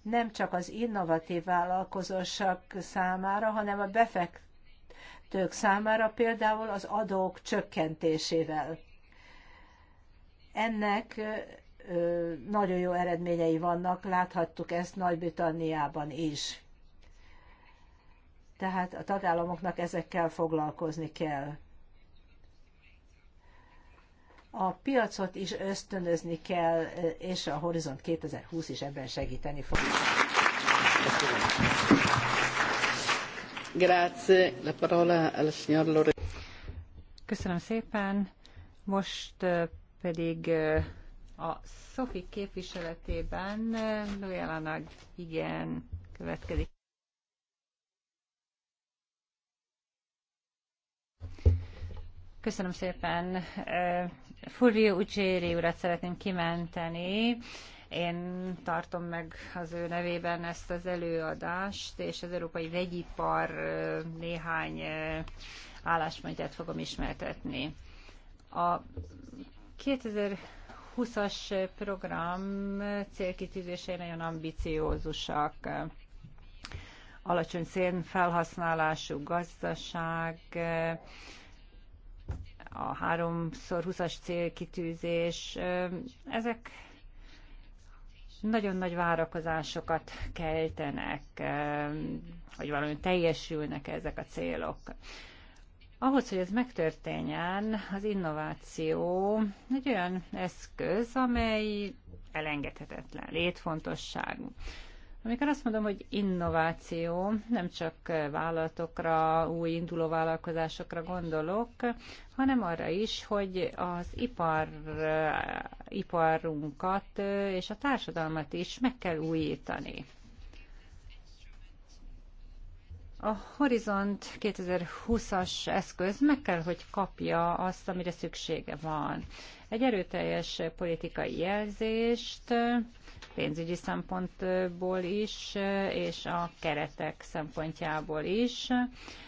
nem csak az innovatív vállalkozósak számára, hanem a befektők számára, például az adók csökkentésével. Ennek nagyon jó eredményei vannak, láthattuk ezt Nagy-Britanniában is. Tehát a tagállamoknak ezekkel foglalkozni kell. A piacot is ösztönözni kell, és a Horizont 2020 is ebben segíteni fog. Grazie. La parola Köszönöm szépen. Most pedig a Szofi képviseletében eh, Lujálanak igen következik. Köszönöm szépen. Eh, Fulvio Ucséri urat szeretném kimenteni. Én tartom meg az ő nevében ezt az előadást, és az európai vegyipar eh, néhány álláspontját fogom ismertetni. A 2000 20-as program célkitűzései nagyon ambiciózusak. Alacsony szén felhasználású gazdaság, a 3x20-as célkitűzés, ezek nagyon nagy várakozásokat keltenek, hogy valami teljesülnek ezek a célok. Ahhoz, hogy ez megtörténjen, az innováció egy olyan eszköz, amely elengedhetetlen, létfontosságú. Amikor azt mondom, hogy innováció, nem csak vállalatokra, új induló vállalkozásokra gondolok, hanem arra is, hogy az ipar, iparunkat és a társadalmat is meg kell újítani. A Horizont 2020-as eszköz meg kell, hogy kapja azt, amire szüksége van. Egy erőteljes politikai jelzést, pénzügyi szempontból is, és a keretek szempontjából is.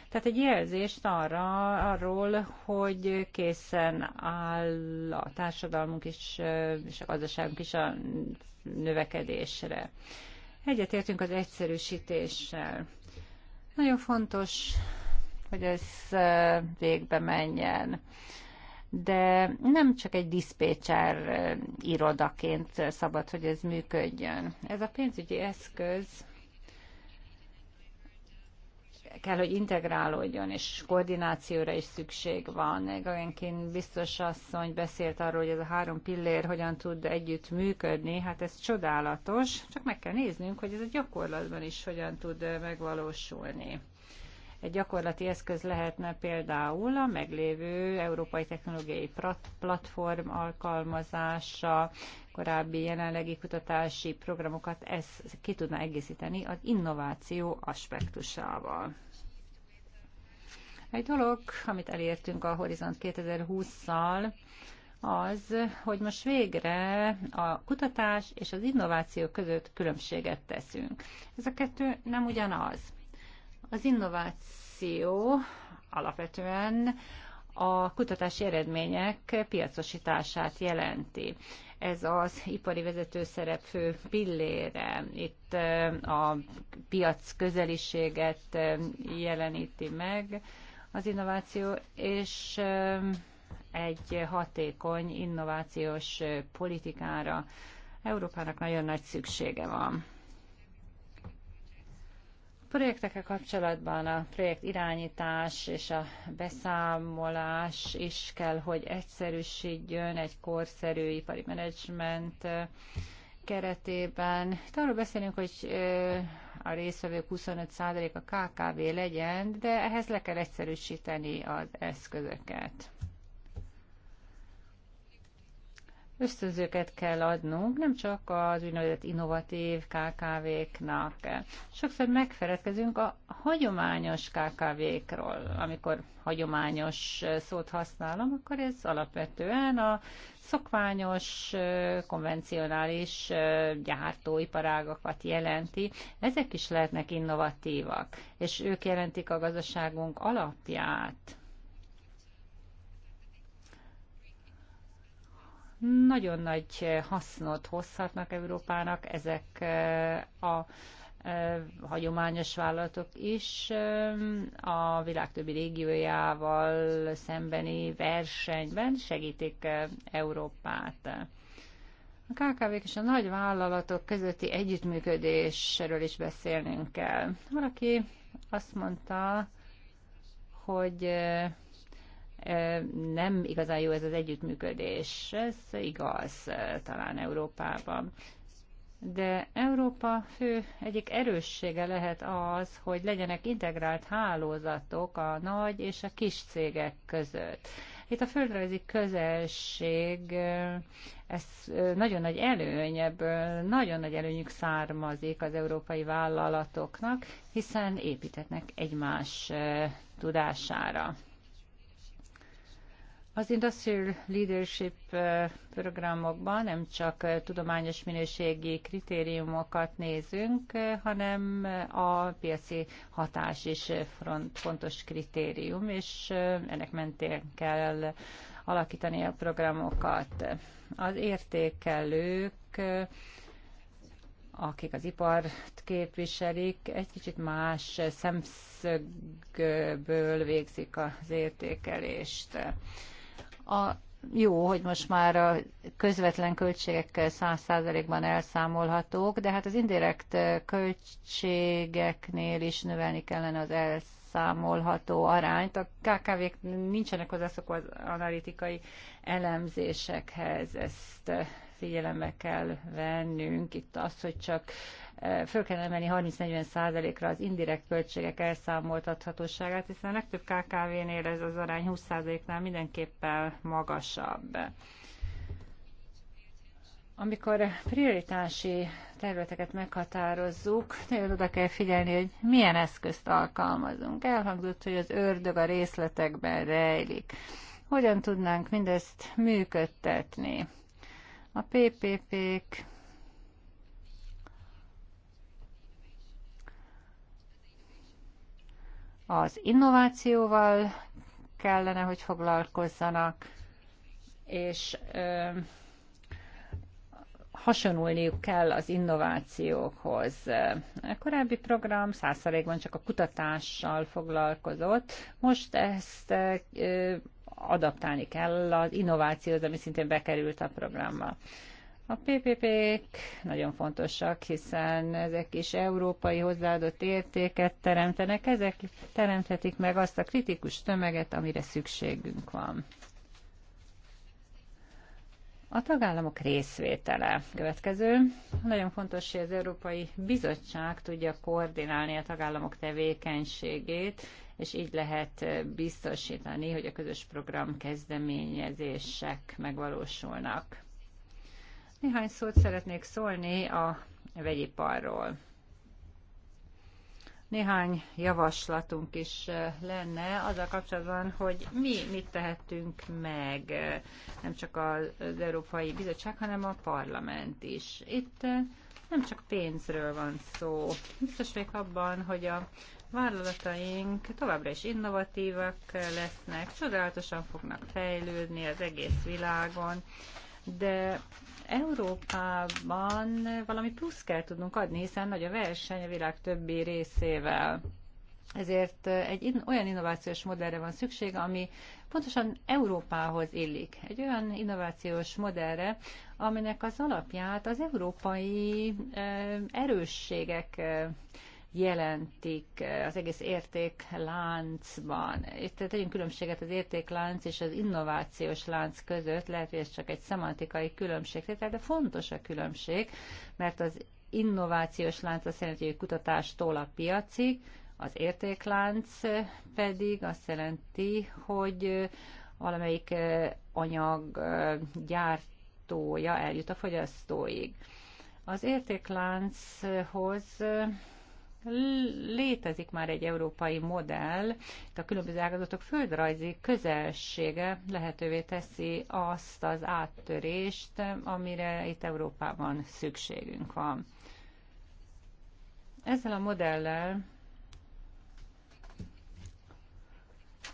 Tehát egy jelzést arra, arról, hogy készen áll a társadalmunk is, és a gazdaságunk is a növekedésre. Egyetértünk az egyszerűsítéssel. Nagyon fontos, hogy ez végbe menjen de nem csak egy diszpécser irodaként szabad, hogy ez működjön. Ez a pénzügyi eszköz kell, hogy integrálódjon, és koordinációra is szükség van. Gagenkin biztos asszony beszélt arról, hogy ez a három pillér hogyan tud együtt működni, hát ez csodálatos, csak meg kell néznünk, hogy ez a gyakorlatban is hogyan tud megvalósulni. Egy gyakorlati eszköz lehetne például a meglévő európai technológiai platform alkalmazása, korábbi jelenlegi kutatási programokat ez ki tudna egészíteni az innováció aspektusával. Egy dolog, amit elértünk a Horizont 2020-szal, az, hogy most végre a kutatás és az innováció között különbséget teszünk. Ez a kettő nem ugyanaz. Az innováció alapvetően a kutatási eredmények piacosítását jelenti. Ez az ipari vezetőszerep fő pillére. Itt a piac közeliséget jeleníti meg, az innováció és egy hatékony, innovációs politikára Európának nagyon nagy szüksége van. A projektekkel kapcsolatban a projekt irányítás és a beszámolás is kell, hogy egyszerűsítjön egy korszerű ipari menedzsment keretében. Itt arról beszélünk, hogy a részvevők 25%-a KKV legyen, de ehhez le kell egyszerűsíteni az eszközöket. ösztönzőket kell adnunk, nem csak az úgynevezett innovatív KKV-knak. Sokszor megfeledkezünk a hagyományos KKV-król. Amikor hagyományos szót használom, akkor ez alapvetően a szokványos, konvencionális gyártóiparágakat jelenti. Ezek is lehetnek innovatívak, és ők jelentik a gazdaságunk alapját. nagyon nagy hasznot hozhatnak Európának ezek a hagyományos vállalatok is a világ többi régiójával szembeni versenyben segítik Európát. A KKV-k és a nagy vállalatok közötti együttműködésről is beszélnünk kell. Valaki azt mondta, hogy nem igazán jó ez az együttműködés. Ez igaz talán Európában. De Európa fő egyik erőssége lehet az, hogy legyenek integrált hálózatok a nagy és a kis cégek között. Itt a földrajzi közelség, ez nagyon nagy előny, ebből nagyon nagy előnyük származik az európai vállalatoknak, hiszen építetnek egymás tudására. Az Industrial Leadership programokban nem csak tudományos minőségi kritériumokat nézünk, hanem a piaci hatás is fontos kritérium, és ennek mentén kell alakítani a programokat. Az értékelők akik az ipart képviselik, egy kicsit más szemszögből végzik az értékelést. A, jó, hogy most már a közvetlen költségek száz százalékban elszámolhatók, de hát az indirekt költségeknél is növelni kellene az elszámolható arányt. A KKV-k nincsenek hozzászokva az analitikai elemzésekhez, ezt figyelembe kell vennünk. Itt az, hogy csak e, föl kell emelni 30-40 százalékra az indirekt költségek elszámoltathatóságát, hiszen a legtöbb KKV-nél ez az arány 20 százaléknál mindenképpen magasabb. Amikor prioritási területeket meghatározzuk, nagyon oda kell figyelni, hogy milyen eszközt alkalmazunk. Elhangzott, hogy az ördög a részletekben rejlik. Hogyan tudnánk mindezt működtetni? A PPP-k az innovációval kellene, hogy foglalkozzanak, és ö, hasonulniuk kell az innovációkhoz. A korábbi program százszerékban csak a kutatással foglalkozott, most ezt adaptálni kell az innovációhoz, ami szintén bekerült a programba. A PPP-k nagyon fontosak, hiszen ezek is európai hozzáadott értéket teremtenek, ezek teremthetik meg azt a kritikus tömeget, amire szükségünk van. A tagállamok részvétele következő. Nagyon fontos, hogy az Európai Bizottság tudja koordinálni a tagállamok tevékenységét, és így lehet eh, biztosítani, hogy a közös program kezdeményezések megvalósulnak. Néhány szót szeretnék szólni a vegyiparról. Néhány javaslatunk is eh, lenne azzal kapcsolatban, hogy mi mit tehetünk meg, eh, nem csak az Európai Bizottság, hanem a parlament is. Itt nem csak pénzről van szó. Biztos vagyok abban, hogy a Vállalataink továbbra is innovatívak lesznek, csodálatosan fognak fejlődni az egész világon, de Európában valami plusz kell tudnunk adni, hiszen nagy a verseny a világ többi részével. Ezért egy olyan innovációs modellre van szükség, ami pontosan Európához illik. Egy olyan innovációs modellre, aminek az alapját az európai eh, erősségek eh, jelentik eh, az egész értékláncban. Itt tegyünk különbséget az értéklánc és az innovációs lánc között, lehet, hogy ez csak egy szemantikai különbség, de fontos a különbség, mert az innovációs lánc azt jelenti, hogy kutatástól a piacig, az értéklánc pedig azt jelenti, hogy eh, valamelyik eh, anyag gyártója eljut a fogyasztóig. Az értéklánchoz létezik már egy európai modell, itt a különböző ágazatok földrajzi közelsége lehetővé teszi azt az áttörést, amire itt Európában szükségünk van. Ezzel a modellel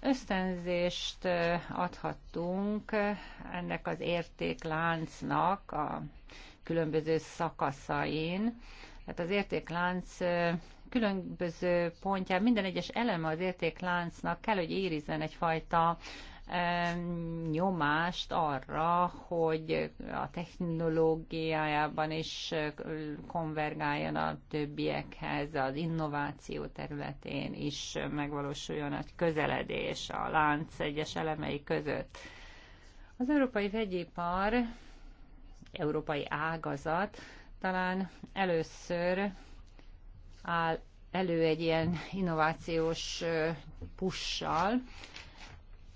ösztönzést adhattunk ennek az értékláncnak a különböző szakaszain. Tehát az értéklánc különböző pontján, minden egyes eleme az értékláncnak kell, hogy érizzen egyfajta nyomást arra, hogy a technológiájában is konvergáljon a többiekhez, az innováció területén is megvalósuljon egy közeledés a lánc egyes elemei között. Az európai vegyipar, európai ágazat talán először áll elő egy ilyen innovációs pussal.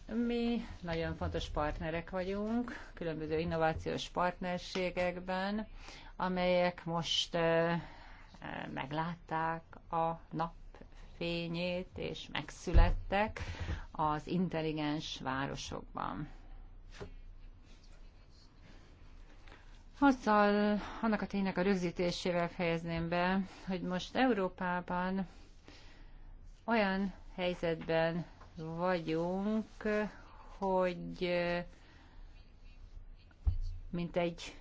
Mi nagyon fontos partnerek vagyunk, különböző innovációs partnerségekben, amelyek most meglátták a napfényét és megszülettek az intelligens városokban. Azzal annak a ténynek a rögzítésével fejezném be, hogy most Európában olyan helyzetben vagyunk, hogy mint egy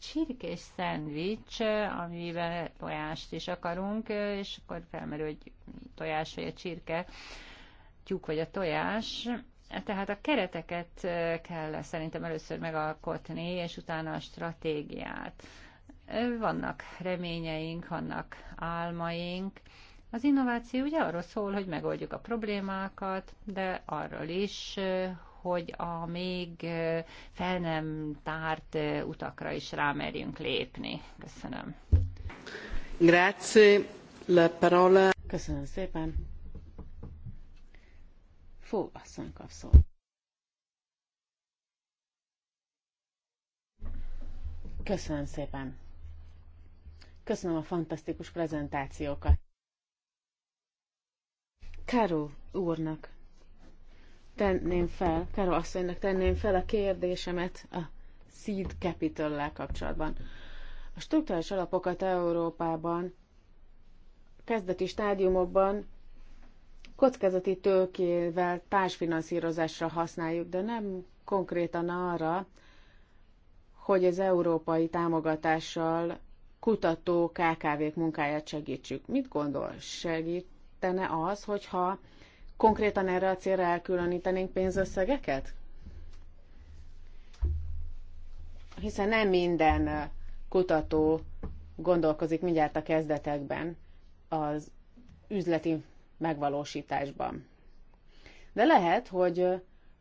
csirkés szendvics, amiben tojást is akarunk, és akkor felmerül, hogy tojás vagy a csirke, tyúk vagy a tojás, tehát a kereteket kell szerintem először megalkotni, és utána a stratégiát. Vannak reményeink, vannak álmaink. Az innováció ugye arról szól, hogy megoldjuk a problémákat, de arról is, hogy a még fel nem tárt utakra is rámerjünk lépni. Köszönöm. Grazie. La parola. Köszönöm szépen. Fó asszony kap szó. Köszönöm szépen. Köszönöm a fantasztikus prezentációkat. Karó úrnak tenném fel, Karó asszonynak tenném fel a kérdésemet a Seed capital kapcsolatban. A struktúrás alapokat Európában kezdeti stádiumokban kockázati tőkével társfinanszírozásra használjuk, de nem konkrétan arra, hogy az európai támogatással kutató KKV-k munkáját segítsük. Mit gondol? Segítene az, hogyha konkrétan erre a célra elkülönítenénk pénzösszegeket? Hiszen nem minden kutató gondolkozik mindjárt a kezdetekben az üzleti megvalósításban. De lehet, hogy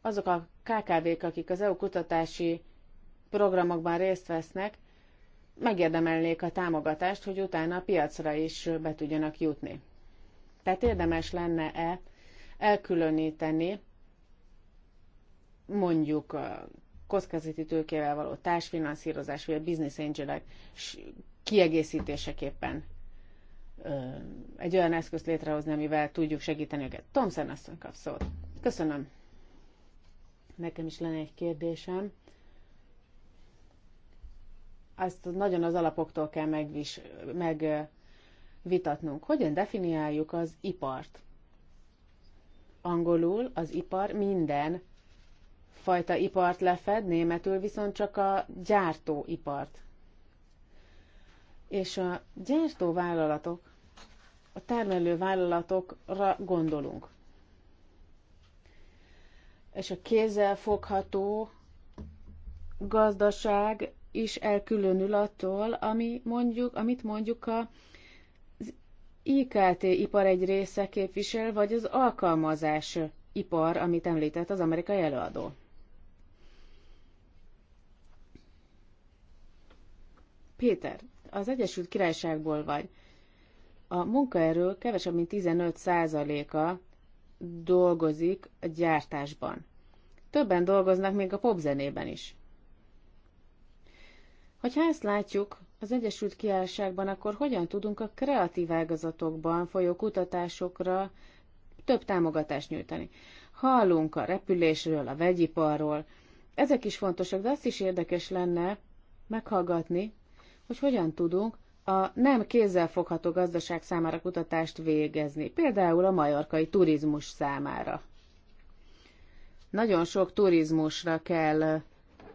azok a KKV-k, akik az EU kutatási programokban részt vesznek, megérdemelnék a támogatást, hogy utána a piacra is be tudjanak jutni. Tehát érdemes lenne-e elkülöníteni mondjuk a kockázati tőkével való társfinanszírozás, vagy a business angelek kiegészítéseképpen egy olyan eszközt létrehozni, amivel tudjuk segíteni őket. Tomszen asszony kap szót. Köszönöm. Nekem is lenne egy kérdésem. Azt nagyon az alapoktól kell megvis, megvitatnunk. Hogyan definiáljuk az ipart? Angolul az ipar minden fajta ipart lefed, németül viszont csak a gyártóipart. És a gyártóvállalatok a termelő vállalatokra gondolunk. És a kézzel fogható gazdaság is elkülönül attól, ami mondjuk, amit mondjuk a IKT ipar egy része képvisel, vagy az alkalmazás ipar, amit említett az amerikai előadó. Péter, az Egyesült Királyságból vagy. A munkaerő kevesebb, mint 15%-a dolgozik a gyártásban. Többen dolgoznak még a popzenében is. Hogyha ezt látjuk az Egyesült Királyságban, akkor hogyan tudunk a kreatív ágazatokban folyó kutatásokra több támogatást nyújtani? Hallunk a repülésről, a vegyiparról. Ezek is fontosak, de azt is érdekes lenne meghallgatni, hogy hogyan tudunk a nem kézzelfogható gazdaság számára kutatást végezni, például a majorkai turizmus számára. Nagyon sok turizmusra kell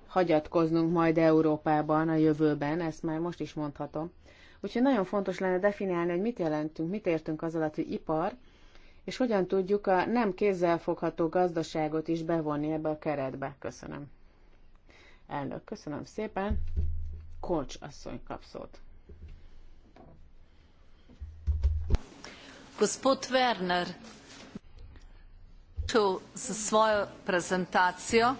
hagyatkoznunk majd Európában a jövőben, ezt már most is mondhatom. Úgyhogy nagyon fontos lenne definiálni, hogy mit jelentünk, mit értünk az alatt, hogy ipar, és hogyan tudjuk a nem kézzelfogható gazdaságot is bevonni ebbe a keretbe. Köszönöm. Elnök, köszönöm szépen. Kocs asszony kapszót. Gospod Werner, za svojo prezentacijo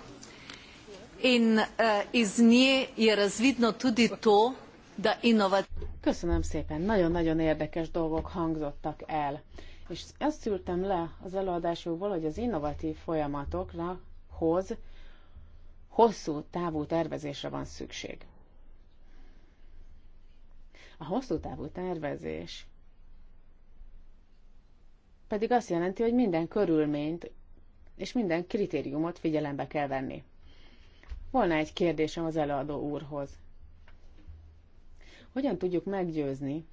in eh, iz nje je razvidno tudi to, da inovatív. Köszönöm szépen, nagyon-nagyon érdekes dolgok hangzottak el. És ezt szültem le az előadásokból, hogy az innovatív folyamatokra hoz hosszú távú tervezésre van szükség. A hosszú távú tervezés pedig azt jelenti, hogy minden körülményt és minden kritériumot figyelembe kell venni. Volna egy kérdésem az előadó úrhoz. Hogyan tudjuk meggyőzni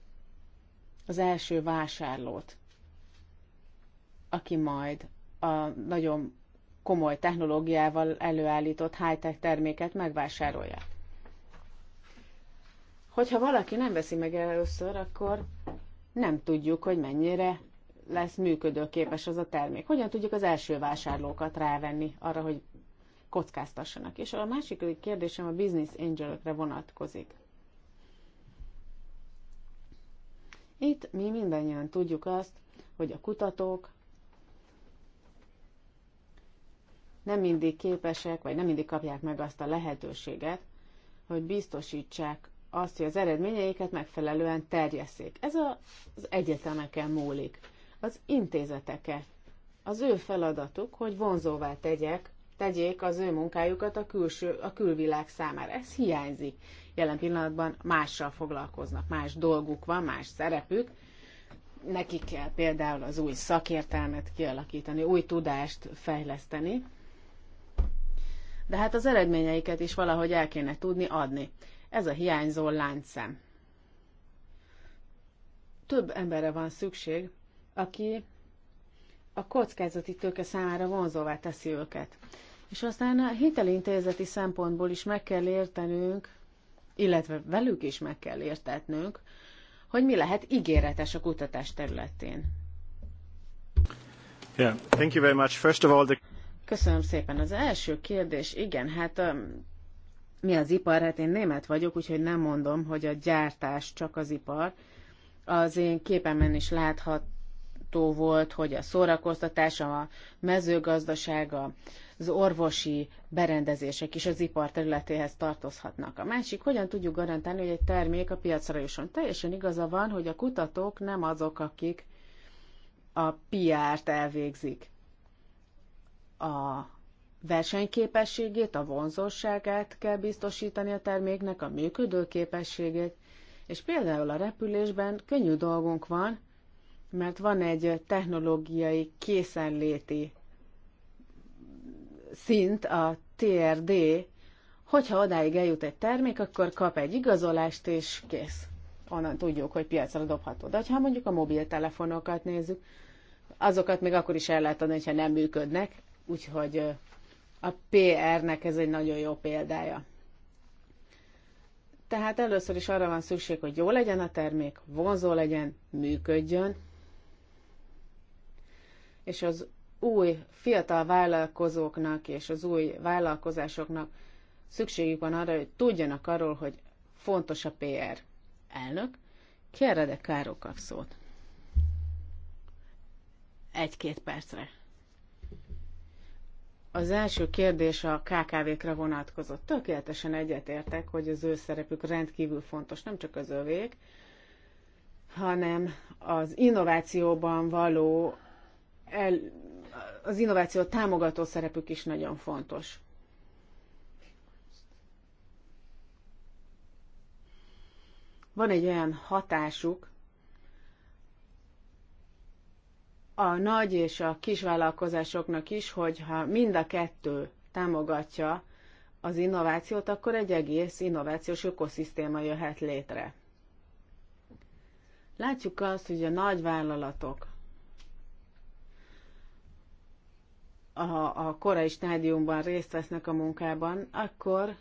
az első vásárlót, aki majd a nagyon komoly technológiával előállított high-tech terméket megvásárolja? Hogyha valaki nem veszi meg először, akkor nem tudjuk, hogy mennyire lesz működőképes az a termék. Hogyan tudjuk az első vásárlókat rávenni arra, hogy kockáztassanak. És a másik kérdésem a business angelökre vonatkozik. Itt mi mindannyian tudjuk azt, hogy a kutatók nem mindig képesek, vagy nem mindig kapják meg azt a lehetőséget, hogy biztosítsák azt, hogy az eredményeiket megfelelően terjesszék. Ez az egyetemeken múlik az intézeteket. Az ő feladatuk, hogy vonzóvá tegyek, tegyék az ő munkájukat a, külső, a külvilág számára. Ez hiányzik. Jelen pillanatban mással foglalkoznak, más dolguk van, más szerepük. Nekik kell például az új szakértelmet kialakítani, új tudást fejleszteni, de hát az eredményeiket is valahogy el kéne tudni adni. Ez a hiányzó láncszem. Több emberre van szükség, aki a kockázati tőke számára vonzóvá teszi őket. És aztán a hitelintézeti szempontból is meg kell értenünk, illetve velük is meg kell értetnünk, hogy mi lehet ígéretes a kutatás területén. Yeah, thank you very much. First of all, the... Köszönöm szépen. Az első kérdés, igen, hát um, mi az ipar? Hát én német vagyok, úgyhogy nem mondom, hogy a gyártás csak az ipar. Az én képemen is láthat, motto volt, hogy a szórakoztatás, a mezőgazdaság, az orvosi berendezések is az ipar területéhez tartozhatnak. A másik, hogyan tudjuk garantálni, hogy egy termék a piacra jusson. Teljesen igaza van, hogy a kutatók nem azok, akik a PR-t elvégzik. A versenyképességét, a vonzóságát kell biztosítani a terméknek, a képességét, és például a repülésben könnyű dolgunk van, mert van egy technológiai készenléti szint, a TRD, hogyha odáig eljut egy termék, akkor kap egy igazolást, és kész. Onnan tudjuk, hogy piacra dobható. De ha mondjuk a mobiltelefonokat nézzük, azokat még akkor is el lehet adni, hogyha nem működnek, úgyhogy a PR-nek ez egy nagyon jó példája. Tehát először is arra van szükség, hogy jó legyen a termék, vonzó legyen, működjön, és az új fiatal vállalkozóknak és az új vállalkozásoknak szükségük van arra, hogy tudjanak arról, hogy fontos a PR. Elnök, Kérde de Káró szót. Egy-két percre. Az első kérdés a KKV-kra vonatkozott. Tökéletesen egyetértek, hogy az ő szerepük rendkívül fontos, nem csak az övék, hanem az innovációban való el, az innováció támogató szerepük is nagyon fontos. Van egy olyan hatásuk, a nagy és a kis vállalkozásoknak is, hogyha mind a kettő támogatja az innovációt, akkor egy egész innovációs ökoszisztéma jöhet létre. Látjuk azt, hogy a nagy vállalatok a, a korai stádiumban részt vesznek a munkában, akkor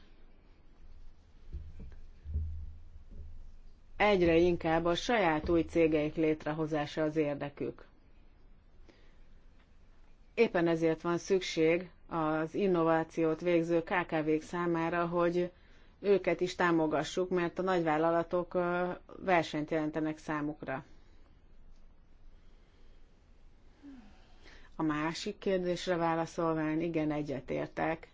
egyre inkább a saját új cégeik létrehozása az érdekük. Éppen ezért van szükség az innovációt végző KKV-k számára, hogy őket is támogassuk, mert a nagyvállalatok versenyt jelentenek számukra. A másik kérdésre válaszolván igen egyetértek,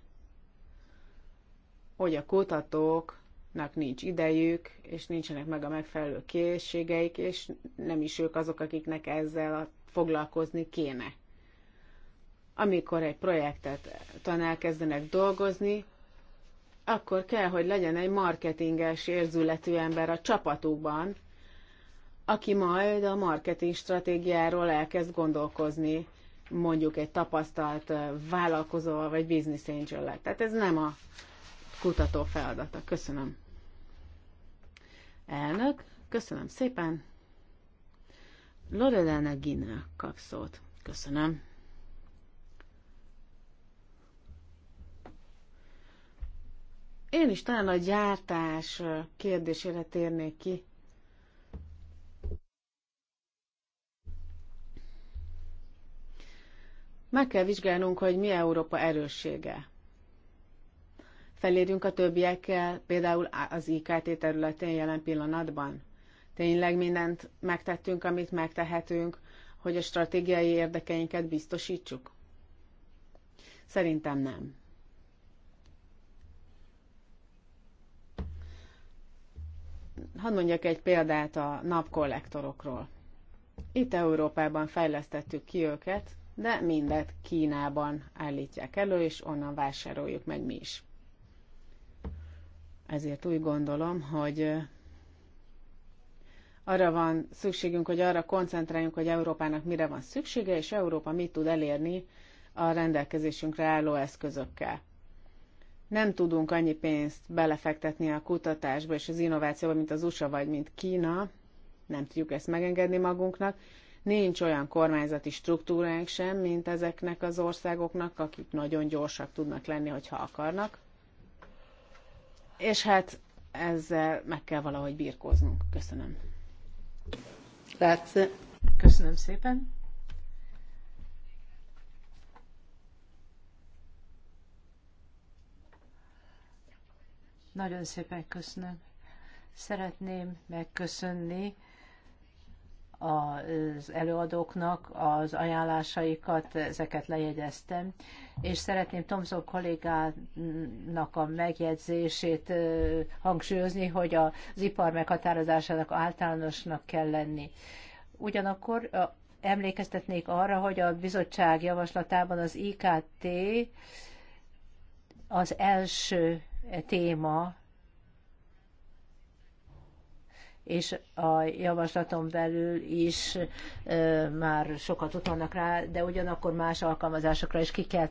hogy a kutatóknak nincs idejük, és nincsenek meg a megfelelő készségeik, és nem is ők azok, akiknek ezzel foglalkozni kéne. Amikor egy projektet kezdenek dolgozni, akkor kell, hogy legyen egy marketinges érzületű ember a csapatukban, aki majd a marketing stratégiáról elkezd gondolkozni, mondjuk egy tapasztalt vállalkozóval vagy business angel lett. Tehát ez nem a kutató feladata. Köszönöm. Elnök, köszönöm szépen. Loredana Gina kap szót. Köszönöm. Én is talán a gyártás kérdésére térnék ki. Meg kell vizsgálnunk, hogy mi Európa erőssége. Felérjünk a többiekkel, például az IKT területén jelen pillanatban. Tényleg mindent megtettünk, amit megtehetünk, hogy a stratégiai érdekeinket biztosítsuk? Szerintem nem. Hadd mondjak egy példát a napkollektorokról. Itt Európában fejlesztettük ki őket, de mindet Kínában állítják elő, és onnan vásároljuk meg mi is. Ezért úgy gondolom, hogy arra van szükségünk, hogy arra koncentráljunk, hogy Európának mire van szüksége, és Európa mit tud elérni a rendelkezésünkre álló eszközökkel. Nem tudunk annyi pénzt belefektetni a kutatásba és az innovációba, mint az USA vagy mint Kína, nem tudjuk ezt megengedni magunknak, Nincs olyan kormányzati struktúránk sem, mint ezeknek az országoknak, akik nagyon gyorsak tudnak lenni, hogyha akarnak. És hát ezzel meg kell valahogy birkóznunk. Köszönöm. Grazie. Köszönöm szépen. Nagyon szépen köszönöm. Szeretném megköszönni az előadóknak az ajánlásaikat, ezeket lejegyeztem, és szeretném Tomzó kollégának a megjegyzését hangsúlyozni, hogy az ipar meghatározásának általánosnak kell lenni. Ugyanakkor emlékeztetnék arra, hogy a bizottság javaslatában az IKT az első téma, és a javaslaton belül is már sokat utalnak rá, de ugyanakkor más alkalmazásokra is Ki kell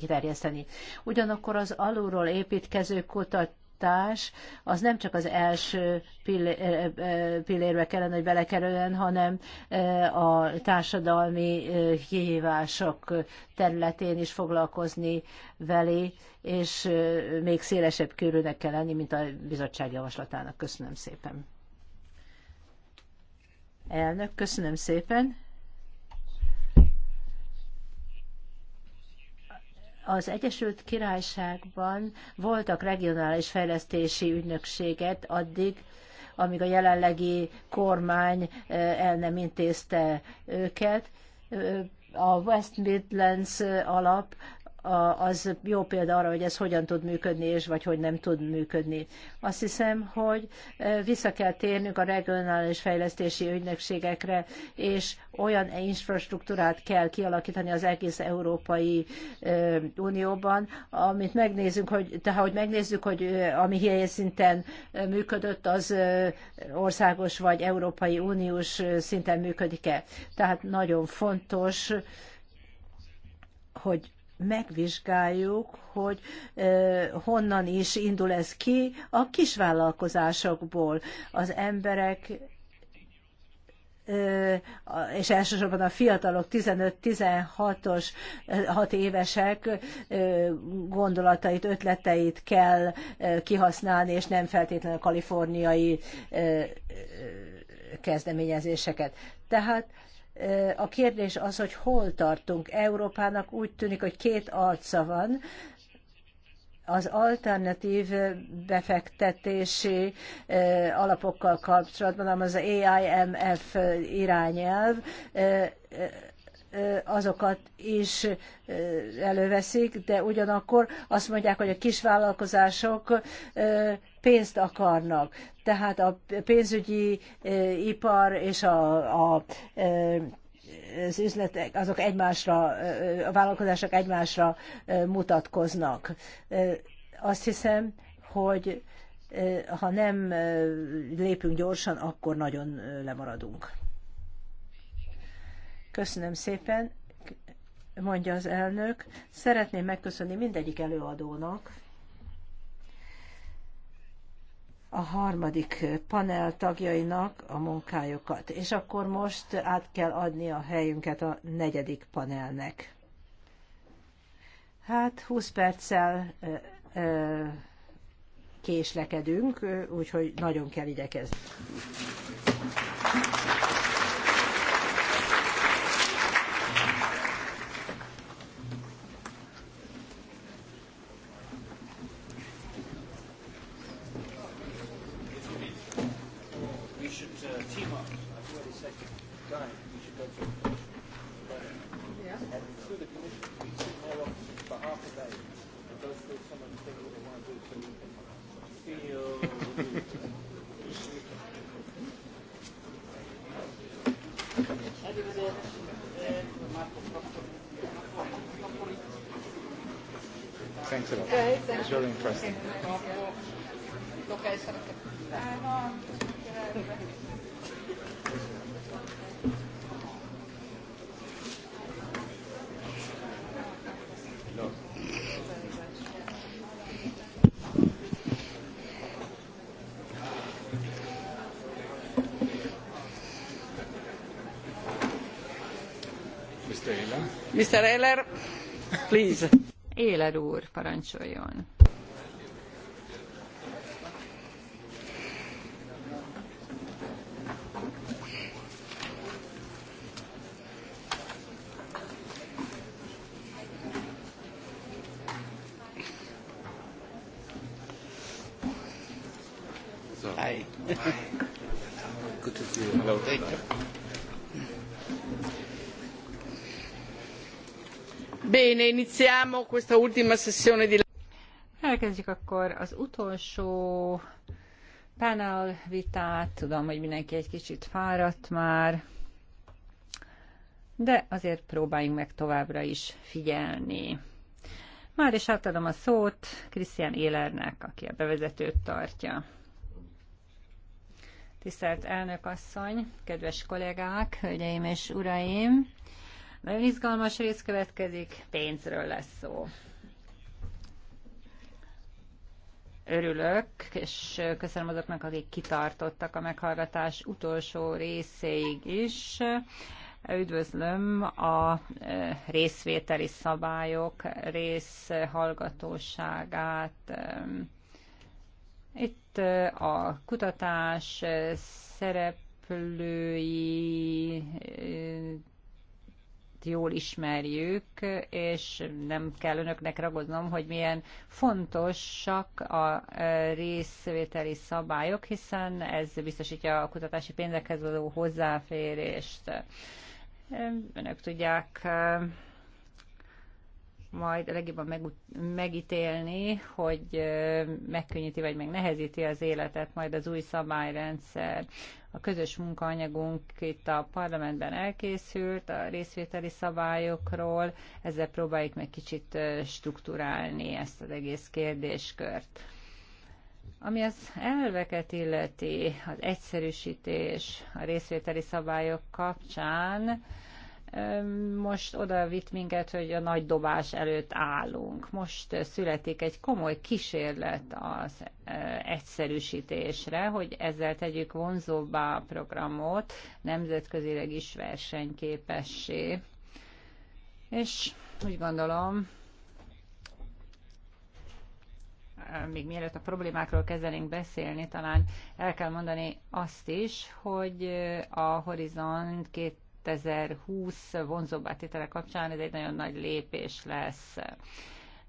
terjeszteni. Ugyanakkor az alulról építkező kutat oktatás az nem csak az első pillérbe kellene, hogy belekerüljön, hanem a társadalmi kihívások területén is foglalkozni velé, és még szélesebb körülnek kell lenni, mint a bizottság javaslatának. Köszönöm szépen. Elnök, köszönöm szépen. az Egyesült Királyságban voltak regionális fejlesztési ügynökséget addig, amíg a jelenlegi kormány eh, el nem intézte őket. Eh, a West Midlands eh, alap az jó példa arra, hogy ez hogyan tud működni, és vagy hogy nem tud működni. Azt hiszem, hogy e, vissza kell térnünk a regionális fejlesztési ügynökségekre, és olyan infrastruktúrát kell kialakítani az egész Európai e, Unióban, amit megnézzünk, hogy, tehát hogy megnézzük, hogy e, ami helyi szinten működött, az országos vagy Európai Uniós szinten működik-e. Tehát nagyon fontos, hogy megvizsgáljuk, hogy honnan is indul ez ki a kisvállalkozásokból. Az emberek és elsősorban a fiatalok 15-16-os, 6 évesek gondolatait, ötleteit kell kihasználni, és nem feltétlenül a kaliforniai kezdeményezéseket. Tehát a kérdés az, hogy hol tartunk. Európának úgy tűnik, hogy két arca van, az alternatív befektetési alapokkal kapcsolatban, hanem az AIMF irányelv azokat is előveszik, de ugyanakkor azt mondják, hogy a kisvállalkozások pénzt akarnak. Tehát a pénzügyi eh, ipar és a, a eh, az üzletek, azok egymásra, eh, a vállalkozások egymásra mutatkoznak. Azt hiszem, hogy ha nem lépünk gyorsan, akkor nagyon lemaradunk. Köszönöm szépen, mondja az elnök. Szeretném megköszönni mindegyik előadónak, a harmadik panel tagjainak a munkájukat. És akkor most át kell adni a helyünket a negyedik panelnek. Hát 20 perccel ö, ö, késlekedünk, úgyhogy nagyon kell igyekezni. Thanks a lot. Okay, thank it was very interesting. Mr. Ehler, please. Éler úr, parancsoljon. Bene, iniziamo questa ultima sessione di... Elkezdjük akkor az utolsó panel vitát. Tudom, hogy mindenki egy kicsit fáradt már, de azért próbáljunk meg továbbra is figyelni. Már is átadom a szót Krisztián Élernek, aki a bevezetőt tartja. Tisztelt elnök asszony, kedves kollégák, hölgyeim és uraim! Nagyon izgalmas rész következik, pénzről lesz szó. Örülök, és köszönöm azoknak, akik kitartottak a meghallgatás utolsó részéig is. Üdvözlöm a e, részvételi szabályok részhallgatóságát. E, itt e, a kutatás szereplői jól ismerjük, és nem kell önöknek ragoznom, hogy milyen fontosak a részvételi szabályok, hiszen ez biztosítja a kutatási pénzekhez való hozzáférést. Önök tudják majd legjobban meg, megítélni, hogy megkönnyíti vagy megnehezíti az életet majd az új szabályrendszer. A közös munkaanyagunk itt a parlamentben elkészült, a részvételi szabályokról, ezzel próbáljuk meg kicsit strukturálni ezt az egész kérdéskört. Ami az elveket illeti, az egyszerűsítés a részvételi szabályok kapcsán, most oda vitt minket, hogy a nagy dobás előtt állunk. Most eh, születik egy komoly kísérlet az eh, egyszerűsítésre, hogy ezzel tegyük vonzóbbá a programot, nemzetközileg is versenyképessé. És úgy gondolom, eh, még mielőtt a problémákról kezdenénk beszélni, talán el kell mondani azt is, hogy a Horizont 2020 vonzóbbá tétele kapcsán ez egy nagyon nagy lépés lesz. E,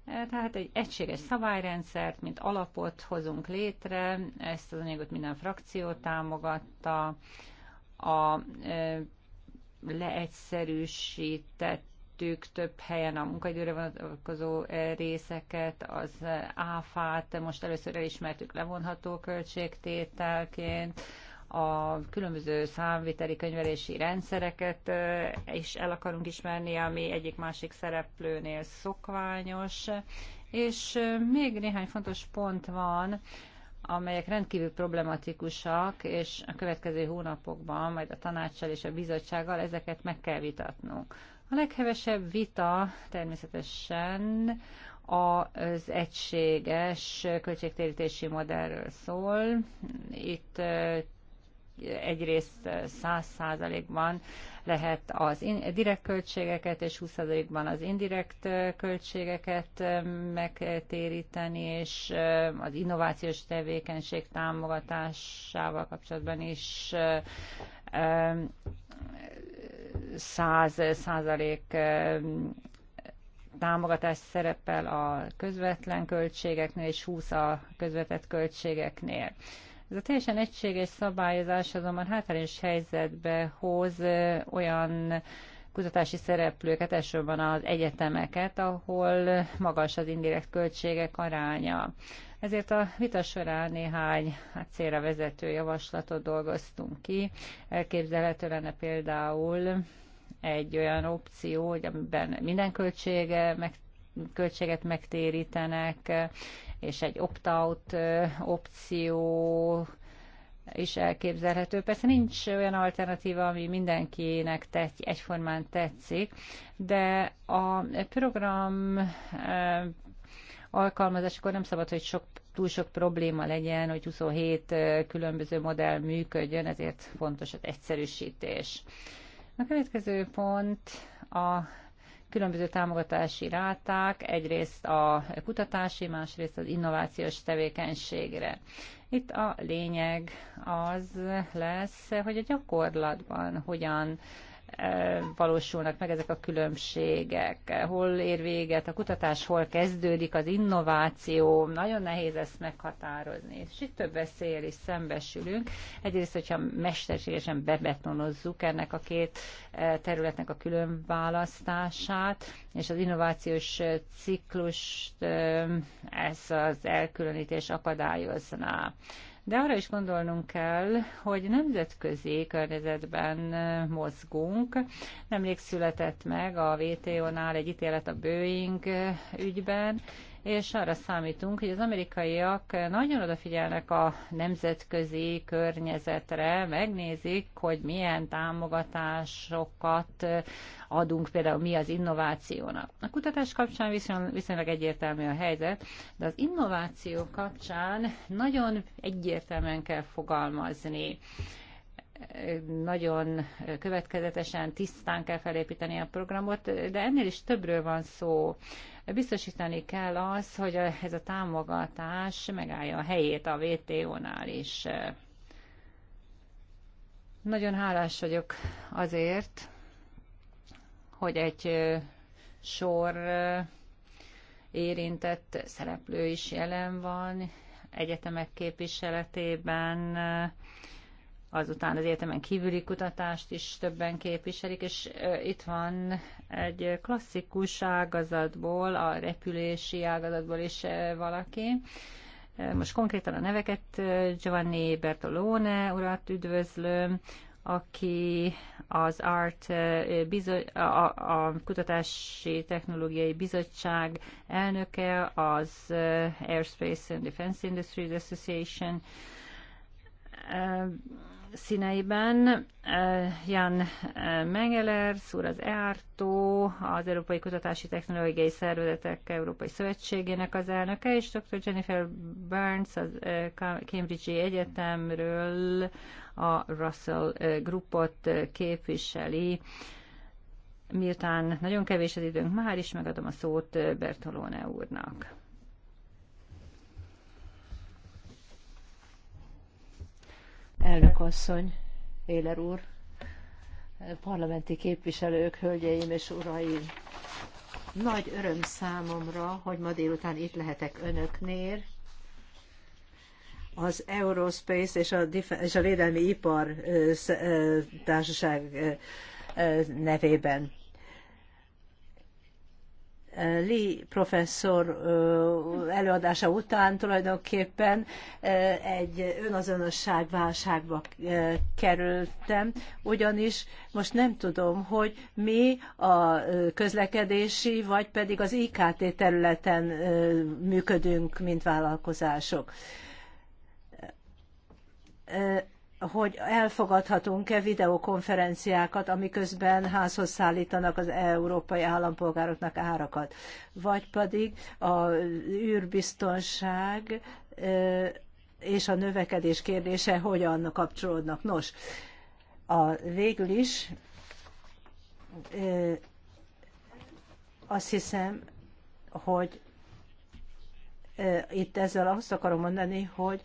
tehát egy egységes szabályrendszert, mint alapot hozunk létre, ezt az anyagot minden frakció támogatta, a e, leegyszerűsített több helyen a munkaidőre vonatkozó e, részeket, az áfát most először elismertük levonható költségtételként, a különböző számviteli könyvelési rendszereket is el akarunk ismerni, ami egyik-másik szereplőnél szokványos. És még néhány fontos pont van, amelyek rendkívül problematikusak, és a következő hónapokban majd a tanácssal és a bizottsággal ezeket meg kell vitatnunk. A leghevesebb vita természetesen az egységes költségtérítési modellről szól. Itt egyrészt 100%-ban lehet az in- direkt költségeket és 20%-ban az indirekt költségeket megtéríteni, és az innovációs tevékenység támogatásával kapcsolatban is 100 százalék támogatás szerepel a közvetlen költségeknél, és 20 a közvetett költségeknél. Ez a teljesen egységes szabályozás azonban hátrányos helyzetbe hoz olyan kutatási szereplőket, elsősorban az egyetemeket, ahol magas az indirekt költségek aránya. Ezért a vita során néhány hát célra vezető javaslatot dolgoztunk ki. Elképzelhető lenne például egy olyan opció, hogy amiben minden költsége meg költséget megtérítenek, és egy opt-out opció is elképzelhető. Persze nincs olyan alternatíva, ami mindenkinek tetsz, egyformán tetszik, de a program alkalmazásakor nem szabad, hogy sok, túl sok probléma legyen, hogy 27 különböző modell működjön, ezért fontos az egyszerűsítés. A következő pont a különböző támogatási ráták, egyrészt a kutatási, másrészt az innovációs tevékenységre. Itt a lényeg az lesz, hogy a gyakorlatban hogyan E, valósulnak meg ezek a különbségek, hol ér véget a kutatás, hol kezdődik az innováció, nagyon nehéz ezt meghatározni. És itt több veszélyel is szembesülünk. Egyrészt, hogyha mesterségesen bebetonozzuk ennek a két e, területnek a különválasztását, és az innovációs ciklust e, ez az elkülönítés akadályozná. De arra is gondolnunk kell, hogy nemzetközi környezetben eh, mozgunk. Nemrég született meg a WTO-nál egy ítélet a Boeing eh, ügyben, és arra számítunk, hogy az amerikaiak nagyon odafigyelnek a nemzetközi környezetre, megnézik, hogy milyen támogatásokat adunk, például mi az innovációnak. A kutatás kapcsán viszonylag egyértelmű a helyzet, de az innováció kapcsán nagyon egyértelműen kell fogalmazni nagyon következetesen, tisztán kell felépíteni a programot, de ennél is többről van szó. Biztosítani kell az, hogy ez a támogatás megállja a helyét a vto nál is. Nagyon hálás vagyok azért, hogy egy sor érintett szereplő is jelen van, egyetemek képviseletében, azután az egyetemen kívüli kutatást is többen képviselik, és itt van egy klasszikus ágazatból, a repülési ágazatból is valaki. Most konkrétan a neveket Giovanni Bertolone urat üdvözlöm, aki az ART bizony, a, a Kutatási Technológiai Bizottság elnöke, az Airspace and Defense Industries Association színeiben Jan Mengeler, szúr az e az Európai Kutatási Technológiai Szervezetek Európai Szövetségének az elnöke, és dr. Jennifer Burns az Cambridge Egyetemről a Russell Groupot képviseli. Miután nagyon kevés az időnk, már is megadom a szót Bertolone úrnak. Elnök asszony, Éler úr, parlamenti képviselők, hölgyeim és uraim! Nagy öröm számomra, hogy ma délután itt lehetek önöknél, az Eurospace és a, és a Védelmi Ipar Társaság nevében. Lee professzor előadása után tulajdonképpen egy önazonosság válságba kerültem, ugyanis most nem tudom, hogy mi a közlekedési, vagy pedig az IKT területen működünk, mint vállalkozások hogy elfogadhatunk-e videokonferenciákat, amiközben házhoz szállítanak az európai állampolgároknak árakat. Vagy pedig a űrbiztonság és a növekedés kérdése hogyan kapcsolódnak. Nos, a, végül is azt hiszem, hogy itt ezzel azt akarom mondani, hogy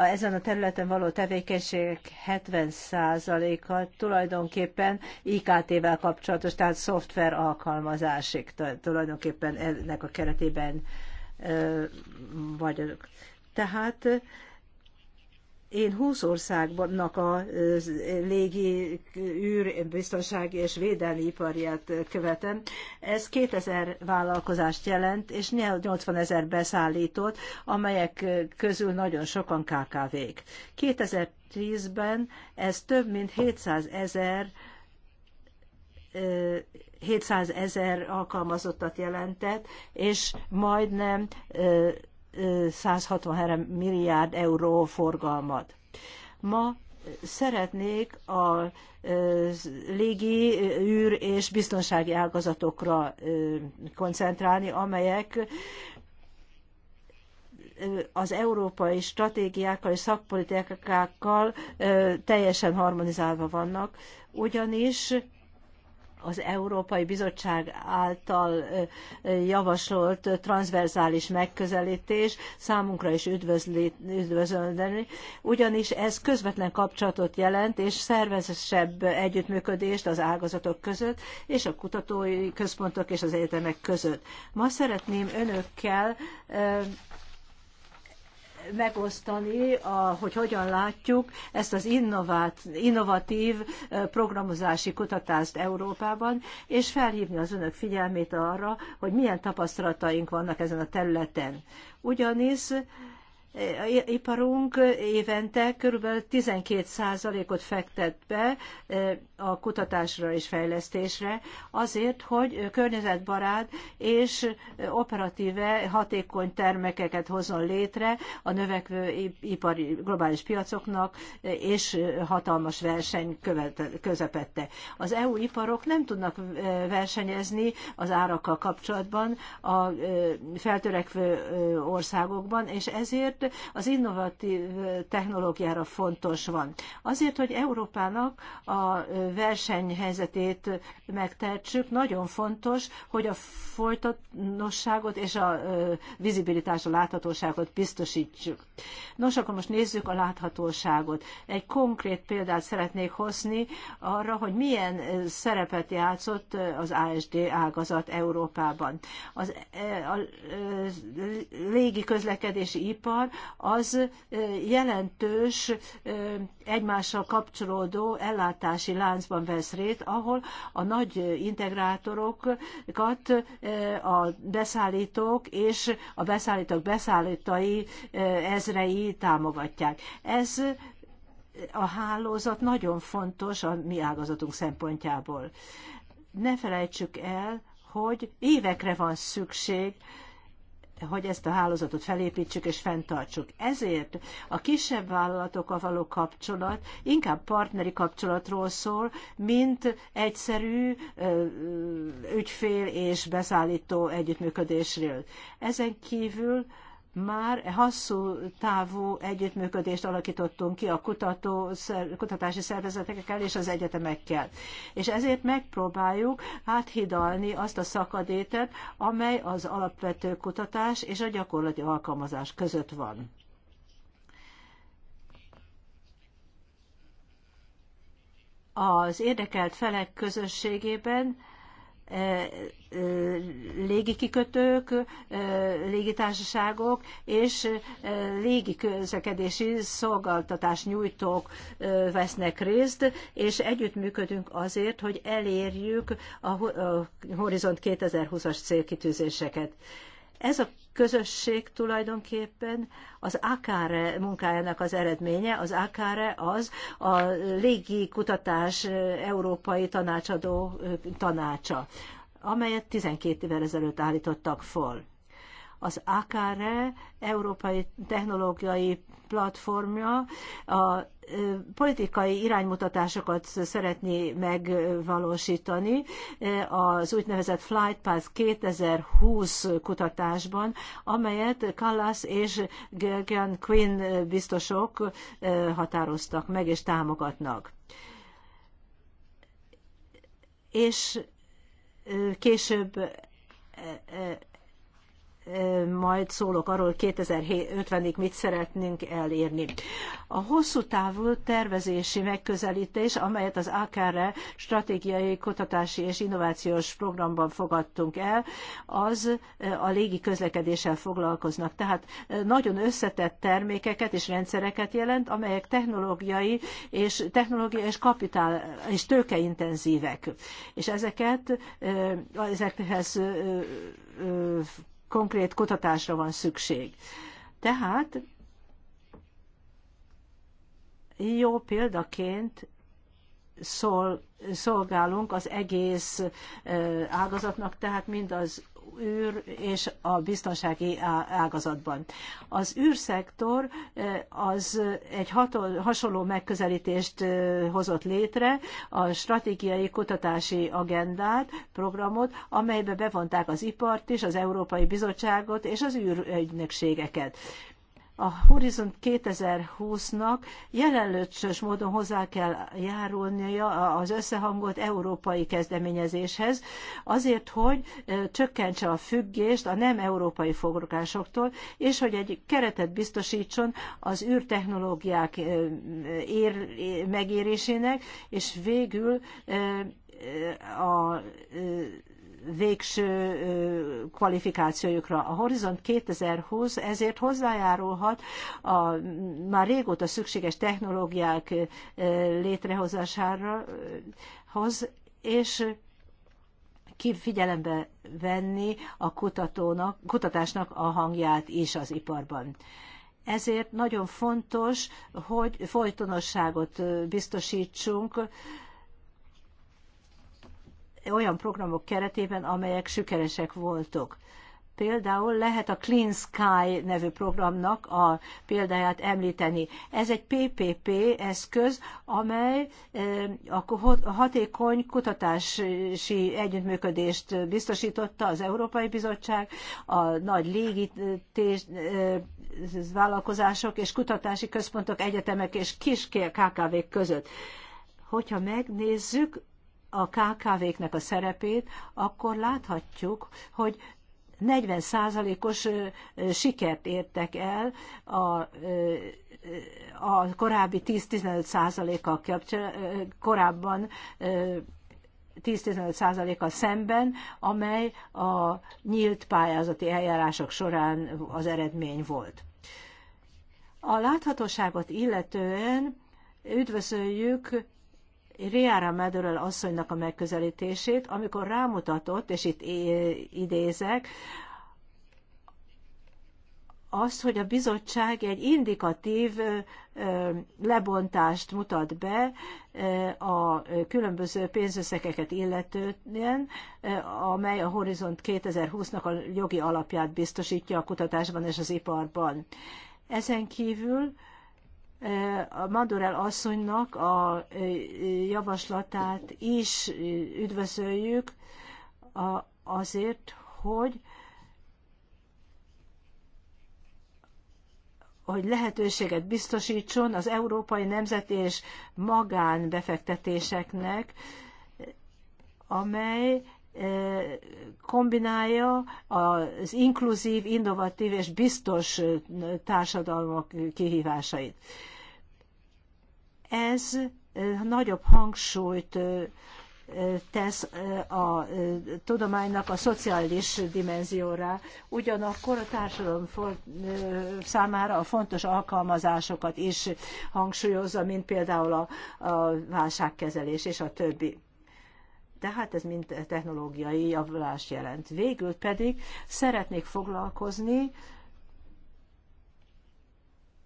a, ezen a területen való tevékenység 70%-a tulajdonképpen IKT-vel kapcsolatos, tehát szoftver alkalmazásig tulajdonképpen ennek a keretében vagyok. Tehát én 20 országnak a légi biztonsági és védelmi iparját követem. Ez 2000 vállalkozást jelent, és 80 ezer beszállított, amelyek közül nagyon sokan KKV-k. 2010-ben ez több mint 700 ezer 700 ezer alkalmazottat jelentett, és majdnem 163 milliárd euró forgalmat. Ma szeretnék a légi űr és biztonsági ágazatokra koncentrálni, amelyek az európai stratégiákkal és szakpolitikákkal teljesen harmonizálva vannak, ugyanis az Európai Bizottság által javasolt transzverzális megközelítés számunkra is üdvözölni, ugyanis ez közvetlen kapcsolatot jelent, és szervezesebb együttműködést az ágazatok között, és a kutatói központok és az egyetemek között. Ma szeretném önökkel megosztani, a, hogy hogyan látjuk ezt az innovát, innovatív programozási kutatást Európában, és felhívni az önök figyelmét arra, hogy milyen tapasztalataink vannak ezen a területen. Ugyanis iparunk évente kb. 12%-ot fektet be a kutatásra és fejlesztésre, azért, hogy környezetbarát és operatíve hatékony termékeket hozzon létre a növekvő ipari globális piacoknak és hatalmas verseny közepette. Az EU iparok nem tudnak e, versenyezni az árakkal kapcsolatban a e, feltörekvő e, országokban, és ezért az innovatív technológiára fontos van. Azért, hogy Európának a versenyhelyzetét megtertsük. Nagyon fontos, hogy a folytatnosságot és a vizibilitás, a láthatóságot biztosítsuk. Nos, akkor most nézzük a láthatóságot. Egy konkrét példát szeretnék hozni arra, hogy milyen szerepet játszott az ASD ágazat Európában. Az, a, a légi közlekedési ipar az jelentős egymással kapcsolódó ellátási lánc táncban vesz részt, ahol a nagy integrátorokat e, a beszállítók és a beszállítók beszállítói e, ezrei támogatják. Ez a hálózat nagyon fontos a mi ágazatunk szempontjából. Ne felejtsük el, hogy évekre van szükség, hogy ezt a hálózatot felépítsük és fenntartsuk. Ezért a kisebb a való kapcsolat inkább partneri kapcsolatról szól, mint egyszerű ügyfél és beszállító együttműködésről. Ezen kívül már hosszú távú együttműködést alakítottunk ki a kutató, kutatási szervezetekkel és az egyetemekkel. És ezért megpróbáljuk áthidalni azt a szakadétet, amely az alapvető kutatás és a gyakorlati alkalmazás között van. Az érdekelt felek közösségében légikikötők, légitársaságok és légiközlekedési szolgáltatás nyújtók vesznek részt, és együttműködünk azért, hogy elérjük a Horizont 2020-as célkitűzéseket. Ez a közösség tulajdonképpen az AKARE munkájának az eredménye. Az AKARE az a légi kutatás európai tanácsadó tanácsa, amelyet 12 évvel ezelőtt állítottak föl az AKRE Európai Technológiai Platformja a politikai iránymutatásokat szeretné megvalósítani az úgynevezett Flight Path 2020 kutatásban, amelyet Kallas és Gergen Quinn biztosok határoztak meg és támogatnak. És később majd szólok arról, hogy 2050-ig mit szeretnénk elérni. A hosszú távú tervezési megközelítés, amelyet az AKR e stratégiai kutatási és innovációs programban fogadtunk el, az eh, a légi közlekedéssel foglalkoznak. Tehát eh, nagyon összetett termékeket és rendszereket jelent, amelyek technológiai és technológia és kapitál és tőkeintenzívek. És ezeket eh, ezekhez konkrét kutatásra van szükség. Tehát jó példaként szol, szolgálunk az egész ágazatnak, tehát mind az űr és a biztonsági ágazatban. Az űrszektor az egy hasonló megközelítést hozott létre, a stratégiai kutatási agendát, programot, amelybe bevonták az ipart is, az Európai Bizottságot és az űrügynökségeket a Horizont 2020-nak jelenlőcsös módon hozzá kell járulnia az összehangolt európai kezdeményezéshez, azért, hogy csökkentse a függést a nem európai forgásoktól, és hogy egy keretet biztosítson az űrtechnológiák ér, megérésének, és végül a végső kvalifikációjukra. A Horizont 2020 ezért hozzájárulhat a már régóta szükséges technológiák létrehozásához, és kifigyelembe venni a kutatónak, kutatásnak a hangját is az iparban. Ezért nagyon fontos, hogy folytonosságot biztosítsunk, olyan programok keretében, amelyek sikeresek voltak. Például lehet a Clean Sky nevű programnak a példáját említeni. Ez egy PPP eszköz, amely e, a hatékony kutatási együttműködést biztosította az Európai Bizottság, a nagy légítés e, vállalkozások és kutatási központok, egyetemek és kis KKV-k között hogyha megnézzük a KKV-knek a szerepét, akkor láthatjuk, hogy 40%-os sikert értek el a, a korábbi 10-15%-kal korábban 10-15%-kal szemben, amely a nyílt pályázati eljárások során az eredmény volt. A láthatóságot illetően üdvözöljük Riára Medöröl asszonynak a megközelítését, amikor rámutatott, és itt idézek, az, hogy a bizottság egy indikatív lebontást mutat be a különböző pénzösszegeket illetően, amely a Horizont 2020-nak a jogi alapját biztosítja a kutatásban és az iparban. Ezen kívül a Madurell asszonynak a javaslatát is üdvözöljük azért, hogy hogy lehetőséget biztosítson az európai nemzeti és magánbefektetéseknek, amely kombinálja az inkluzív, innovatív és biztos társadalmak kihívásait. Ez nagyobb hangsúlyt tesz a tudománynak a szociális dimenzióra, ugyanakkor a társadalom számára a fontos alkalmazásokat is hangsúlyozza, mint például a, a válságkezelés és a többi. Tehát ez mind technológiai javulás jelent. Végül pedig szeretnék foglalkozni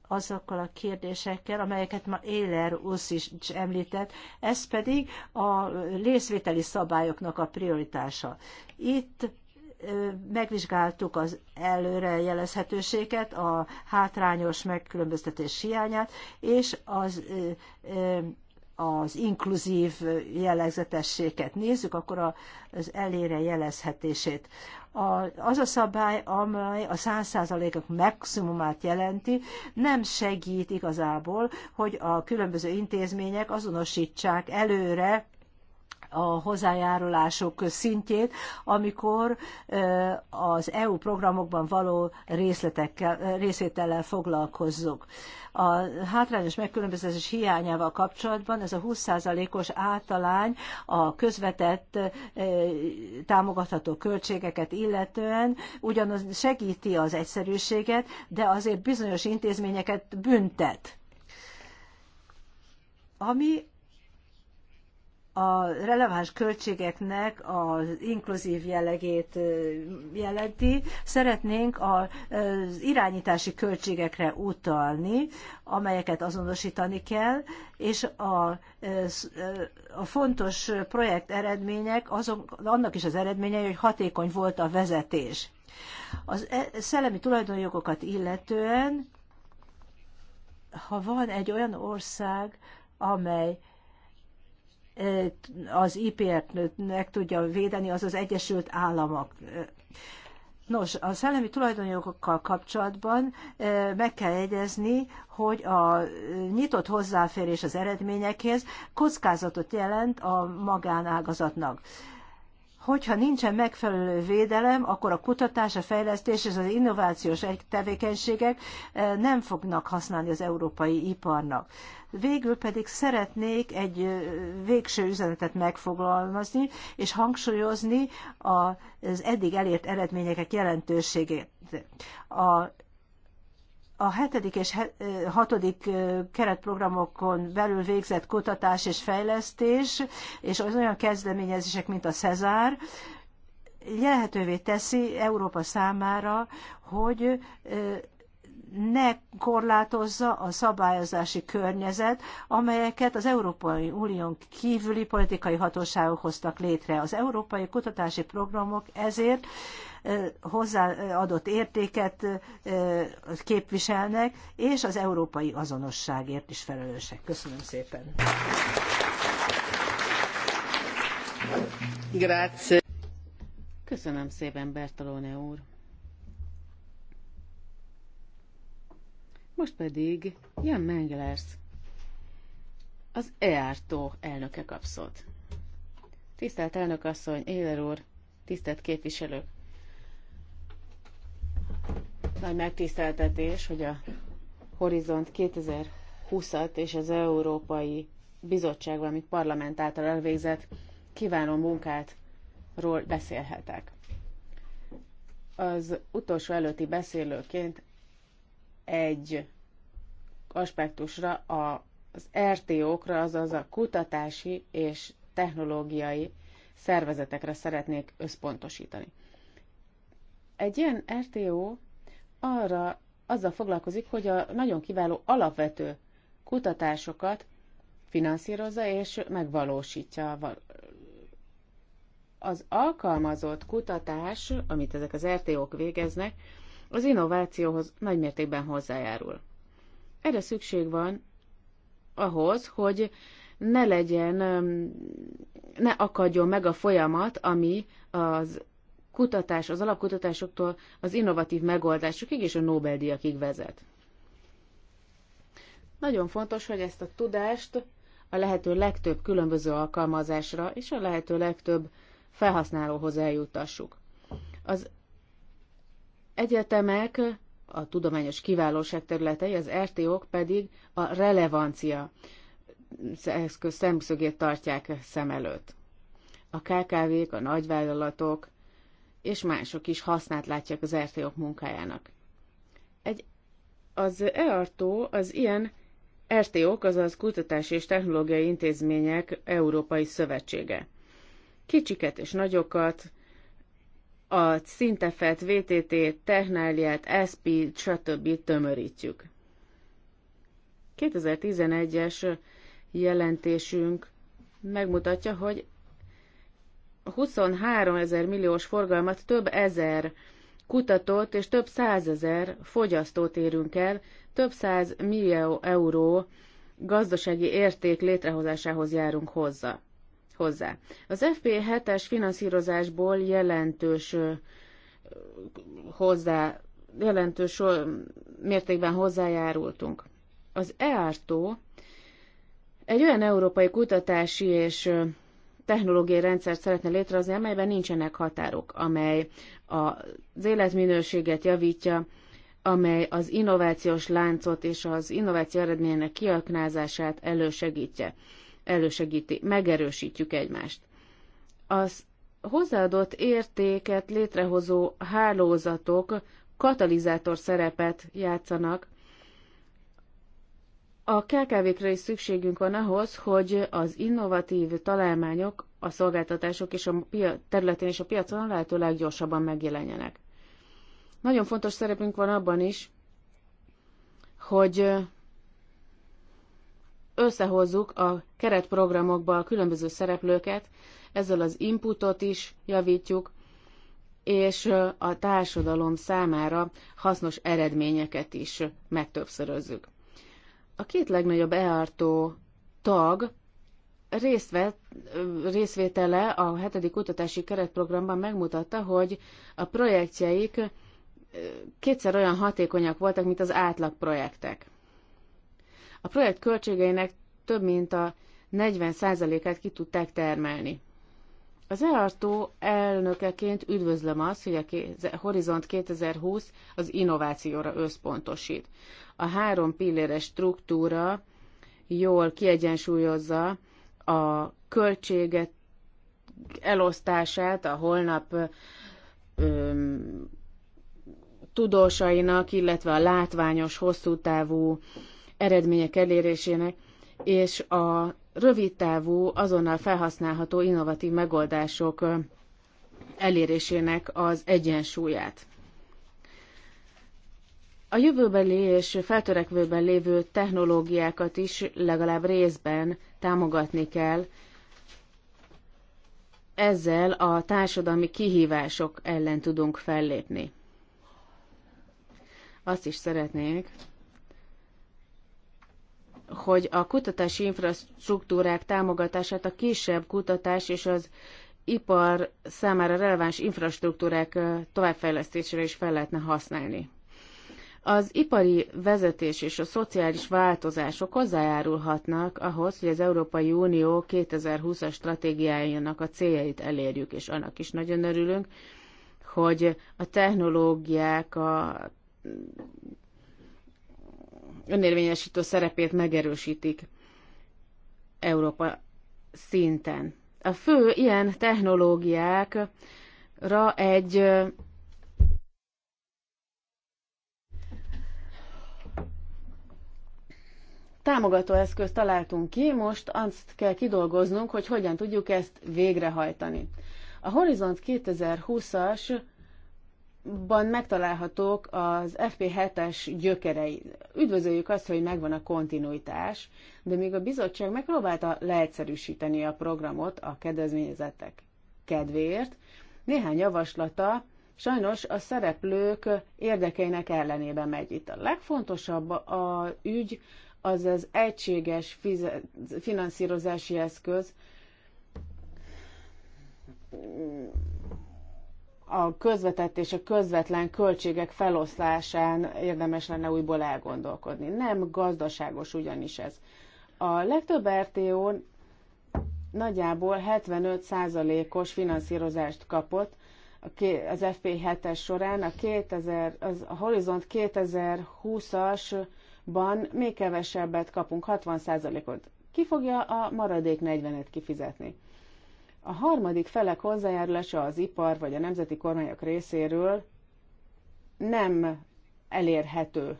azokkal a kérdésekkel, amelyeket ma Éler Usz is említett, ez pedig a részvételi szabályoknak a prioritása. Itt megvizsgáltuk az előrejelezhetőséget, a hátrányos megkülönböztetés hiányát, és az az inkluzív jellegzetességet nézzük, akkor az elére jelezhetését. Az a szabály, amely a 100%-ok maximumát jelenti, nem segít igazából, hogy a különböző intézmények azonosítsák előre a hozzájárulások szintjét, amikor az EU programokban való részletekkel, részvétellel foglalkozzuk. A hátrányos megkülönböztetés hiányával kapcsolatban ez a 20%-os általány a közvetett támogatható költségeket illetően ugyanaz segíti az egyszerűséget, de azért bizonyos intézményeket büntet ami a releváns költségeknek az inkluzív jellegét jelenti, szeretnénk az irányítási költségekre utalni, amelyeket azonosítani kell, és a, a fontos projekt eredmények, azok, annak is az eredményei, hogy hatékony volt a vezetés. Az e, szellemi tulajdonjogokat illetően, ha van egy olyan ország, amely az IPR-t meg tudja védeni, az az Egyesült Államok. Nos, a szellemi tulajdonjogokkal kapcsolatban meg kell jegyezni, hogy a nyitott hozzáférés az eredményekhez kockázatot jelent a magánágazatnak. Hogyha nincsen megfelelő védelem, akkor a kutatás, a fejlesztés és az innovációs tevékenységek eh, nem fognak használni az európai iparnak. Végül pedig szeretnék egy eh, végső üzenetet megfoglalmazni és hangsúlyozni az eddig elért eredményeket jelentőségét. A a hetedik és hatodik keretprogramokon belül végzett kutatás és fejlesztés, és az olyan kezdeményezések, mint a Cezár, lehetővé teszi Európa számára, hogy ne korlátozza a szabályozási környezet, amelyeket az Európai Unión kívüli politikai hatóságok hoztak létre. Az európai kutatási programok ezért hozzáadott értéket képviselnek, és az európai azonosságért is felelősek. Köszönöm szépen. Grazie. Köszönöm szépen, Bertolone úr. Most pedig Jan Mengelers, az EARTO elnöke kapszott. Tisztelt elnök asszony, Éler úr, tisztelt képviselők! Nagy megtiszteltetés, hogy a Horizont 2020-at és az Európai Bizottság, valamint parlament által elvégzett kiváló munkátról beszélhetek. Az utolsó előtti beszélőként egy aspektusra, a, az RTO-kra, azaz a kutatási és technológiai szervezetekre szeretnék összpontosítani. Egy ilyen RTO arra azzal foglalkozik, hogy a nagyon kiváló alapvető kutatásokat finanszírozza és megvalósítja. Az alkalmazott kutatás, amit ezek az RTO-k végeznek, az innovációhoz nagymértékben hozzájárul. Erre szükség van ahhoz, hogy ne legyen, ne akadjon meg a folyamat, ami az kutatás, az alapkutatásoktól az innovatív megoldásokig és a Nobel-díjakig vezet. Nagyon fontos, hogy ezt a tudást a lehető legtöbb különböző alkalmazásra és a lehető legtöbb felhasználóhoz eljuttassuk. Az egyetemek a tudományos kiválóság területei, az RTO-k pedig a relevancia eszköz szemszögét tartják szem előtt. A KKV-k, a nagyvállalatok és mások is hasznát látják az RTO-k munkájának. Egy, az ERTO az ilyen RTO-k, azaz Kutatási és Technológiai Intézmények Európai Szövetsége. Kicsiket és nagyokat, a szintefet, VTT, Technáliát, SP, stb. tömörítjük. 2011-es jelentésünk megmutatja, hogy 23 ezer milliós forgalmat több ezer kutatót és több százezer fogyasztót érünk el, több száz millió euró gazdasági érték létrehozásához járunk hozzá hozzá. Az FP7-es finanszírozásból jelentős hozzá, jelentős mértékben hozzájárultunk. Az EARTO egy olyan európai kutatási és technológiai rendszert szeretne létrehozni, amelyben nincsenek határok, amely az életminőséget javítja, amely az innovációs láncot és az innováció eredményének kiaknázását elősegítje elősegíti, megerősítjük egymást. Az hozzáadott értéket létrehozó hálózatok katalizátor szerepet játszanak. A KKV-kre is szükségünk van ahhoz, hogy az innovatív találmányok a szolgáltatások és a területén és a piacon a lehető leggyorsabban megjelenjenek. Nagyon fontos szerepünk van abban is, hogy összehozzuk a keretprogramokba a különböző szereplőket, ezzel az inputot is javítjuk, és a társadalom számára hasznos eredményeket is megtöbbszörözzük. A két legnagyobb eartó tag részt vett, részvétele a hetedik kutatási keretprogramban megmutatta, hogy a projektjeik kétszer olyan hatékonyak voltak, mint az átlag projektek. A projekt költségeinek több mint a 40%-át ki tudták termelni. Az EARTO elnökeként üdvözlöm azt, hogy a Horizont 2020 az innovációra összpontosít. A három pilléres struktúra jól kiegyensúlyozza a költséget elosztását a holnap öm, tudósainak, illetve a látványos, hosszú távú eredmények elérésének, és a rövidtávú, azonnal felhasználható innovatív megoldások elérésének az egyensúlyát. A jövőbeli és feltörekvőben lévő technológiákat is legalább részben támogatni kell, ezzel a társadalmi kihívások ellen tudunk fellépni. Azt is szeretnék, hogy a kutatási infrastruktúrák támogatását a kisebb kutatás és az ipar számára releváns infrastruktúrák továbbfejlesztésére is fel lehetne használni. Az ipari vezetés és a szociális változások hozzájárulhatnak ahhoz, hogy az Európai Unió 2020-as stratégiájának a céljait elérjük, és annak is nagyon örülünk, hogy a technológiák, a önérvényesítő szerepét megerősítik Európa szinten. A fő ilyen technológiákra egy támogató eszközt találtunk ki, most azt kell kidolgoznunk, hogy hogyan tudjuk ezt végrehajtani. A Horizont 2020-as ban megtalálhatók az FP7-es gyökerei. Üdvözöljük azt, hogy megvan a kontinuitás, de még a bizottság megpróbálta leegyszerűsíteni a programot a kedvezményezettek kedvéért. Néhány javaslata sajnos a szereplők érdekeinek ellenében megy. Itt a legfontosabb a ügy, az az egységes fizet, finanszírozási eszköz, a közvetett és a közvetlen költségek feloszlásán érdemes lenne újból elgondolkodni. Nem gazdaságos ugyanis ez. A legtöbb rto nagyjából 75%-os finanszírozást kapott az FP7-es során, a, 2000, az, a Horizont 2020-asban még kevesebbet kapunk, 60%-ot. Ki fogja a maradék 40-et kifizetni? A harmadik felek hozzájárulása az ipar vagy a nemzeti kormányok részéről nem elérhető.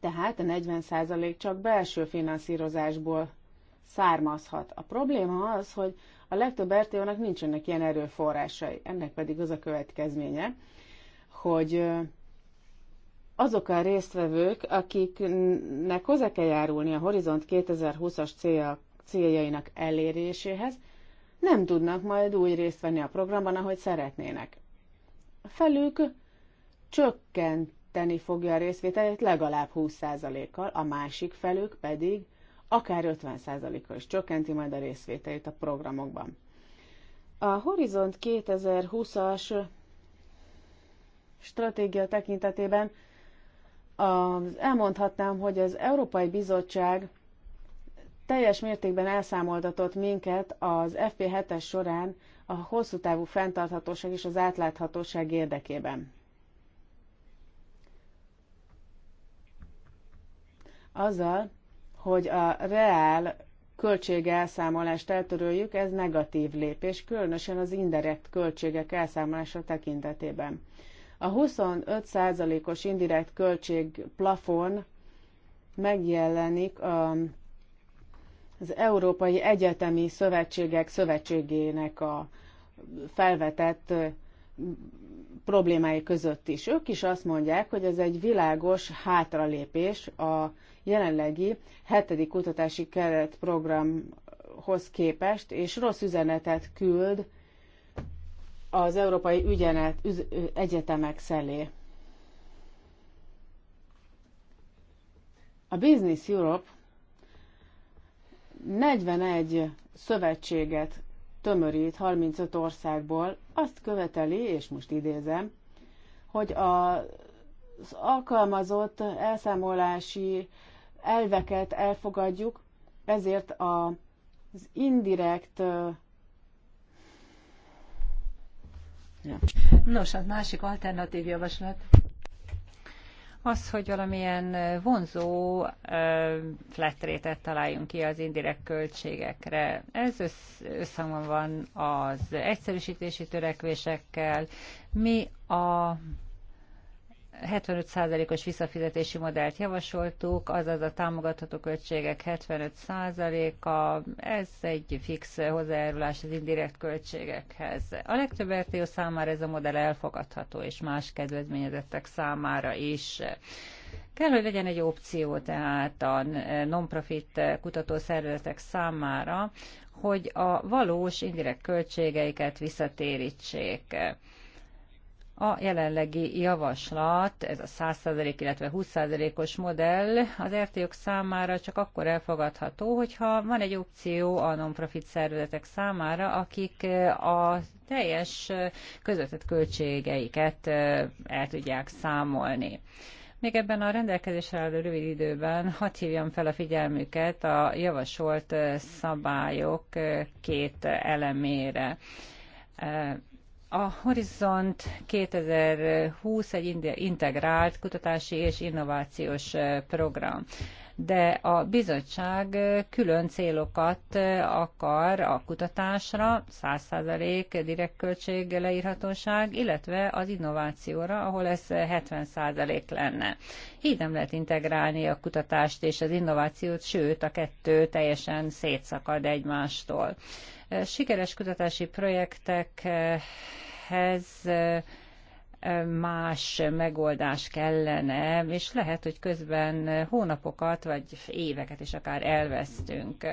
Tehát a 40% csak belső finanszírozásból származhat. A probléma az, hogy a legtöbb RTO-nak nincsenek ilyen erőforrásai. Ennek pedig az a következménye, hogy azok a résztvevők, akiknek hozzá kell járulni a Horizont 2020-as céljainak eléréséhez, nem tudnak majd úgy részt venni a programban, ahogy szeretnének. Felük csökkenteni fogja a részvételét legalább 20%-kal, a másik felük pedig akár 50%-kal is csökkenti majd a részvételét a programokban. A Horizont 2020-as stratégia tekintetében az elmondhatnám, hogy az Európai Bizottság teljes mértékben elszámoltatott minket az FP7-es során a hosszú távú fenntarthatóság és az átláthatóság érdekében. Azzal, hogy a reál elszámolást eltöröljük, ez negatív lépés, különösen az indirekt költségek elszámolása tekintetében. A 25%-os indirekt költség plafon megjelenik a az Európai Egyetemi Szövetségek Szövetségének a felvetett problémái között is. Ők is azt mondják, hogy ez egy világos hátralépés a jelenlegi hetedik kutatási keretprogramhoz képest, és rossz üzenetet küld az Európai Ügyenet Egyetemek szelé. A Business Europe 41 szövetséget tömörít 35 országból, azt követeli, és most idézem, hogy a, az alkalmazott elszámolási elveket elfogadjuk, ezért a, az indirekt Nos, a hát másik alternatív javaslat az, hogy valamilyen vonzó flatrétet találjunk ki az indirekt költségekre. Ez összhangban van az egyszerűsítési törekvésekkel. Mi a 75%-os visszafizetési modellt javasoltuk, azaz a támogatható költségek 75%-a, ez egy fix hozzájárulás az indirekt költségekhez. A legtöbb RTO számára ez a modell elfogadható, és más kedvezményezettek számára is. Kell, hogy legyen egy opció tehát a non-profit kutatószervezetek számára, hogy a valós indirekt költségeiket visszatérítsék. A jelenlegi javaslat, ez a 100% illetve 20%-os modell az RTO-k számára csak akkor elfogadható, hogyha van egy opció a non-profit szervezetek számára, akik a teljes közvetett költségeiket el tudják számolni. Még ebben a rendelkezésre álló rövid időben hadd hívjam fel a figyelmüket a javasolt szabályok két elemére a Horizont 2020 egy integrált kutatási és innovációs program de a bizottság külön célokat akar a kutatásra, 100% direkt költség leírhatóság, illetve az innovációra, ahol ez 70% lenne. Így nem lehet integrálni a kutatást és az innovációt, sőt a kettő teljesen szétszakad egymástól. Sikeres kutatási projektekhez más megoldás kellene, és lehet, hogy közben hónapokat vagy éveket is akár elvesztünk.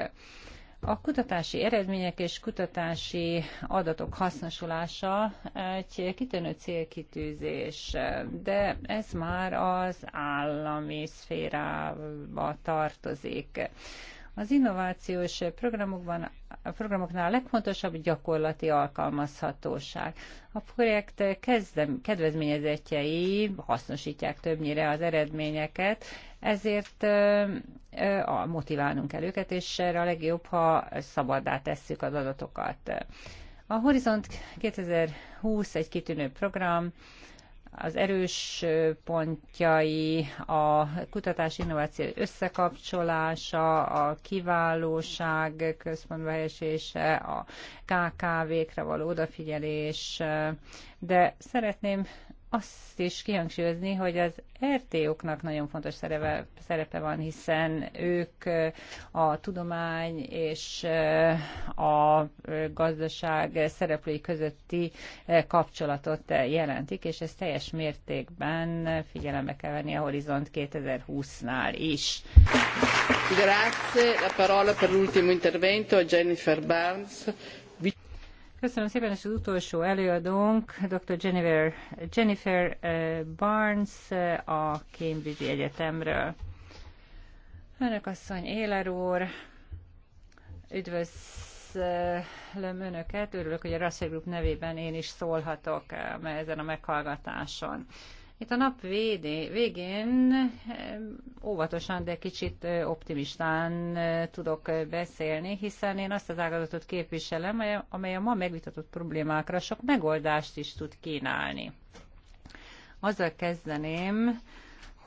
A kutatási eredmények és kutatási adatok hasznosulása egy kitűnő célkitűzés, de ez már az állami szférába tartozik. Az innovációs programokban a programoknál a legfontosabb gyakorlati alkalmazhatóság. A projekt kezdem, kedvezményezetjei hasznosítják többnyire az eredményeket, ezért ö, motiválnunk kell őket, és erre a legjobb, ha szabaddá tesszük az adatokat. A Horizont 2020 egy kitűnő program, az erős pontjai, a kutatás innováció összekapcsolása, a kiválóság központba helyesése, a KKV-kre való odafigyelés, de szeretném azt is kihangsúlyozni, hogy az RTO-knak nagyon fontos szerepe, szerepe van, hiszen ők a tudomány és a gazdaság szereplői közötti kapcsolatot jelentik, és ezt teljes mértékben figyelembe kell venni a Horizont 2020-nál is. Grazie, la parola per l'ultimo intervento a Jennifer Barnes Köszönöm szépen, és az utolsó előadónk dr. Jennifer, Jennifer eh, Barnes eh, a Cambridge Egyetemről. Önök asszony Éler úr, üdvözlöm Önöket, örülök, hogy a Russell Group nevében én is szólhatok eh, ezen a meghallgatáson. Itt a nap végén óvatosan, de kicsit optimistán tudok beszélni, hiszen én azt az ágazatot képviselem, amely a ma megvitatott problémákra sok megoldást is tud kínálni. Azzal kezdeném,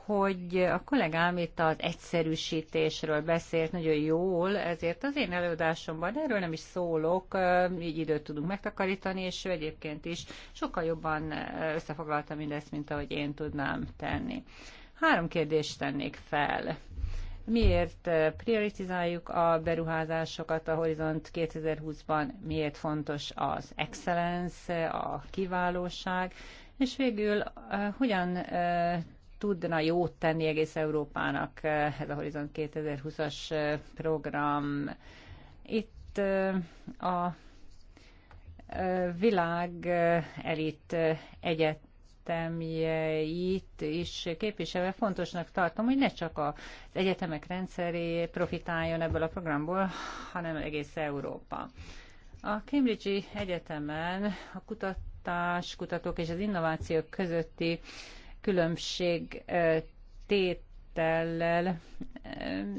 hogy a kollégám itt az egyszerűsítésről beszélt nagyon jól, ezért az én előadásomban erről nem is szólok, így időt tudunk megtakarítani, és ő egyébként is sokkal jobban összefoglalta mindezt, mint ahogy én tudnám tenni. Három kérdést tennék fel. Miért prioritizáljuk a beruházásokat a Horizont 2020-ban? Miért fontos az excellence, a kiválóság? És végül hogyan tudna jót tenni egész Európának eh, ez a Horizont 2020-as eh, program. Itt eh, a világ elit egyet egyetemjeit is képviselve fontosnak tartom, hogy ne csak az egyetemek rendszeré profitáljon ebből a programból, hanem egész Európa. A cambridge Egyetemen a kutatás, kutatók és az innovációk közötti különbség tétellel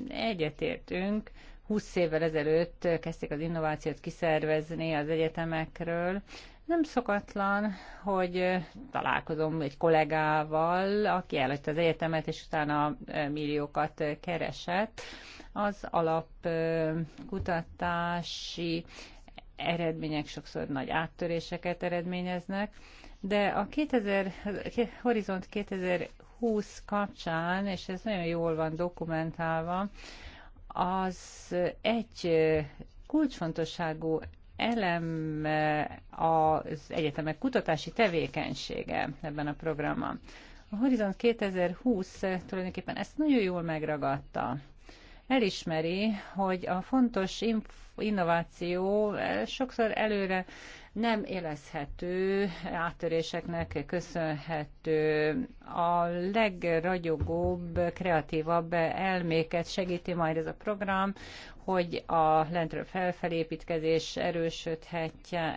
egyetértünk. 20 évvel ezelőtt kezdték az innovációt kiszervezni az egyetemekről. Nem szokatlan, hogy találkozom egy kollégával, aki elhagyta az egyetemet, és utána milliókat keresett. Az alapkutatási eredmények sokszor nagy áttöréseket eredményeznek. De a 2000, Horizont 2020 kapcsán, és ez nagyon jól van dokumentálva, az egy kulcsfontosságú elem az egyetemek kutatási tevékenysége ebben a programban. A Horizont 2020 tulajdonképpen ezt nagyon jól megragadta. Elismeri, hogy a fontos innováció sokszor előre nem élezhető, áttöréseknek köszönhető. A legragyogóbb, kreatívabb elméket segíti majd ez a program, hogy a lentről felfelépítkezés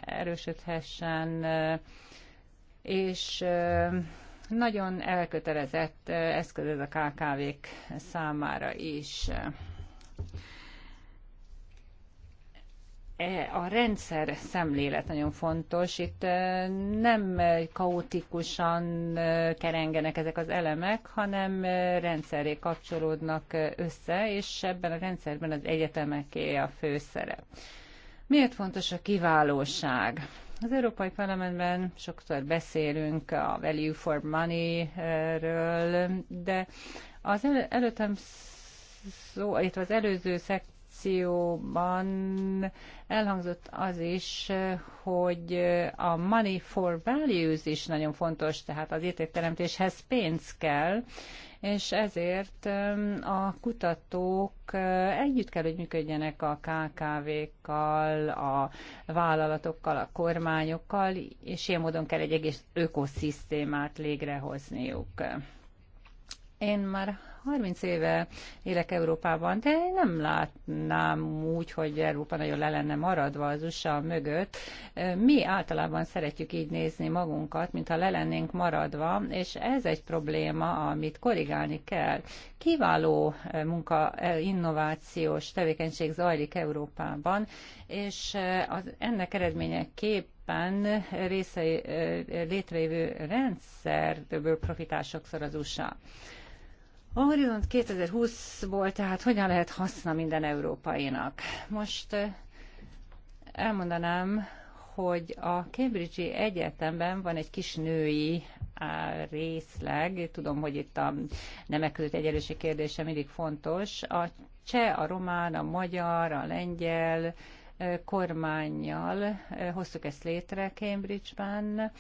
erősödhessen, és nagyon elkötelezett eszköz ez a KKV-k számára is. E, a rendszer szemlélet nagyon fontos. Itt e, nem kaotikusan e, kerengenek ezek az elemek, hanem rendszeré kapcsolódnak össze, és ebben a rendszerben az egyetemeké a főszerep. Miért fontos a kiválóság? Az Európai Parlamentben sokszor beszélünk a value for money-ről, de az el, előttem szó, illetve az előző szek, prezentációban elhangzott az is, hogy a money for values is nagyon fontos, tehát az értékteremtéshez pénz kell, és ezért um, a kutatók uh, együtt kell, hogy működjenek a KKV-kkal, a vállalatokkal, a kormányokkal, és ilyen módon kell egy egész ökoszisztémát létrehozniuk. Én már 30 éve élek Európában, de én nem látnám úgy, hogy Európa nagyon le lenne maradva az USA mögött. Mi általában szeretjük így nézni magunkat, mintha le lennénk maradva, és ez egy probléma, amit korrigálni kell. Kiváló eh, munka, eh, innovációs tevékenység zajlik Európában, és eh, az, ennek eredmények kép részei létrejövő rendszerből profitál sokszor az USA. A Horizont 2020-ból tehát hogyan lehet haszna minden európainak? Most elmondanám, hogy a Cambridge-i Egyetemben van egy kis női részleg, tudom, hogy itt a nemek között egyenlőség kérdése mindig fontos, a cseh, a román, a magyar, a lengyel kormányjal hoztuk ezt létre Cambridge-ben,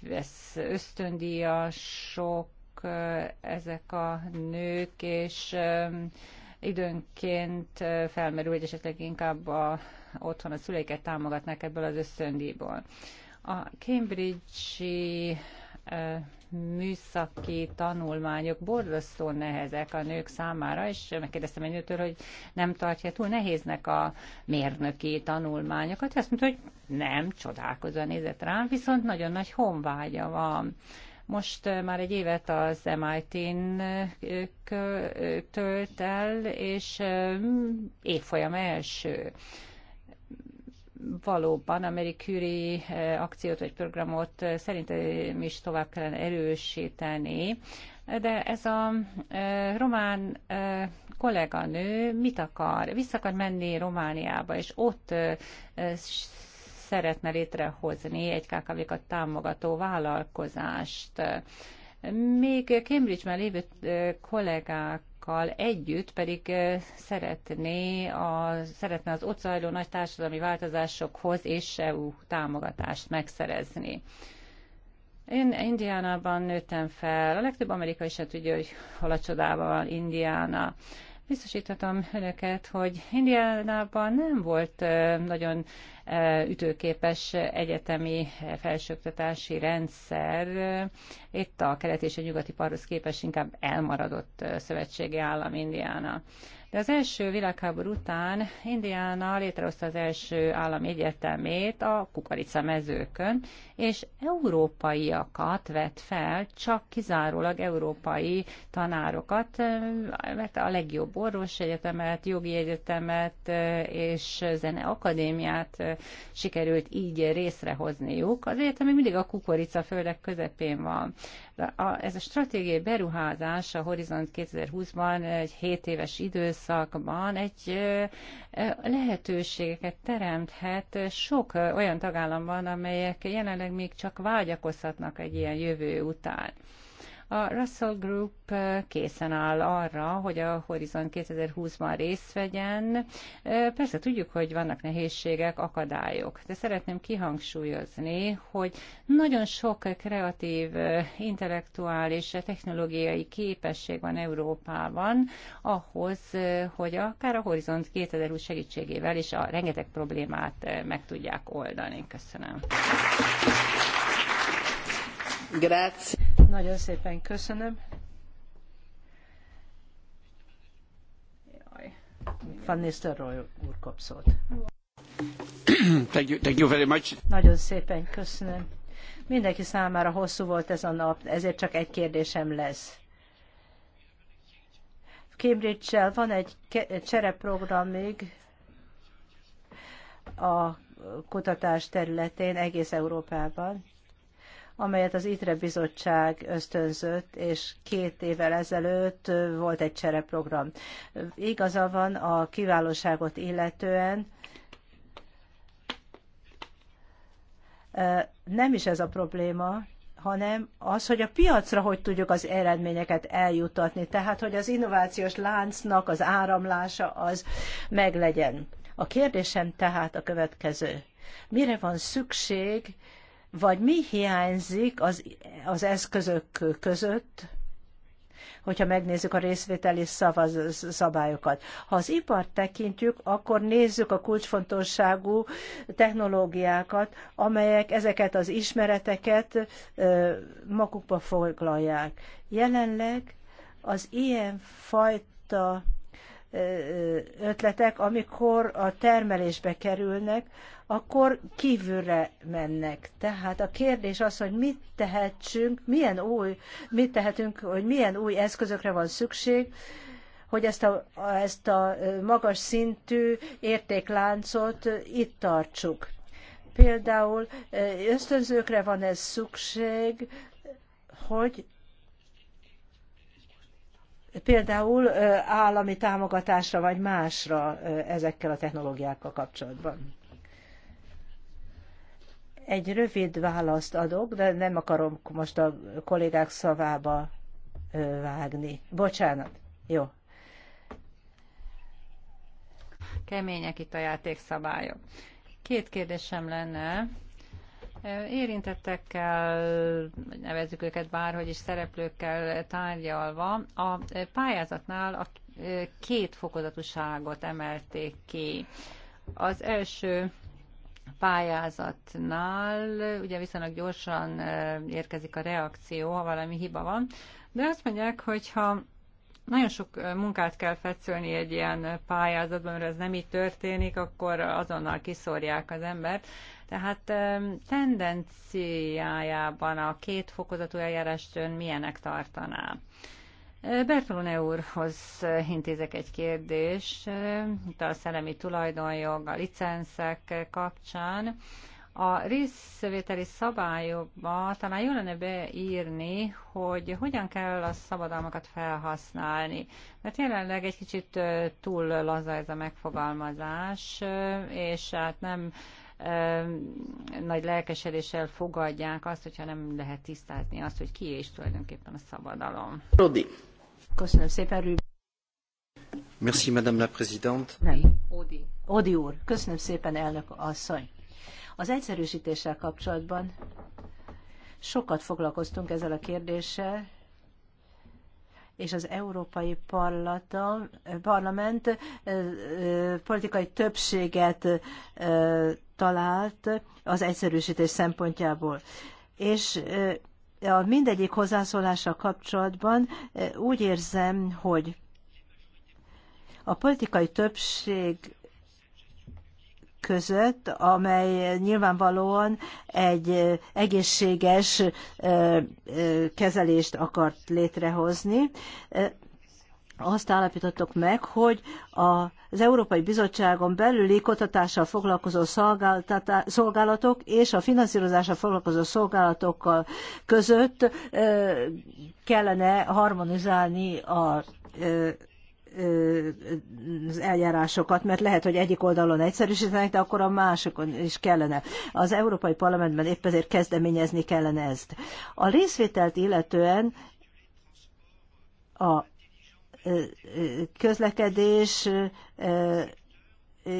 ez ösztöndíjasok, ezek a nők, és időnként felmerül, hogy esetleg inkább a, otthon a szüleiket támogatnák ebből az összöndíjból. A Cambridge-i műszaki tanulmányok borzasztó nehezek a nők számára, és megkérdeztem egy nőtől, hogy nem tartja túl nehéznek a mérnöki tanulmányokat, azt mondta, hogy nem, csodálkozva nézett rám, viszont nagyon nagy honvágya van. Most eh, már egy évet az MIT-n eh, eh, tölt el, és mm, évfolyam első valóban a Marie Curie akciót vagy programot szerintem is tovább kellene erősíteni, de ez a román kolléganő mit akar? Vissza akar menni Romániába, és ott szeretne létrehozni egy KKV-kat támogató vállalkozást. Még Cambridge-ben lévő kollégák együtt pedig szeretné a, szeretne az ott zajló nagy társadalmi változásokhoz és EU támogatást megszerezni. Én Indiánában nőttem fel. A legtöbb amerikai se tudja, hogy hol a csodában van Indiána. Biztosíthatom önöket, hogy Indiánában nem volt nagyon ütőképes egyetemi felsőoktatási rendszer. Itt a kelet és a nyugati parhoz képest inkább elmaradott szövetségi állam Indiána. De az első világháború után Indiana létrehozta az első állam egyetemét a mezőkön, és európaiakat vett fel, csak kizárólag európai tanárokat, mert a legjobb orvos egyetemet, jogi egyetemet és akadémiát sikerült így részrehozniuk. Az egyetem mindig a kukorica földek közepén van. A, ez a stratégiai beruházás a Horizont 2020-ban egy 7 éves időszakban egy lehetőségeket teremthet sok olyan tagállamban, amelyek jelenleg még csak vágyakozhatnak egy ilyen jövő után. A Russell Group eh, készen áll arra, hogy a Horizon 2020-ban részt vegyen. Eh, persze tudjuk, hogy vannak nehézségek, akadályok, de szeretném kihangsúlyozni, hogy nagyon sok kreatív, eh, intellektuális, technológiai képesség van Európában ahhoz, hogy akár a Horizon 2020 segítségével is a rengeteg problémát meg tudják oldani. Köszönöm. Grazie. Nagyon szépen köszönöm. Van Nistelrooy úr kap Thank you, thank you very much. Nagyon szépen köszönöm. Mindenki számára hosszú volt ez a nap, ezért csak egy kérdésem lesz. Cambridge-sel van egy csereprogram még a kutatás területén egész Európában amelyet az ITRE bizottság ösztönzött, és két évvel ezelőtt volt egy csereprogram. Igaza van a kiválóságot illetően, nem is ez a probléma, hanem az, hogy a piacra hogy tudjuk az eredményeket eljutatni, tehát hogy az innovációs láncnak az áramlása az meglegyen. A kérdésem tehát a következő. Mire van szükség, vagy mi hiányzik az, az eszközök között, hogyha megnézzük a részvételi szavaz, szabályokat. Ha az ipart tekintjük, akkor nézzük a kulcsfontosságú technológiákat, amelyek ezeket az ismereteket magukba foglalják. Jelenleg az ilyen fajta ötletek, amikor a termelésbe kerülnek, akkor kívülre mennek. Tehát a kérdés az, hogy mit tehetünk, milyen új, mit tehetünk, hogy milyen új eszközökre van szükség, hogy ezt a, ezt a magas szintű értékláncot itt tartsuk. Például ösztönzőkre van ez szükség, hogy például állami támogatásra vagy másra ezekkel a technológiákkal kapcsolatban? Egy rövid választ adok, de nem akarom most a kollégák szavába vágni. Bocsánat. Jó. Kemények itt a játékszabályok. Két kérdésem lenne érintettekkel, nevezzük őket bárhogy is szereplőkkel tárgyalva, a pályázatnál a két fokozatúságot emelték ki. Az első pályázatnál ugye viszonylag gyorsan érkezik a reakció, ha valami hiba van, de azt mondják, hogyha nagyon sok munkát kell fetszölni egy ilyen pályázatban, mert ez nem így történik, akkor azonnal kiszórják az embert. Tehát tendenciájában a két fokozatú eljárást ön milyenek tartaná? Bertolone úrhoz intézek egy kérdést, itt a szellemi tulajdonjog, a licenszek kapcsán. A részvételi szabályokba talán jó lenne beírni, hogy hogyan kell a szabadalmakat felhasználni. Mert jelenleg egy kicsit túl laza ez a megfogalmazás, és hát nem nagy lelkesedéssel fogadják azt, hogyha nem lehet tisztázni azt, hogy ki és tulajdonképpen a szabadalom. Rodi. Köszönöm szépen, Rübe. Merci, Madame la Présidente. Nem. Odi. Odi úr. Köszönöm szépen, elnök asszony. Az egyszerűsítéssel kapcsolatban sokat foglalkoztunk ezzel a kérdéssel, és az Európai Parlament politikai többséget talált az egyszerűsítés szempontjából. És a mindegyik hozzászólással kapcsolatban úgy érzem, hogy a politikai többség között, amely nyilvánvalóan egy egészséges kezelést akart létrehozni azt állapítottuk meg, hogy az Európai Bizottságon belüli kutatással foglalkozó szolgálatok és a finanszírozással foglalkozó szolgálatokkal között kellene harmonizálni a az eljárásokat, mert lehet, hogy egyik oldalon egyszerűsítenek, de akkor a másikon is kellene. Az Európai Parlamentben épp ezért kezdeményezni kellene ezt. A részvételt illetően a közlekedés,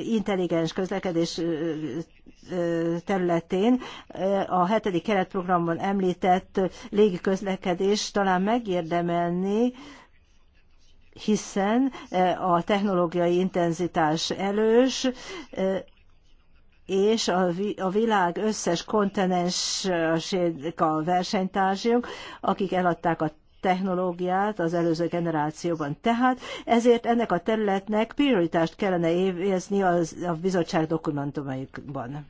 intelligens közlekedés területén a hetedik keretprogramban említett légi közlekedés talán megérdemelni, hiszen a technológiai intenzitás elős, és a, világ összes kontinensek a versenytársaink, akik eladták a technológiát az előző generációban. Tehát ezért ennek a területnek prioritást kellene évezni az, a bizottság dokumentumaikban.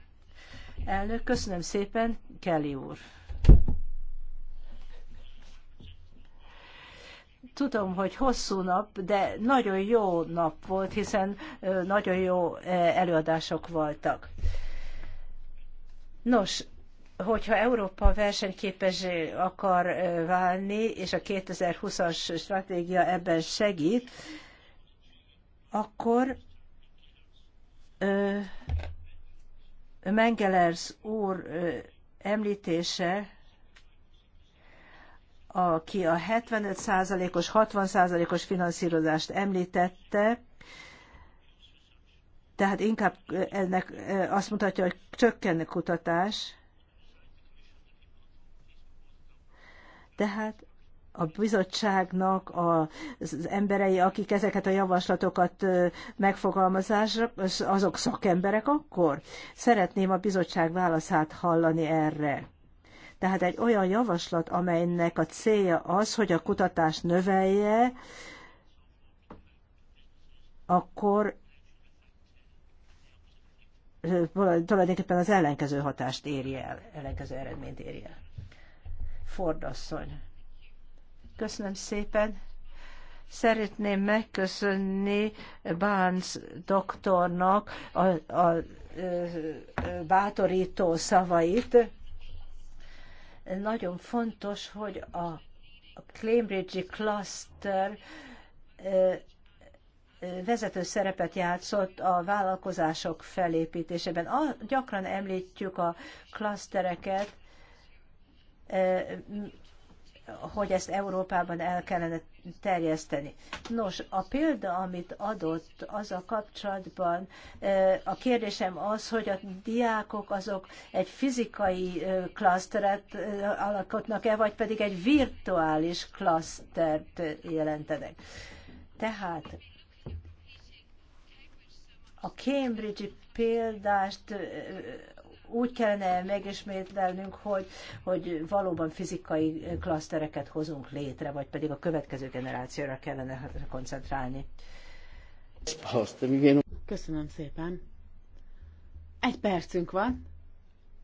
Elnök, köszönöm szépen, Kelly úr. tudom, hogy hosszú nap, de nagyon jó nap volt, hiszen nagyon jó előadások voltak. Nos, hogyha Európa versenyképes akar válni, és a 2020-as stratégia ebben segít, akkor ö, Mengelers úr ö, említése, aki a 75%-os, 60%-os finanszírozást említette, tehát inkább ennek azt mutatja, hogy csökken a kutatás, Tehát a bizottságnak az emberei, akik ezeket a javaslatokat megfogalmazásra, azok szakemberek akkor? Szeretném a bizottság válaszát hallani erre. Tehát egy olyan javaslat, amelynek a célja az, hogy a kutatást növelje, akkor tulajdonképpen az ellenkező hatást érje el, ellenkező eredményt érje el. Ford asszony. Köszönöm szépen. Szeretném megköszönni Bánc doktornak a, a bátorító szavait. Nagyon fontos, hogy a cambridge cluster vezető szerepet játszott a vállalkozások felépítésében. A, gyakran említjük a klasztereket, hogy ezt Európában el kellene terjeszteni. Nos, a példa, amit adott az a kapcsolatban, a kérdésem az, hogy a diákok azok egy fizikai klaszteret alakotnak-e, vagy pedig egy virtuális klasztert jelentenek. Tehát a Cambridge-i példást úgy kellene megismételnünk, hogy, hogy valóban fizikai klasztereket hozunk létre, vagy pedig a következő generációra kellene koncentrálni. Köszönöm szépen. Egy percünk van,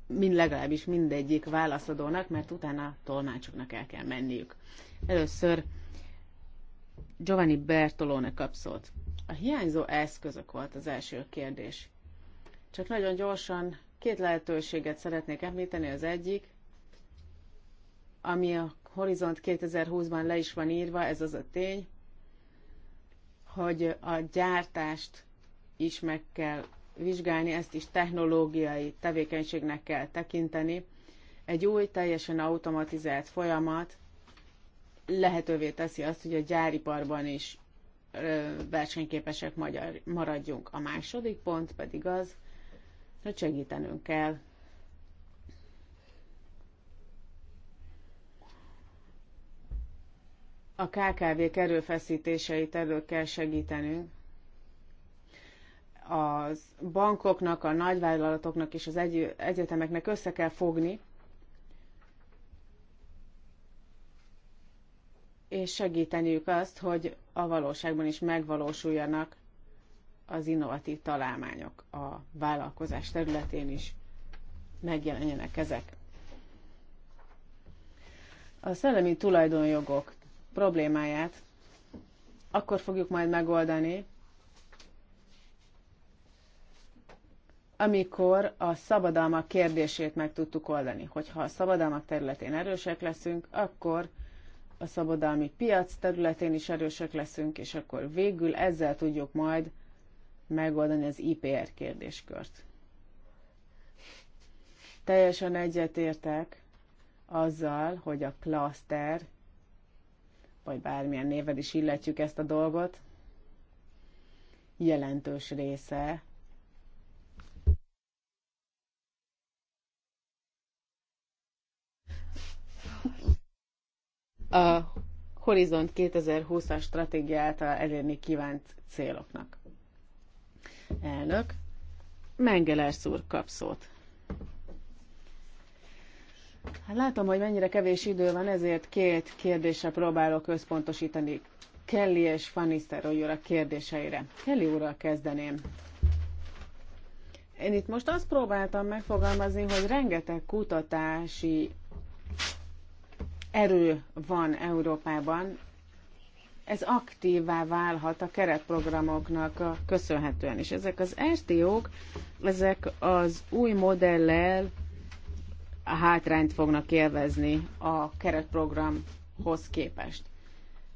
mind legalábbis mindegyik válaszadónak, mert utána tolmácsoknak el kell menniük. Először Giovanni Bertolone kapszót. A hiányzó eszközök volt az első kérdés. Csak nagyon gyorsan Két lehetőséget szeretnék említeni. Az egyik, ami a Horizont 2020-ban le is van írva, ez az a tény, hogy a gyártást is meg kell vizsgálni, ezt is technológiai tevékenységnek kell tekinteni. Egy új, teljesen automatizált folyamat lehetővé teszi azt, hogy a gyáriparban is versenyképesek maradjunk. A második pont pedig az, hogy segítenünk kell a kkv erőfeszítéseit elő kell segítenünk. A bankoknak, a nagyvállalatoknak és az egy- egyetemeknek össze kell fogni, és segíteniük azt, hogy a valóságban is megvalósuljanak az innovatív találmányok a vállalkozás területén is megjelenjenek ezek. A szellemi tulajdonjogok problémáját akkor fogjuk majd megoldani, amikor a szabadalmak kérdését meg tudtuk oldani. Hogyha a szabadalmak területén erősek leszünk, akkor a szabadalmi piac területén is erősek leszünk, és akkor végül ezzel tudjuk majd megoldani az IPR kérdéskört. Teljesen egyetértek azzal, hogy a klaszter, vagy bármilyen néved is illetjük ezt a dolgot, jelentős része a Horizont 2020-as stratégia által elérni kívánt céloknak. Elnök. Mengeles úr kap szót. Hát látom, hogy mennyire kevés idő van, ezért két kérdésre próbálok összpontosítani. Kelly és Fanisteroy úr a kérdéseire. Kelly úrral kezdeném. Én itt most azt próbáltam megfogalmazni, hogy rengeteg kutatási erő van Európában, ez aktívvá válhat a keretprogramoknak a köszönhetően. is. ezek az RTO-k, ezek az új modellel a hátrányt fognak élvezni a keretprogramhoz képest.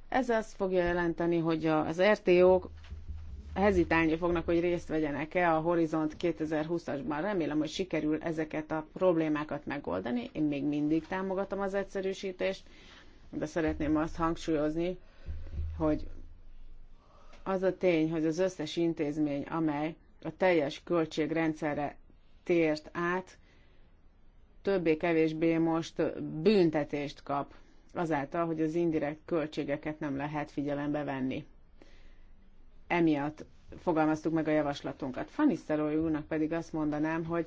Ez azt fogja jelenteni, hogy az RTO-k hezitálni fognak, hogy részt vegyenek-e a Horizont 2020-asban. Remélem, hogy sikerül ezeket a problémákat megoldani. Én még mindig támogatom az egyszerűsítést, de szeretném azt hangsúlyozni, hogy az a tény, hogy az összes intézmény, amely a teljes költségrendszerre tért át, többé-kevésbé most büntetést kap azáltal, hogy az indirekt költségeket nem lehet figyelembe venni. Emiatt fogalmaztuk meg a javaslatunkat. Fanny úrnak pedig azt mondanám, hogy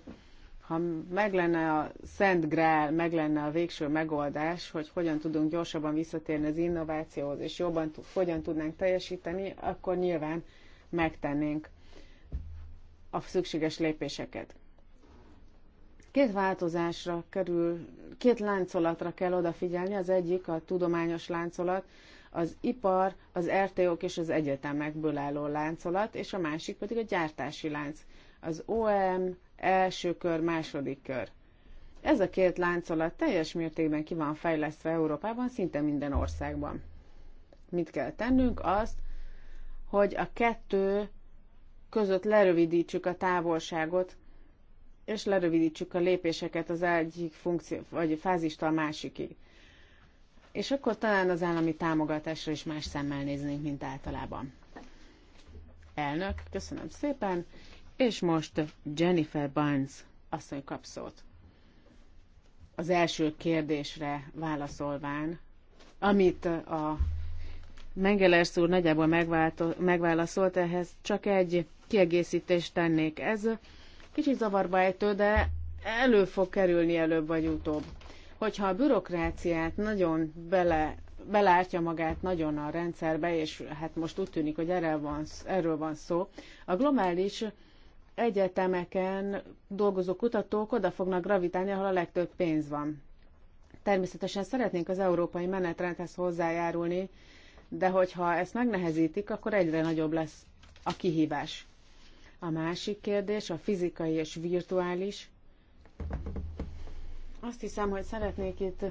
ha meg lenne a Szent Grál, meg lenne a végső megoldás, hogy hogyan tudunk gyorsabban visszatérni az innovációhoz, és jobban hogyan tudnánk teljesíteni, akkor nyilván megtennénk a szükséges lépéseket. Két változásra kerül, két láncolatra kell odafigyelni, az egyik a tudományos láncolat, az ipar, az RTO-k er és az egyetemekből álló láncolat, és a másik pedig a gyártási lánc. Az OM, első kör, második kör. Ez a két láncolat teljes mértékben ki van fejlesztve Európában, szinte minden országban. Mit kell tennünk? Azt, hogy a kettő között lerövidítsük a távolságot, és lerövidítsük a lépéseket az egyik funkció, vagy fázista a másikig. És akkor talán az állami támogatásra is más szemmel néznénk, mint általában. Elnök, köszönöm szépen. És most Jennifer Barnes asszony kap szót. Az első kérdésre válaszolván, amit a Mengeles úr nagyjából megválaszolt, ehhez csak egy kiegészítést tennék. Ez kicsit zavarba ejtő, de elő fog kerülni előbb vagy utóbb. Hogyha a bürokráciát nagyon bele, belátja magát nagyon a rendszerbe, és hát most úgy tűnik, hogy erről van, erről van szó, a globális egyetemeken dolgozó kutatók oda fognak gravitálni, ahol a legtöbb pénz van. Természetesen szeretnénk az európai menetrendhez hozzájárulni, de hogyha ezt megnehezítik, akkor egyre nagyobb lesz a kihívás. A másik kérdés a fizikai és virtuális. Azt hiszem, hogy szeretnék itt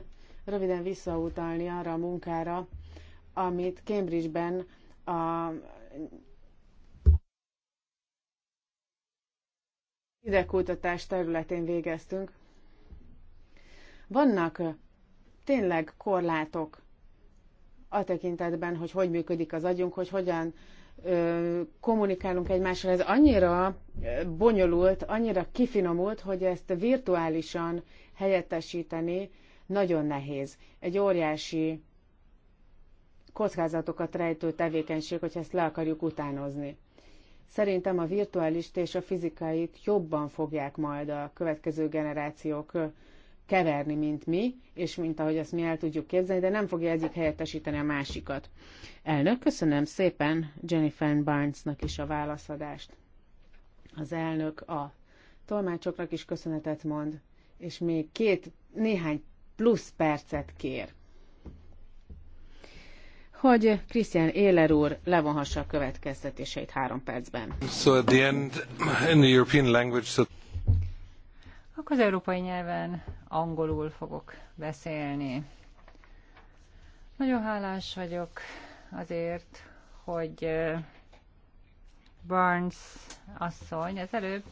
röviden visszautalni arra a munkára, amit Cambridge-ben a idegkutatás területén végeztünk. Vannak tényleg korlátok a tekintetben, hogy hogy működik az agyunk, hogy hogyan ö, kommunikálunk egymással. Ez annyira bonyolult, annyira kifinomult, hogy ezt virtuálisan helyettesíteni nagyon nehéz. Egy óriási kockázatokat rejtő tevékenység, hogy ezt le akarjuk utánozni. Szerintem a virtuális és a fizikait jobban fogják majd a következő generációk keverni, mint mi, és mint ahogy azt mi el tudjuk képzelni, de nem fogja egyik helyettesíteni a másikat. Elnök, köszönöm szépen Jennifer Barnesnak is a válaszadást. Az elnök a tolmácsoknak is köszönetet mond, és még két, néhány plusz percet kér hogy Krisztián Ehler úr levonhassa a következtetéseit három percben. So at the end, in the European language, so... Akkor az európai nyelven angolul fogok beszélni. Nagyon hálás vagyok azért, hogy Barnes asszony az előbb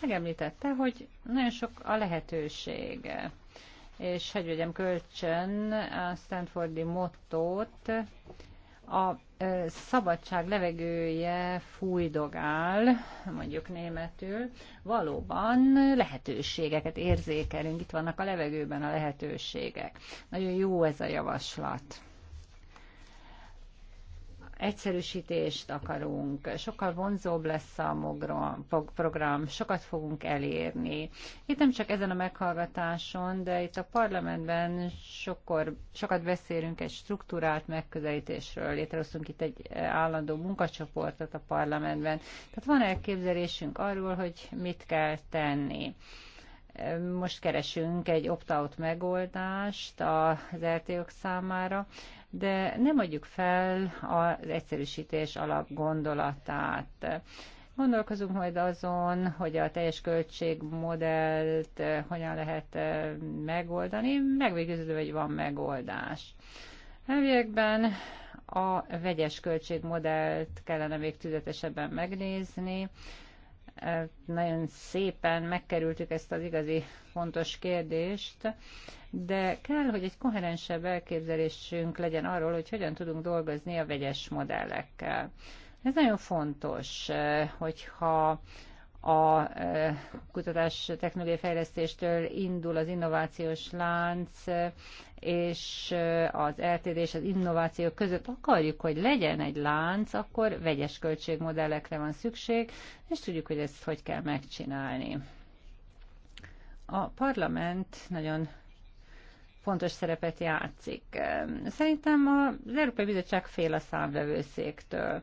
megemlítette, hogy nagyon sok a lehetősége és hogy vegyem kölcsön a Stanfordi mottót, a szabadság levegője fújdogál, mondjuk németül, valóban lehetőségeket érzékelünk, itt vannak a levegőben a lehetőségek. Nagyon jó ez a javaslat egyszerűsítést akarunk, sokkal vonzóbb lesz a program, sokat fogunk elérni. Itt nem csak ezen a meghallgatáson, de itt a parlamentben sokkor, sokat beszélünk egy struktúrált megközelítésről. Létrehoztunk itt egy állandó munkacsoportot a parlamentben. Tehát van elképzelésünk arról, hogy mit kell tenni most keresünk egy opt-out megoldást az RTO-k számára, de nem adjuk fel az egyszerűsítés alap gondolatát Gondolkozunk majd azon, hogy a teljes költségmodellt eh, hogyan lehet eh, megoldani, megvégződő, hogy van megoldás. Elvégben a vegyes költségmodellt kellene még tüzetesebben megnézni, nagyon szépen megkerültük ezt az igazi fontos kérdést, de kell, hogy egy koherensebb elképzelésünk legyen arról, hogy hogyan tudunk dolgozni a vegyes modellekkel. Ez nagyon fontos, hogyha a e, kutatás technológiai fejlesztéstől indul az innovációs lánc, és e, az LTD és az innováció között akarjuk, hogy legyen egy lánc, akkor vegyes költségmodellekre van szükség, és tudjuk, hogy ezt hogy kell megcsinálni. A parlament nagyon fontos szerepet játszik. Szerintem az Európai Bizottság fél a számvevőszéktől.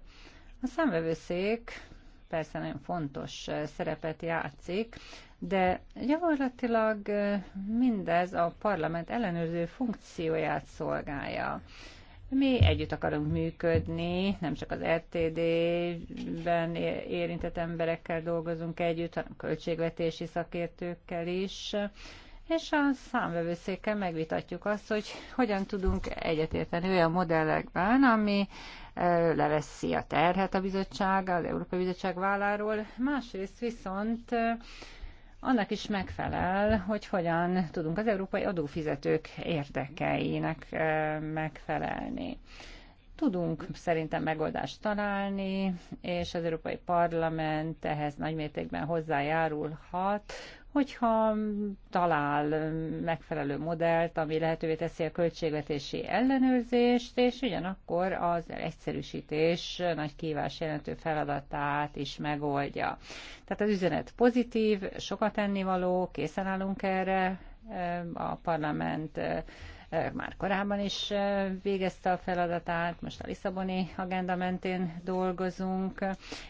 A számvevőszék persze nagyon fontos eh, szerepet játszik, de gyakorlatilag eh, mindez a parlament ellenőrző funkcióját szolgálja. Mi együtt akarunk működni, nem csak az RTD-ben érintett emberekkel dolgozunk együtt, hanem költségvetési szakértőkkel is, és a számvevőszékkel megvitatjuk azt, hogy hogyan tudunk egyetérteni olyan modellekben, ami leveszi a terhet a bizottság, az Európai Bizottság válláról, másrészt viszont annak is megfelel, hogy hogyan tudunk az európai adófizetők érdekeinek megfelelni. Tudunk szerintem megoldást találni, és az Európai Parlament ehhez nagymértékben hozzájárulhat, hogyha talál megfelelő modellt, ami lehetővé teszi a költségvetési ellenőrzést, és ugyanakkor az egyszerűsítés nagy kívás jelentő feladatát is megoldja. Tehát az üzenet pozitív, sokat ennivaló, készen állunk erre, a parlament már korábban is végezte a feladatát, most a Lisszaboni agenda mentén dolgozunk,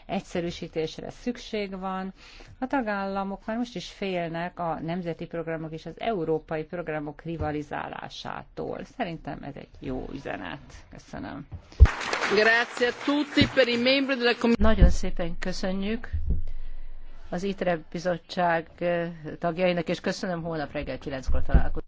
egyszerűsítésre szükség van. A tagállamok már most is félnek a nemzeti programok és az európai programok rivalizálásától. Szerintem ez egy jó üzenet. Köszönöm. Grazie a tutti per i membri della Nagyon szépen köszönjük az ITRE bizottság tagjainak, és köszönöm, holnap reggel 9-kor találkozunk.